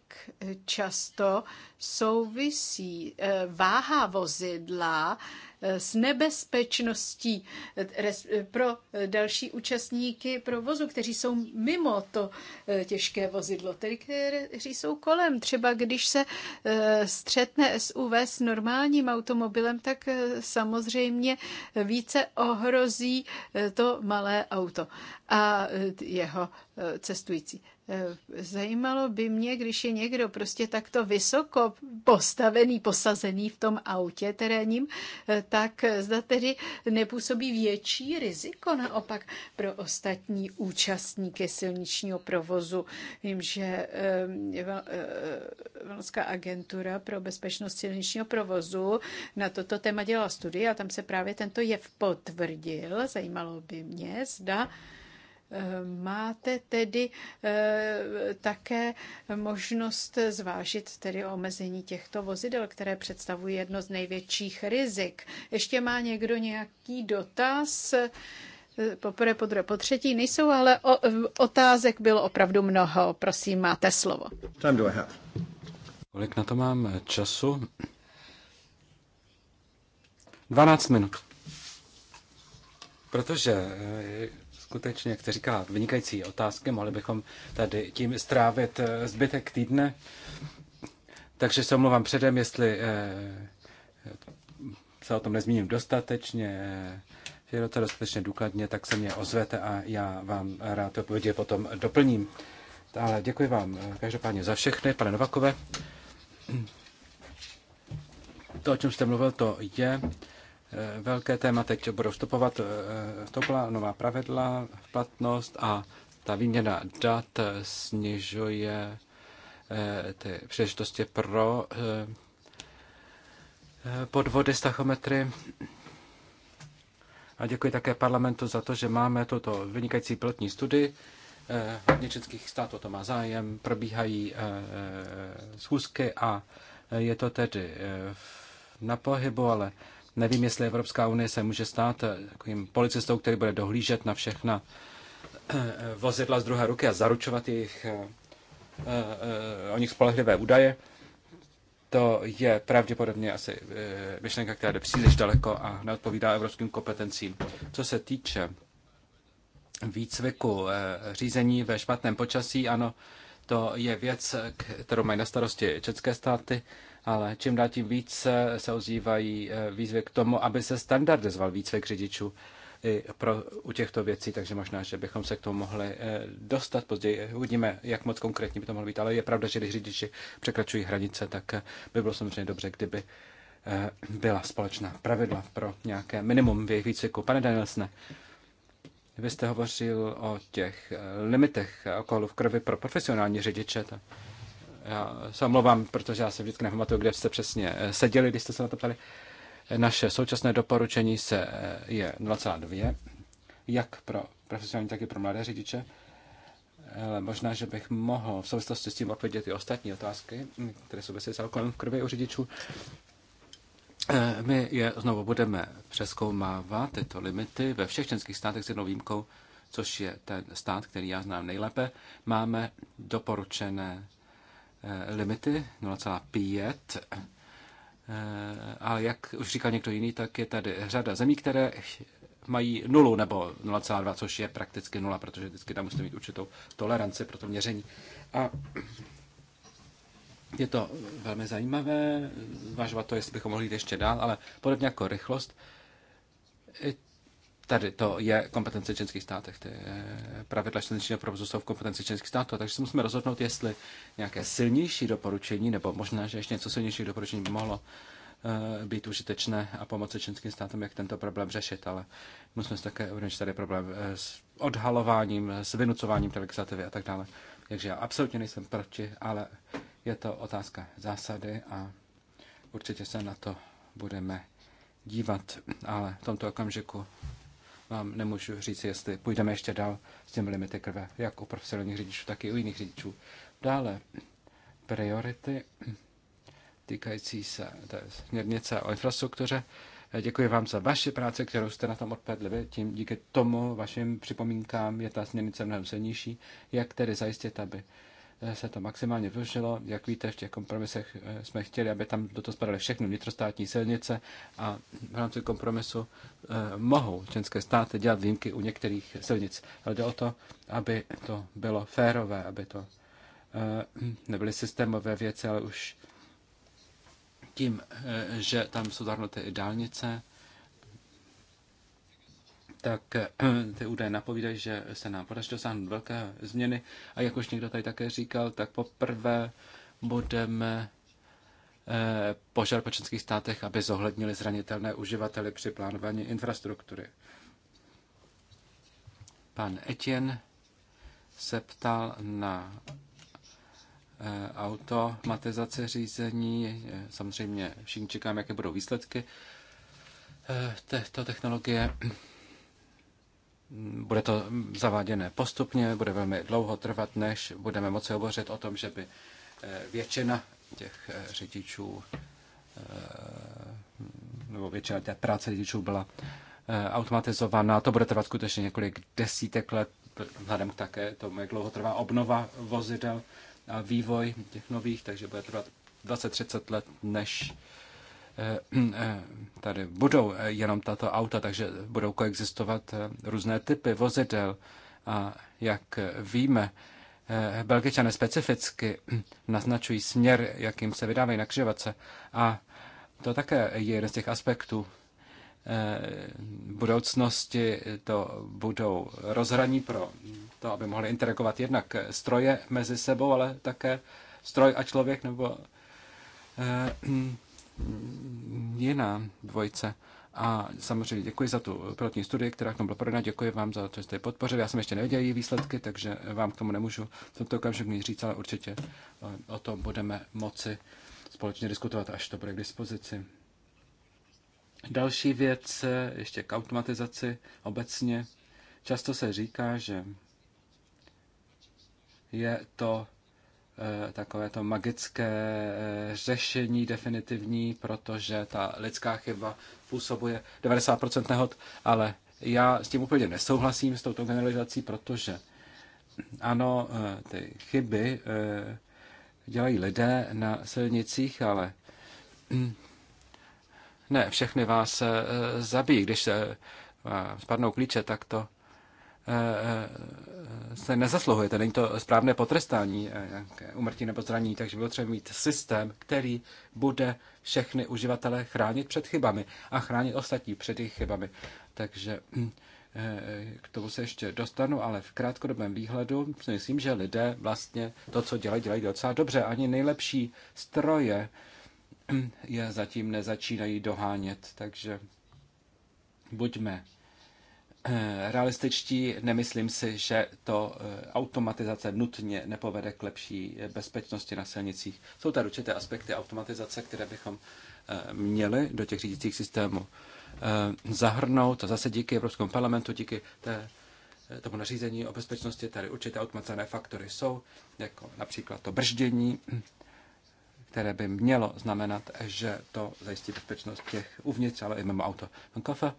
často souvisí váha vozidla Eh, s nebezpečností eh, eh, pro další účastníky provozu, kteří jsou mimo to těžké vozidlo, tedy kteří jsou kolem. Třeba když se střetne SUV s normálním automobilem, tak samozřejmě více ohrozí to malé auto a jeho cestující. Eh, zajímalo by mě, když je někdo prostě takto vysoko postavený, posazený v tom autě terénním, eh, tak eh, zda tedy nepůsobí větší riziko naopak pro ostatní účastníky silničního provozu. Vím, že Valská agentura pro bezpečnost silničního provozu na toto téma dělala studii a tam se právě tento jev potvrdil. Zajímalo by mě, zda Eh, máte tedy eh, také možnost zvážit tedy omezení těchto vozidel, které představují jedno z největších rizik. Ještě má někdo nějaký dotaz? Eh, poprvé, podruhé, po třetí nejsou, ale o, otázek bylo opravdu mnoho. Prosím, máte slovo. Time do I have. Kolik na to mám času? 12 minut. Protože skutečně, jak jste říká, vynikající otázky. Mohli bychom tady tím strávit eh, zbytek týdne. Takže se omlouvám předem, jestli eh, se o tom nezmíním dostatečně, eh, je to dostatečně důkladně, tak se mě ozvete a já vám rád ty odpovědi potom doplním. Ale děkuji vám každopádně za všechny, pane Novakové. To, o čem jste mluvil, to je Eh, velké téma. Teď budou vstupovat vstoupila eh, nová pravidla platnost a ta výměna dat eh, snižuje ty příležitosti pro podvody s tachometry. A děkuji také parlamentu za to, že máme tuto vynikající pilotní studii. Hodně českých států to má zájem, probíhají schůzky a je to tedy na pohybu, ale Nevím, jestli Evropská unie se může stát eh, takovým policistou, který bude dohlížet na všechna eh, eh, vozidla z druhé ruky a zaručovat jejich, o nich spolehlivé údaje. To je pravděpodobně asi myšlenka, která jde příliš daleko a neodpovídá evropským kompetencím. Co se týče výcviku řízení ve špatném počasí, ano, to je věc, kterou mají na starosti české státy ale čím dál tím více se ozývají eh, výzvy k tomu, aby se standardizoval výcvik řidičů i pro, u těchto věcí, takže možná, že bychom se k tomu mohli eh, dostat později. Uvidíme, jak moc konkrétní by to mohlo být, ale je pravda, že když řidiči překračují hranice, tak eh, by bylo samozřejmě dobře, kdyby byla společná pravidla pro nějaké minimum v jejich výcviku. Pane Danielsne, vy jste hovořil o těch limitech alkoholu v krvi pro profesionální řidiče. Tak já se omlouvám, protože já se vždycky nepamatuju, kde jste přesně eh, seděli, když jste se na to ptali. Eh, naše současné doporučení se eh, je 0,2, jak pro profesionální, tak i pro mladé řidiče. Ale možná, že bych mohl v souvislosti s tím odpovědět i ostatní otázky, hm, které jsou s alkoholem v krvi u řidičů. My je znovu budeme přeskoumávat, tyto limity, ve všech členských státech s jednou výjimkou, což je ten stát, který já znám nejlépe. Máme doporučené Eh, limity 0,5. Eh, A jak už říkal někdo jiný, tak je tady řada zemí, které mají nulu nebo 0,2, což je prakticky nula, protože vždycky tam musíte mít určitou toleranci pro to měření. A je to velmi zajímavé, zvažovat to, jestli bychom mohli jít ještě dál, ale podobně jako rychlost, i Tady to je kompetence členských státech. Ty eh, pravidla členského provozu jsou v kompetenci členských států, takže se musíme rozhodnout, jestli nějaké silnější doporučení, nebo možná, že ještě něco silnější doporučení by mohlo eh, být užitečné a pomoci členským státům, jak tento problém řešit, ale musíme se také uvědomit, že tady je problém eh, s odhalováním, s vynucováním té legislativy a tak dále. Takže já absolutně nejsem proti, ale je to otázka zásady a určitě se na to budeme dívat, ale v tomto okamžiku vám nemůžu říct, jestli půjdeme ještě dál s těmi limity krve, jak u profesionálních řidičů, tak i u jiných řidičů. Dále priority týkající se té směrnice o infrastruktuře. Děkuji vám za vaši práci, kterou jste na tom odpadli. Tím díky tomu vašim připomínkám je ta směrnice mnohem silnější. Jak tedy zajistit, aby Eh, se to maximálně využilo. Jak víte, v těch kompromisech eh, jsme chtěli, aby tam do toho spadaly všechny vnitrostátní silnice a v rámci kompromisu eh, mohou členské státy dělat výjimky u některých silnic. Ale jde o to, aby to bylo férové, aby to nebyly systémové věci, ale už tím, že tam jsou zahrnuty i dálnice, tak eh, ty údaje napovídají, že se nám podaří dosáhnout velké změny. A jak už někdo tady také říkal, tak poprvé budeme eh, požadovat po členských státech, aby zohlednili zranitelné uživateli při plánování infrastruktury. Pan Etienne se ptal na eh, automatizace řízení. Samozřejmě všichni čekáme, jaké budou výsledky této technologie. Bude to zaváděné postupně, bude velmi dlouho trvat, než budeme moci hovořit o tom, že by eh, většina těch eh, řidičů eh, nebo většina té práce řidičů byla automatizovaná. To bude trvat skutečně několik desítek let, vzhledem k také tomu, jak dlouho trvá obnova vozidel a vývoj těch nových, takže bude trvat 20-30 let, než Eh, eh, tady budou eh, jenom tato auta, takže budou koexistovat různé typy vozidel. A jak víme, Belgičané specificky naznačují směr, jakým se vydávají na křivace. A to také je jeden z těch aspektů v budoucnosti. To budou rozhraní pro to, aby mohli interagovat jednak stroje mezi sebou, ale také stroj a člověk nebo jiná dvojce. A samozřejmě děkuji za tu pilotní studii, která k tomu byla prodána. Děkuji vám za to, že jste ji podpořili. Já jsem ještě neviděl její výsledky, takže vám k tomu nemůžu v tomto okamžiku nic říct, ale určitě eh, o tom budeme moci společně diskutovat, až to bude k dispozici. Další věc eh, ještě k automatizaci obecně. Často se říká, že je to Eh, takové to magické eh, řešení definitivní, protože ta lidská chyba působuje 90% nehod, ale já s tím úplně nesouhlasím, s touto generalizací, protože ano, eh, ty chyby dělají lidé na silnicích, ale ne, všechny vás zabijí, když se spadnou klíče, tak to se nezasluhujete, to není to správné potrestání, eh, nějaké umrtí nebo zranění, takže bylo třeba mít systém, který bude všechny uživatele chránit před chybami a chránit ostatní před jejich chybami. Takže hm, eh, k tomu se ještě dostanu, ale v krátkodobém výhledu si myslím, že lidé vlastně to, co dělají, dělají docela dobře. Ani nejlepší stroje hm, je zatím nezačínají dohánět, takže buďme Eh, realističtí. Nemyslím si, že to eh, automatizace nutně nepovede k lepší eh, bezpečnosti na silnicích. Jsou tady určité aspekty automatizace, které bychom měli do těch řídících systémů zahrnout. A zase díky Evropskému parlamentu, díky té, tomu nařízení o bezpečnosti tady určité automatizované faktory jsou, jako například to brždění, které by mělo znamenat, že to zajistí bezpečnost těch uvnitř, ale i mimo auto. Kofa,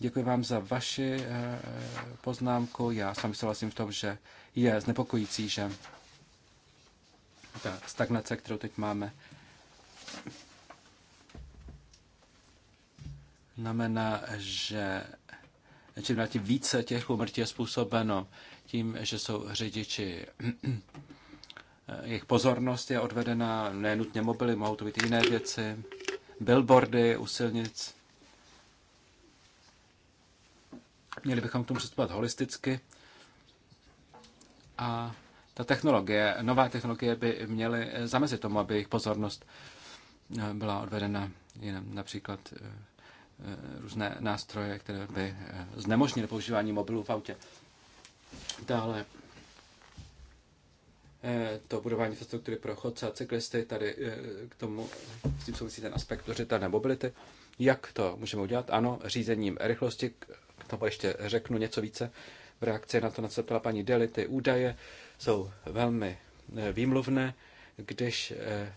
Děkuji vám za vaši eh, eh, poznámku. Já sami souhlasím v tom, že je znepokojící, že ta stagnace, kterou teď máme, znamená, že čím dál tím více těch úmrtí je způsobeno tím, že jsou řidiči eh, jejich pozornost je odvedena nenutně mobily, mohou to být jiné věci, billboardy u silnic, Měli bychom k tomu přistupovat holisticky. A ta technologie, nová technologie by měly eh, zamezit tomu, aby jejich pozornost eh, byla odvedena jinam. Například eh, různé nástroje, které by znemožnily používání mobilů v autě. Dále to budování infrastruktury pro chodce a cyklisty, tady k tomu s tím souvisí ten aspekt udržitelné mobility. Jak to můžeme udělat? Ano, řízením rychlosti tomu ještě řeknu něco více v reakci na to, na co ptala paní Deli. Ty údaje jsou velmi eh, výmluvné, když eh,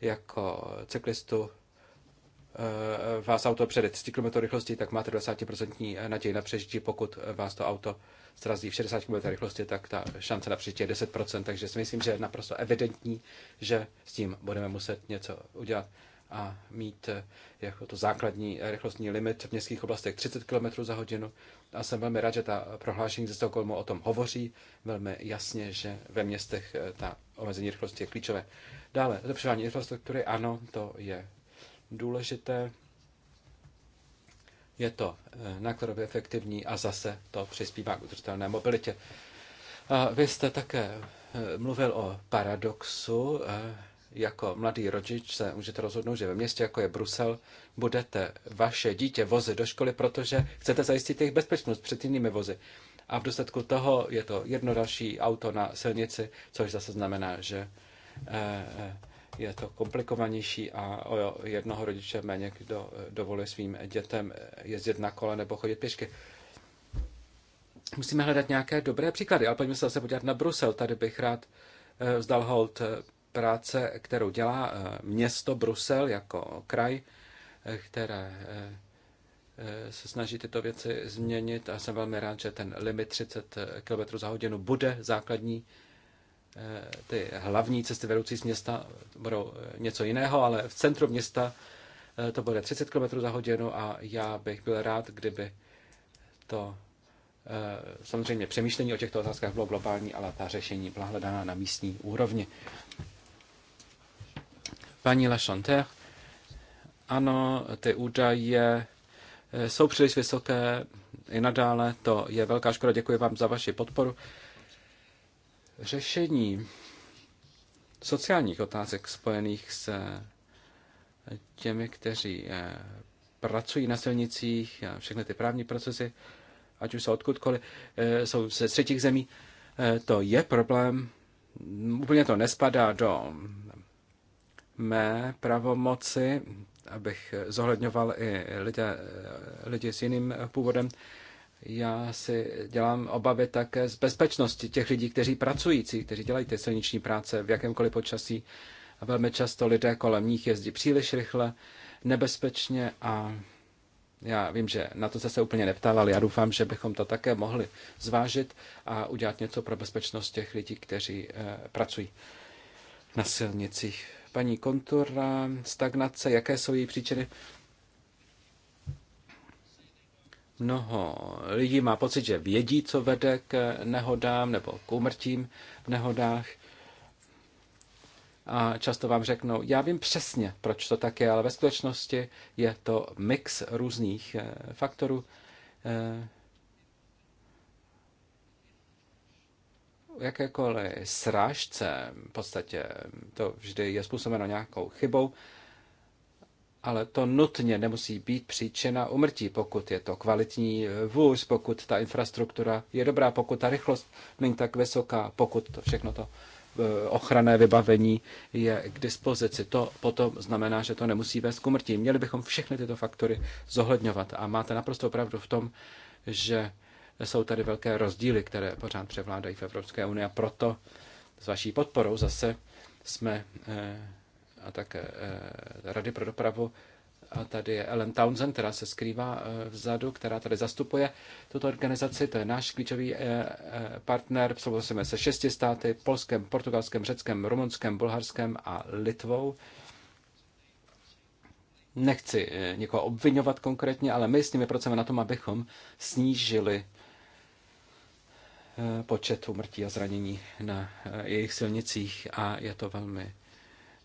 jako cyklistu eh, vás auto přede 30 km rychlosti, tak máte 20% naději na přežití. Pokud vás to auto srazí v 60 km rychlosti, tak ta šance na přežití je 10%. Takže si myslím, že je naprosto evidentní, že s tím budeme muset něco udělat a mít eh, jako to základní rychlostní limit v městských oblastech 30 km za hodinu. A jsem velmi rád, že ta prohlášení ze Stockholmu o tom hovoří velmi jasně, že ve městech eh, ta omezení rychlosti je klíčové. Dále, zlepšování infrastruktury, ano, to je důležité. Je to eh, nákladově efektivní a zase to přispívá k udržitelné mobilitě. A vy jste také mluvil o paradoxu jako mladý rodič se můžete rozhodnout, že ve městě, jako je Brusel, budete vaše dítě vozit do školy, protože chcete zajistit jejich bezpečnost před jinými vozy. A v důsledku toho je to jedno další auto na silnici, což zase znamená, že eh, eh, je to komplikovanější a o jednoho rodiče méně, kdo eh, dovoluje svým dětem jezdit na kole nebo chodit pěšky. Musíme hledat nějaké dobré příklady, ale pojďme se zase podívat na Brusel. Tady bych rád vzdal hold práce, kterou dělá eh, město Brusel jako kraj, eh, které eh, se snaží tyto věci změnit a jsem velmi rád, že ten limit 30 km za hodinu bude základní. Ty hlavní cesty vedoucí z města budou něco jiného, ale v centru města to bude 30 km za hodinu a já bych byl rád, kdyby to samozřejmě přemýšlení o těchto otázkách bylo globální, ale ta řešení byla hledána na místní úrovni. Paní Lachanter, ano, ty údaje eh, jsou příliš vysoké i nadále, to je velká škoda, děkuji vám za vaši podporu. Řešení sociálních otázek spojených s těmi, kteří eh, pracují na silnicích a všechny ty právní procesy, ať už jsou odkudkoliv, eh, jsou ze třetích zemí, to je problém. Úplně to nespadá do mé pravomoci, abych zohledňoval i lidé, lidi s jiným původem. Já si dělám obavy také z bezpečnosti těch lidí, kteří pracující, kteří dělají ty silniční práce v jakémkoliv počasí. A velmi často lidé kolem nich jezdí příliš rychle, nebezpečně a já vím, že na to se se úplně neptal, ale já doufám, že bychom to také mohli zvážit a udělat něco pro bezpečnost těch lidí, kteří eh, pracují na silnicích paní Kontura, stagnace, jaké jsou její příčiny. Mnoho lidí má pocit, že vědí, co vede k nehodám nebo k úmrtím v nehodách. A často vám řeknou, já vím přesně, proč to tak je, ale ve skutečnosti je to mix různých eh, faktorů eh, jakékoliv srážce, v podstatě to vždy je způsobeno nějakou chybou, ale to nutně nemusí být příčina umrtí, pokud je to kvalitní vůz, pokud ta infrastruktura je dobrá, pokud ta rychlost není tak vysoká, pokud to všechno to eh, ochranné vybavení je k dispozici. To potom znamená, že to nemusí vést k umrtí. Měli bychom všechny tyto faktory zohledňovat. A máte naprosto pravdu v tom, že jsou tady velké rozdíly, které pořád převládají v Evropské unii a proto s vaší podporou zase jsme eh, a tak eh, Rady pro dopravu a tady je Ellen Townsend, která se skrývá eh, vzadu, která tady zastupuje tuto organizaci. To je náš klíčový partner. Souhlasíme se šesti státy, Polskem, Portugalskem, Řeckem, Rumunskem, Bulharskem a Litvou. Nechci někoho obvinovat konkrétně, ale my s nimi pracujeme na tom, abychom snížili Eh, počet umrtí a zranění na eh, jejich silnicích a je to velmi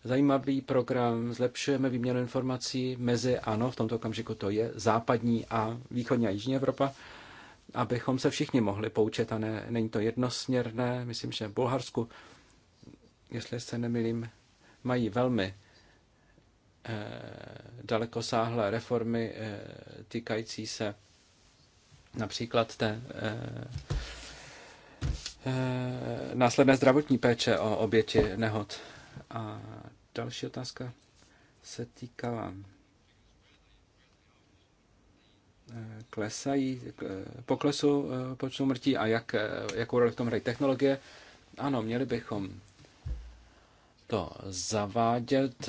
zajímavý program. Zlepšujeme výměnu informací mezi, ano, v tomto okamžiku to je západní a východní a jižní Evropa, abychom se všichni mohli poučet a ne, není to jednosměrné. Myslím, že v Bulharsku, jestli se nemilím, mají velmi eh, dalekosáhlé reformy týkající se například té Eh, následné zdravotní péče o oběti nehod. A další otázka se týkala eh, klesají, poklesu eh, počtu mrtí a jak, jakou roli v tom hrají technologie. Ano, měli bychom to zavádět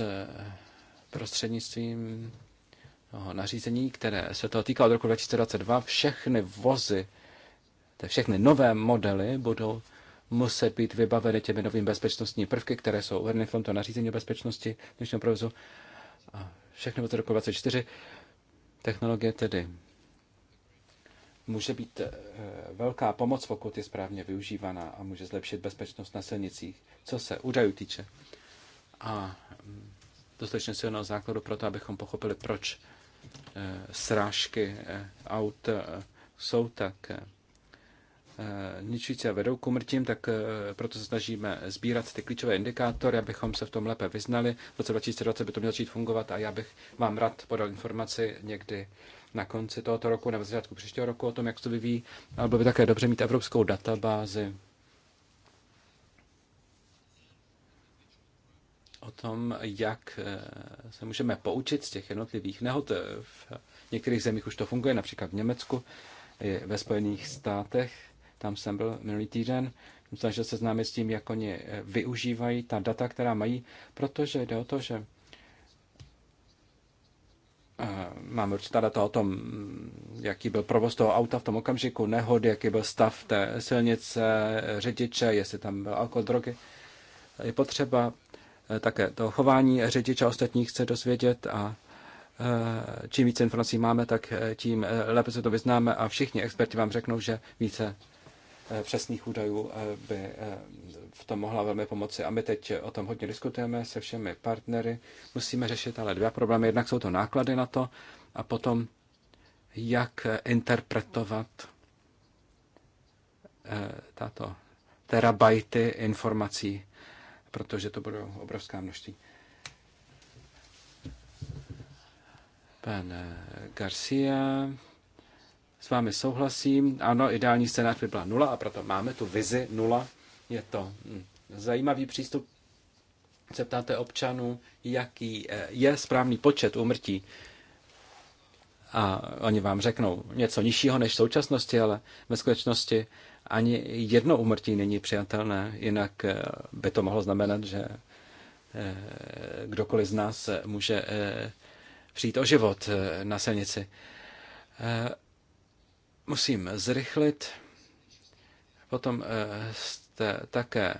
prostřednictvím toho nařízení, které se toho týká od roku 2022. Všechny vozy všechny nové modely budou muset být vybaveny těmi novými bezpečnostní prvky, které jsou uvedeny v tomto nařízení o bezpečnosti dnešního provozu. A všechny od roku 24 technologie tedy může být eh, velká pomoc, pokud je správně využívaná a může zlepšit bezpečnost na silnicích, co se údajů týče. A mm, dostatečně silného základu pro to, abychom pochopili, proč eh, srážky eh, aut jsou tak Eh, ničící a vedou k umrtím, tak eh, proto se snažíme sbírat ty klíčové indikátory, abychom se v tom lépe vyznali. V roce 2020 by to mělo začít fungovat a já bych vám rád podal informaci někdy na konci tohoto roku nebo začátku příštího roku o tom, jak to vyvíjí, ale bylo by také dobře mít evropskou databázi o tom, jak eh, se můžeme poučit z těch jednotlivých nehod. V některých zemích už to funguje, například v Německu, ve Spojených státech tam jsem byl minulý týden, snažil se známit s tím, jak oni eh, využívají ta data, která mají, protože jde o to, že eh, máme určitá data o tom, mm, jaký byl provoz toho auta v tom okamžiku, nehody, jaký byl stav té silnice, eh, řidiče, jestli tam byl alkohol, drogy. Je potřeba také to chování řidiče ostatních chce dozvědět a čím více informací máme, tak tím lépe se to vyznáme a všichni experti vám řeknou, že více Eh, přesných údajů eh, by eh, v tom mohla velmi pomoci. A my teď o tom hodně diskutujeme se všemi partnery. Musíme řešit ale dva problémy. Jednak jsou to náklady na to a potom jak interpretovat tato terabajty informací, protože to budou obrovská množství. Pan Garcia s vámi souhlasím. Ano, ideální scénář by byla nula a proto máme tu vizi nula. Je to hm, zajímavý přístup. Se ptáte občanů, jaký eh, je správný počet umrtí. A oni vám řeknou něco nižšího než v současnosti, ale ve skutečnosti ani jedno umrtí není přijatelné, jinak eh, by to mohlo znamenat, že eh, kdokoliv z nás může přijít o život na silnici musím zrychlit. Potom eh, jste také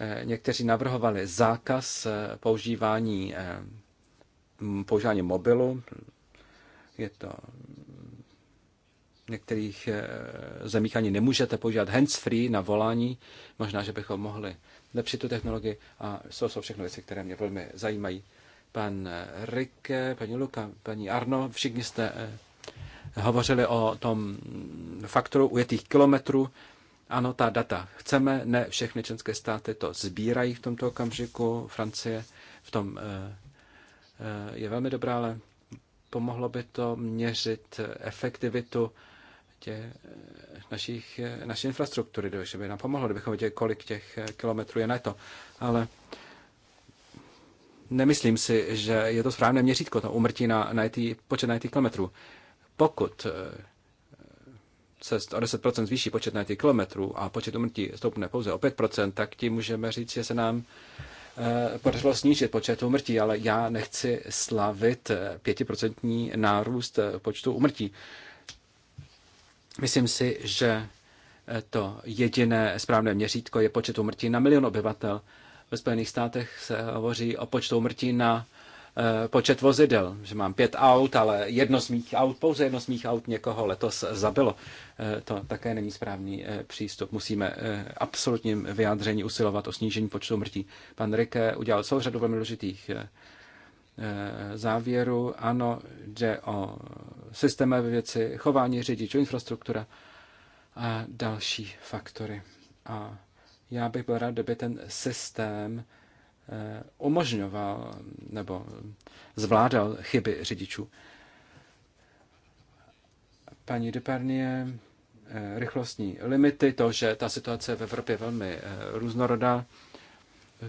eh, někteří navrhovali zákaz eh, používání, používání mobilu. Je to některých zemích ani nemůžete používat hands-free na volání. Možná, že bychom mohli lepšit tu technologii. A jsou, jsou všechno věci, které mě velmi zajímají. Pan Rike, paní Luka, paní Arno, všichni jste hovořili o tom faktoru ujetých kilometrů. Ano, ta data chceme, ne všechny členské státy to sbírají v tomto okamžiku. Francie v tom eh, eh, je velmi dobrá, ale pomohlo by to měřit efektivitu tě, eh, našich, naší infrastruktury, že by nám pomohlo, kdybychom viděli, kolik těch kilometrů je na to. Ale nemyslím si, že je to správné měřítko, to umrtí na, na IT, počet na IT kilometrů. Pokud eh, se o 10% zvýší počet najetých kilometrů a počet umrtí stoupne pouze o 5%, tak tím můžeme říct, že se nám eh, podařilo snížit počet umrtí, ale já nechci slavit 5% eh, nárůst počtu umrtí. Myslím si, že to jediné správné měřítko je počet umrtí na milion obyvatel. Ve Spojených státech se hovoří o počtu umrtí na Eh, počet vozidel, že mám pět aut, ale jedno z mých aut, pouze jedno z mých aut někoho letos zabilo. Eh, to také není správný eh, přístup. Musíme absolutním vyjádření usilovat o snížení počtu mrtí. Pan Rike udělal celou řadu velmi důležitých závěrů. Ano, jde o systémy, věci, chování řidičů, infrastruktura a další faktory. A já bych byl rád, kdyby ten systém Eh, umožňoval nebo zvládal chyby řidičů. Paní Deparnie, eh, rychlostní limity, to, že ta situace v Evropě je velmi eh, různorodá,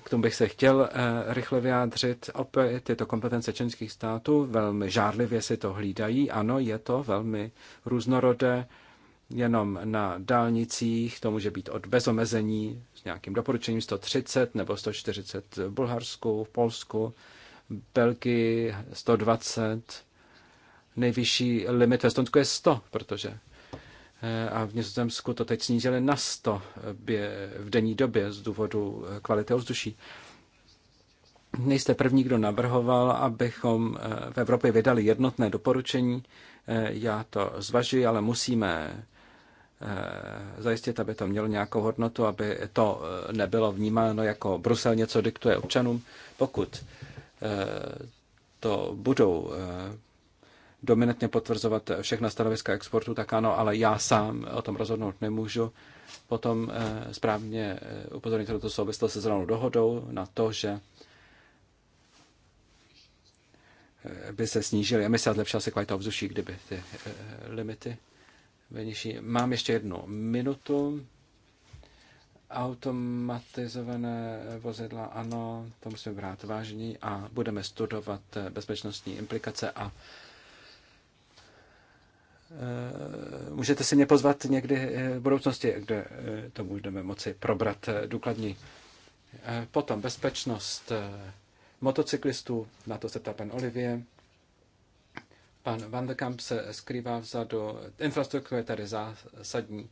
k tomu bych se chtěl rychle vyjádřit. Opět tyto kompetence členských států velmi žárlivě si to hlídají. Ano, je to velmi různorodé, jenom na dálnicích to může být od bezomezení nějakým doporučením 130 nebo 140 v Bulharsku, v Polsku, v Belgii 120, nejvyšší limit ve Estonsku je 100, protože eh, a v Nizozemsku to teď snížili na 100 eh, v denní době z důvodu eh, kvality ovzduší. Nejste první, kdo navrhoval, abychom v Evropě vydali jednotné doporučení. Já to zvažuji, ale musíme Eh, zajistit, aby to mělo nějakou hodnotu, aby to eh, nebylo vnímáno jako Brusel něco diktuje občanům. Pokud eh, to budou dominantně potvrzovat všechna stanoviska exportu, tak ano, ale já sám o tom rozhodnout nemůžu. Potom správně upozornit na to souvislo se zelenou dohodou, na to, že by se snížily emise a zlepšila se kvalita ovzduší, kdyby ty limity vnější. Mám ještě jednu minutu. Automatizované vozidla, ano, to musíme brát vážně a budeme studovat bezpečnostní implikace a eh, můžete si mě pozvat někdy eh, v budoucnosti, kde eh, to budeme moci probrat důkladní. Potom bezpečnost motocyklistů, na to se ptá pan Olivier. Pan Van de Kamp se skrývá vzadu. Infrastruktura je tady zásadní.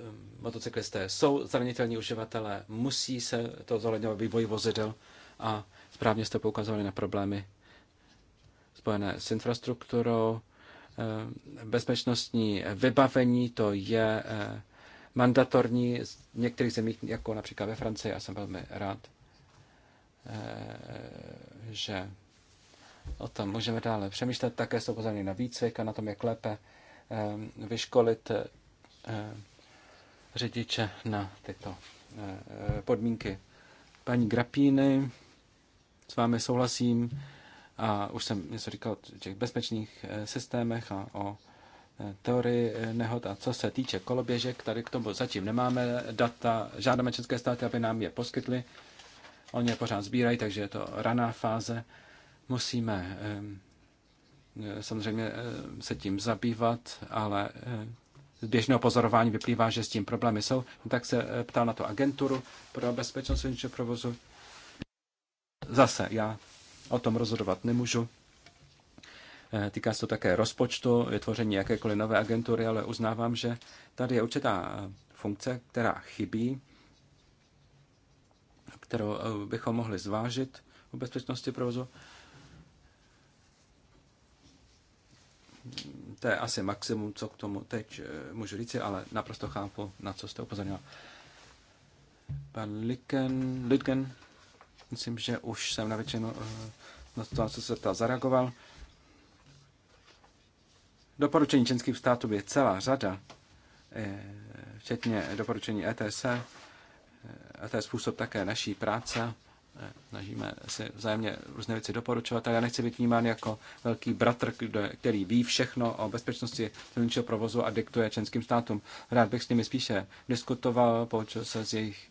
Ehm, motocyklisté jsou zranitelní uživatelé, musí se to zohledňovat vývoj vozidel a správně jste poukazovali na problémy spojené s infrastrukturou, ehm, bezpečnostní vybavení, to je eh, mandatorní v některých zemích, jako například ve Francii, a jsem velmi rád, Eh, že o tom můžeme dále přemýšlet. Také jsou pozorní na výcvik a na tom, jak lépe eh, vyškolit eh, řidiče na tyto podmínky. Paní Grapíny, s vámi souhlasím a už jsem něco říkal o těch bezpečných systémech a o teorii nehod. A co se týče koloběžek, tady k tomu zatím nemáme data. Žádáme České státy, aby nám je poskytly Oni je pořád sbírají, takže je to raná fáze. Musíme e, samozřejmě e, se tím zabývat, ale e, z běžného pozorování vyplývá, že s tím problémy jsou. No tak se ptal na to agenturu pro bezpečnost silničního provozu. Zase já o tom rozhodovat nemůžu. Týká se to také rozpočtu, vytvoření jakékoliv nové agentury, ale uznávám, že tady je určitá funkce, která chybí kterou eh, bychom mohli zvážit u bezpečnosti provozu. Hmm, to je asi maximum, co k tomu teď eh, můžu říci, ale naprosto chápu, na co jste upozornil. Pan Liken, Lidgen, myslím, že už jsem na většinu eh, na to, co se ptal, zareagoval. Doporučení členských států je celá řada, včetně doporučení ETS to je způsob také naší práce. Snažíme si vzájemně různé věci doporučovat, ale já nechci být vnímán jako velký bratr, který ví všechno o bezpečnosti silničního provozu a diktuje členským státům. Rád bych s nimi spíše diskutoval, poučil se z jejich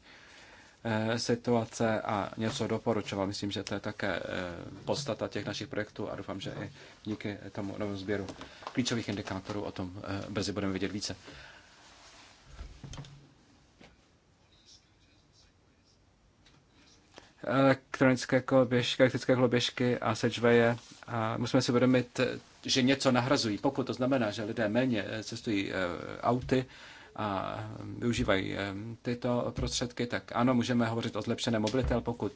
eh, situace a něco doporučoval. Myslím, že to je také eh, podstata těch našich projektů a doufám, že i díky tomu novému sběru klíčových indikátorů o tom eh, brzy budeme vidět více. elektronické koloběžky, elektrické koloběžky a sečveje. A musíme si uvědomit, že něco nahrazují. Pokud to znamená, že lidé méně eh, cestují eh, auty a eh, využívají tyto prostředky, tak ano, můžeme hovořit o zlepšené mobilitě, ale pokud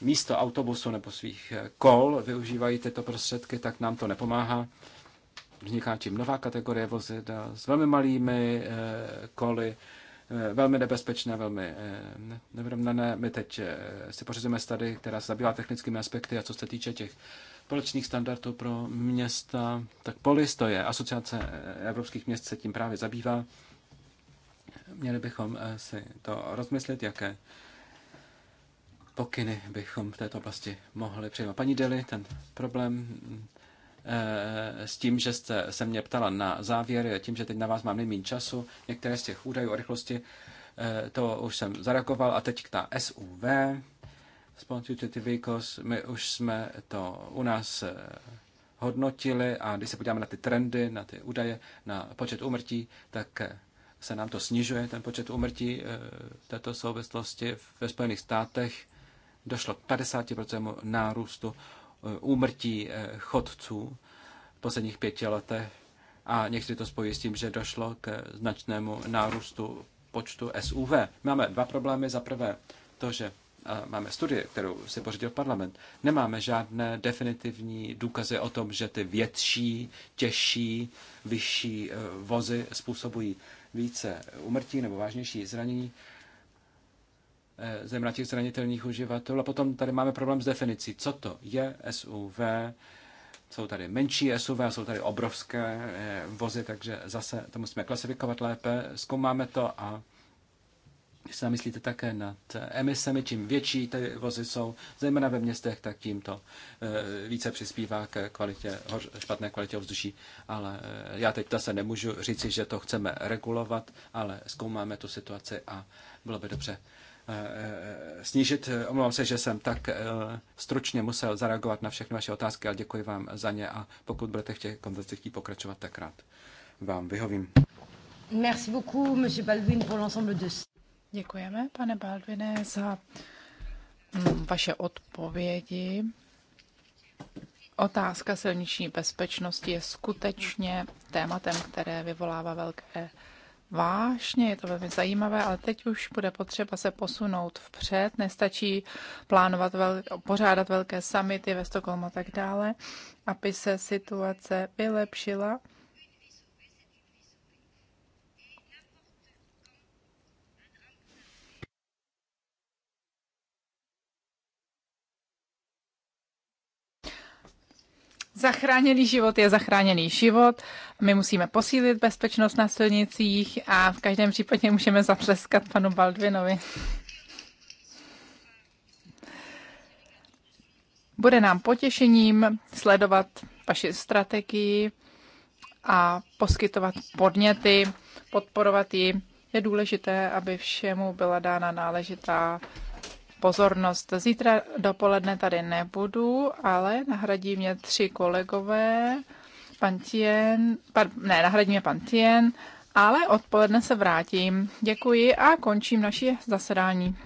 místo autobusu nebo svých kol využívají tyto prostředky, tak nám to nepomáhá. Vzniká tím nová kategorie vozidel s velmi malými koly, Eh, velmi nebezpečné, velmi eh, nevrovnané. My teď eh, si pořizujeme tady, která se zabývá technickými aspekty a co se týče těch společných standardů pro města, tak POLIS, to je asociace evropských měst, se tím právě zabývá. Měli bychom si to rozmyslet, jaké pokyny bychom v této oblasti mohli přijmout. Paní Deli, ten problém hm, Eh, s tím, že jste se mě ptala na závěr, tím, že teď na vás mám nejméně času, některé z těch údajů o rychlosti, eh, to už jsem zareagoval a teď ta SUV, Spontaneity Vehicles, my už jsme to u nás eh, hodnotili a když se podíváme na ty trendy, na ty údaje, na počet úmrtí, tak se nám to snižuje, ten počet úmrtí v této souvislosti ve Spojených státech došlo k 50% nárůstu Eh, úmrtí eh, chodců v posledních pěti letech a někdy to spojí s tím, že došlo k eh, značnému nárůstu počtu SUV. Máme dva problémy. Za prvé to, že máme studie, kterou si pořídil parlament, nemáme žádné definitivní důkazy o tom, že ty větší, těžší, vyšší vozy způsobují více umrtí nebo vážnější zranění. Eh, zejména těch zranitelných uživatelů. A potom tady máme problém s definicí, co to je SUV. Jsou tady menší SUV, jsou tady obrovské eh, vozy, takže zase to musíme klasifikovat lépe. Zkoumáme to a když se myslíte také nad emisemi, čím větší ty vozy jsou, zejména ve městech, tak tím to eh, více přispívá k kvalitě, špatné kvalitě ovzduší. Ale já teď zase nemůžu říci, že to chceme regulovat, ale zkoumáme tu situaci a bylo by dobře Eh, eh, snížit. Eh, omlouvám se, že jsem tak stručně musel zareagovat na všechny vaše otázky, ale děkuji vám za ně a pokud budete v těch konverzacích pokračovat, tak rád vám vyhovím. Merci beaucoup, monsieur Balvin, pour l'ensemble de... Děkujeme, pane Baldwine, za mm, vaše odpovědi. Otázka silniční bezpečnosti je skutečně tématem, které vyvolává velké vášně, je to velmi zajímavé, ale teď už bude potřeba se posunout vpřed. Nestačí plánovat, vel, pořádat velké summity ve Stockholmu a tak dále, aby se situace vylepšila. Zachráněný život je zachráněný život. My musíme posílit bezpečnost na silnicích a v každém případě můžeme zatleskat panu Baldvinovi. Bude nám potěšením sledovat vaši strategii a poskytovat podněty, podporovat ji. Je důležité, aby všemu byla dána náležitá pozornost. Zítra dopoledne tady nebudu, ale nahradí mě tři kolegové, pan Tien, pan, ne, nahradí mě pan Tien, ale odpoledne se vrátím. Děkuji a končím naše zasedání.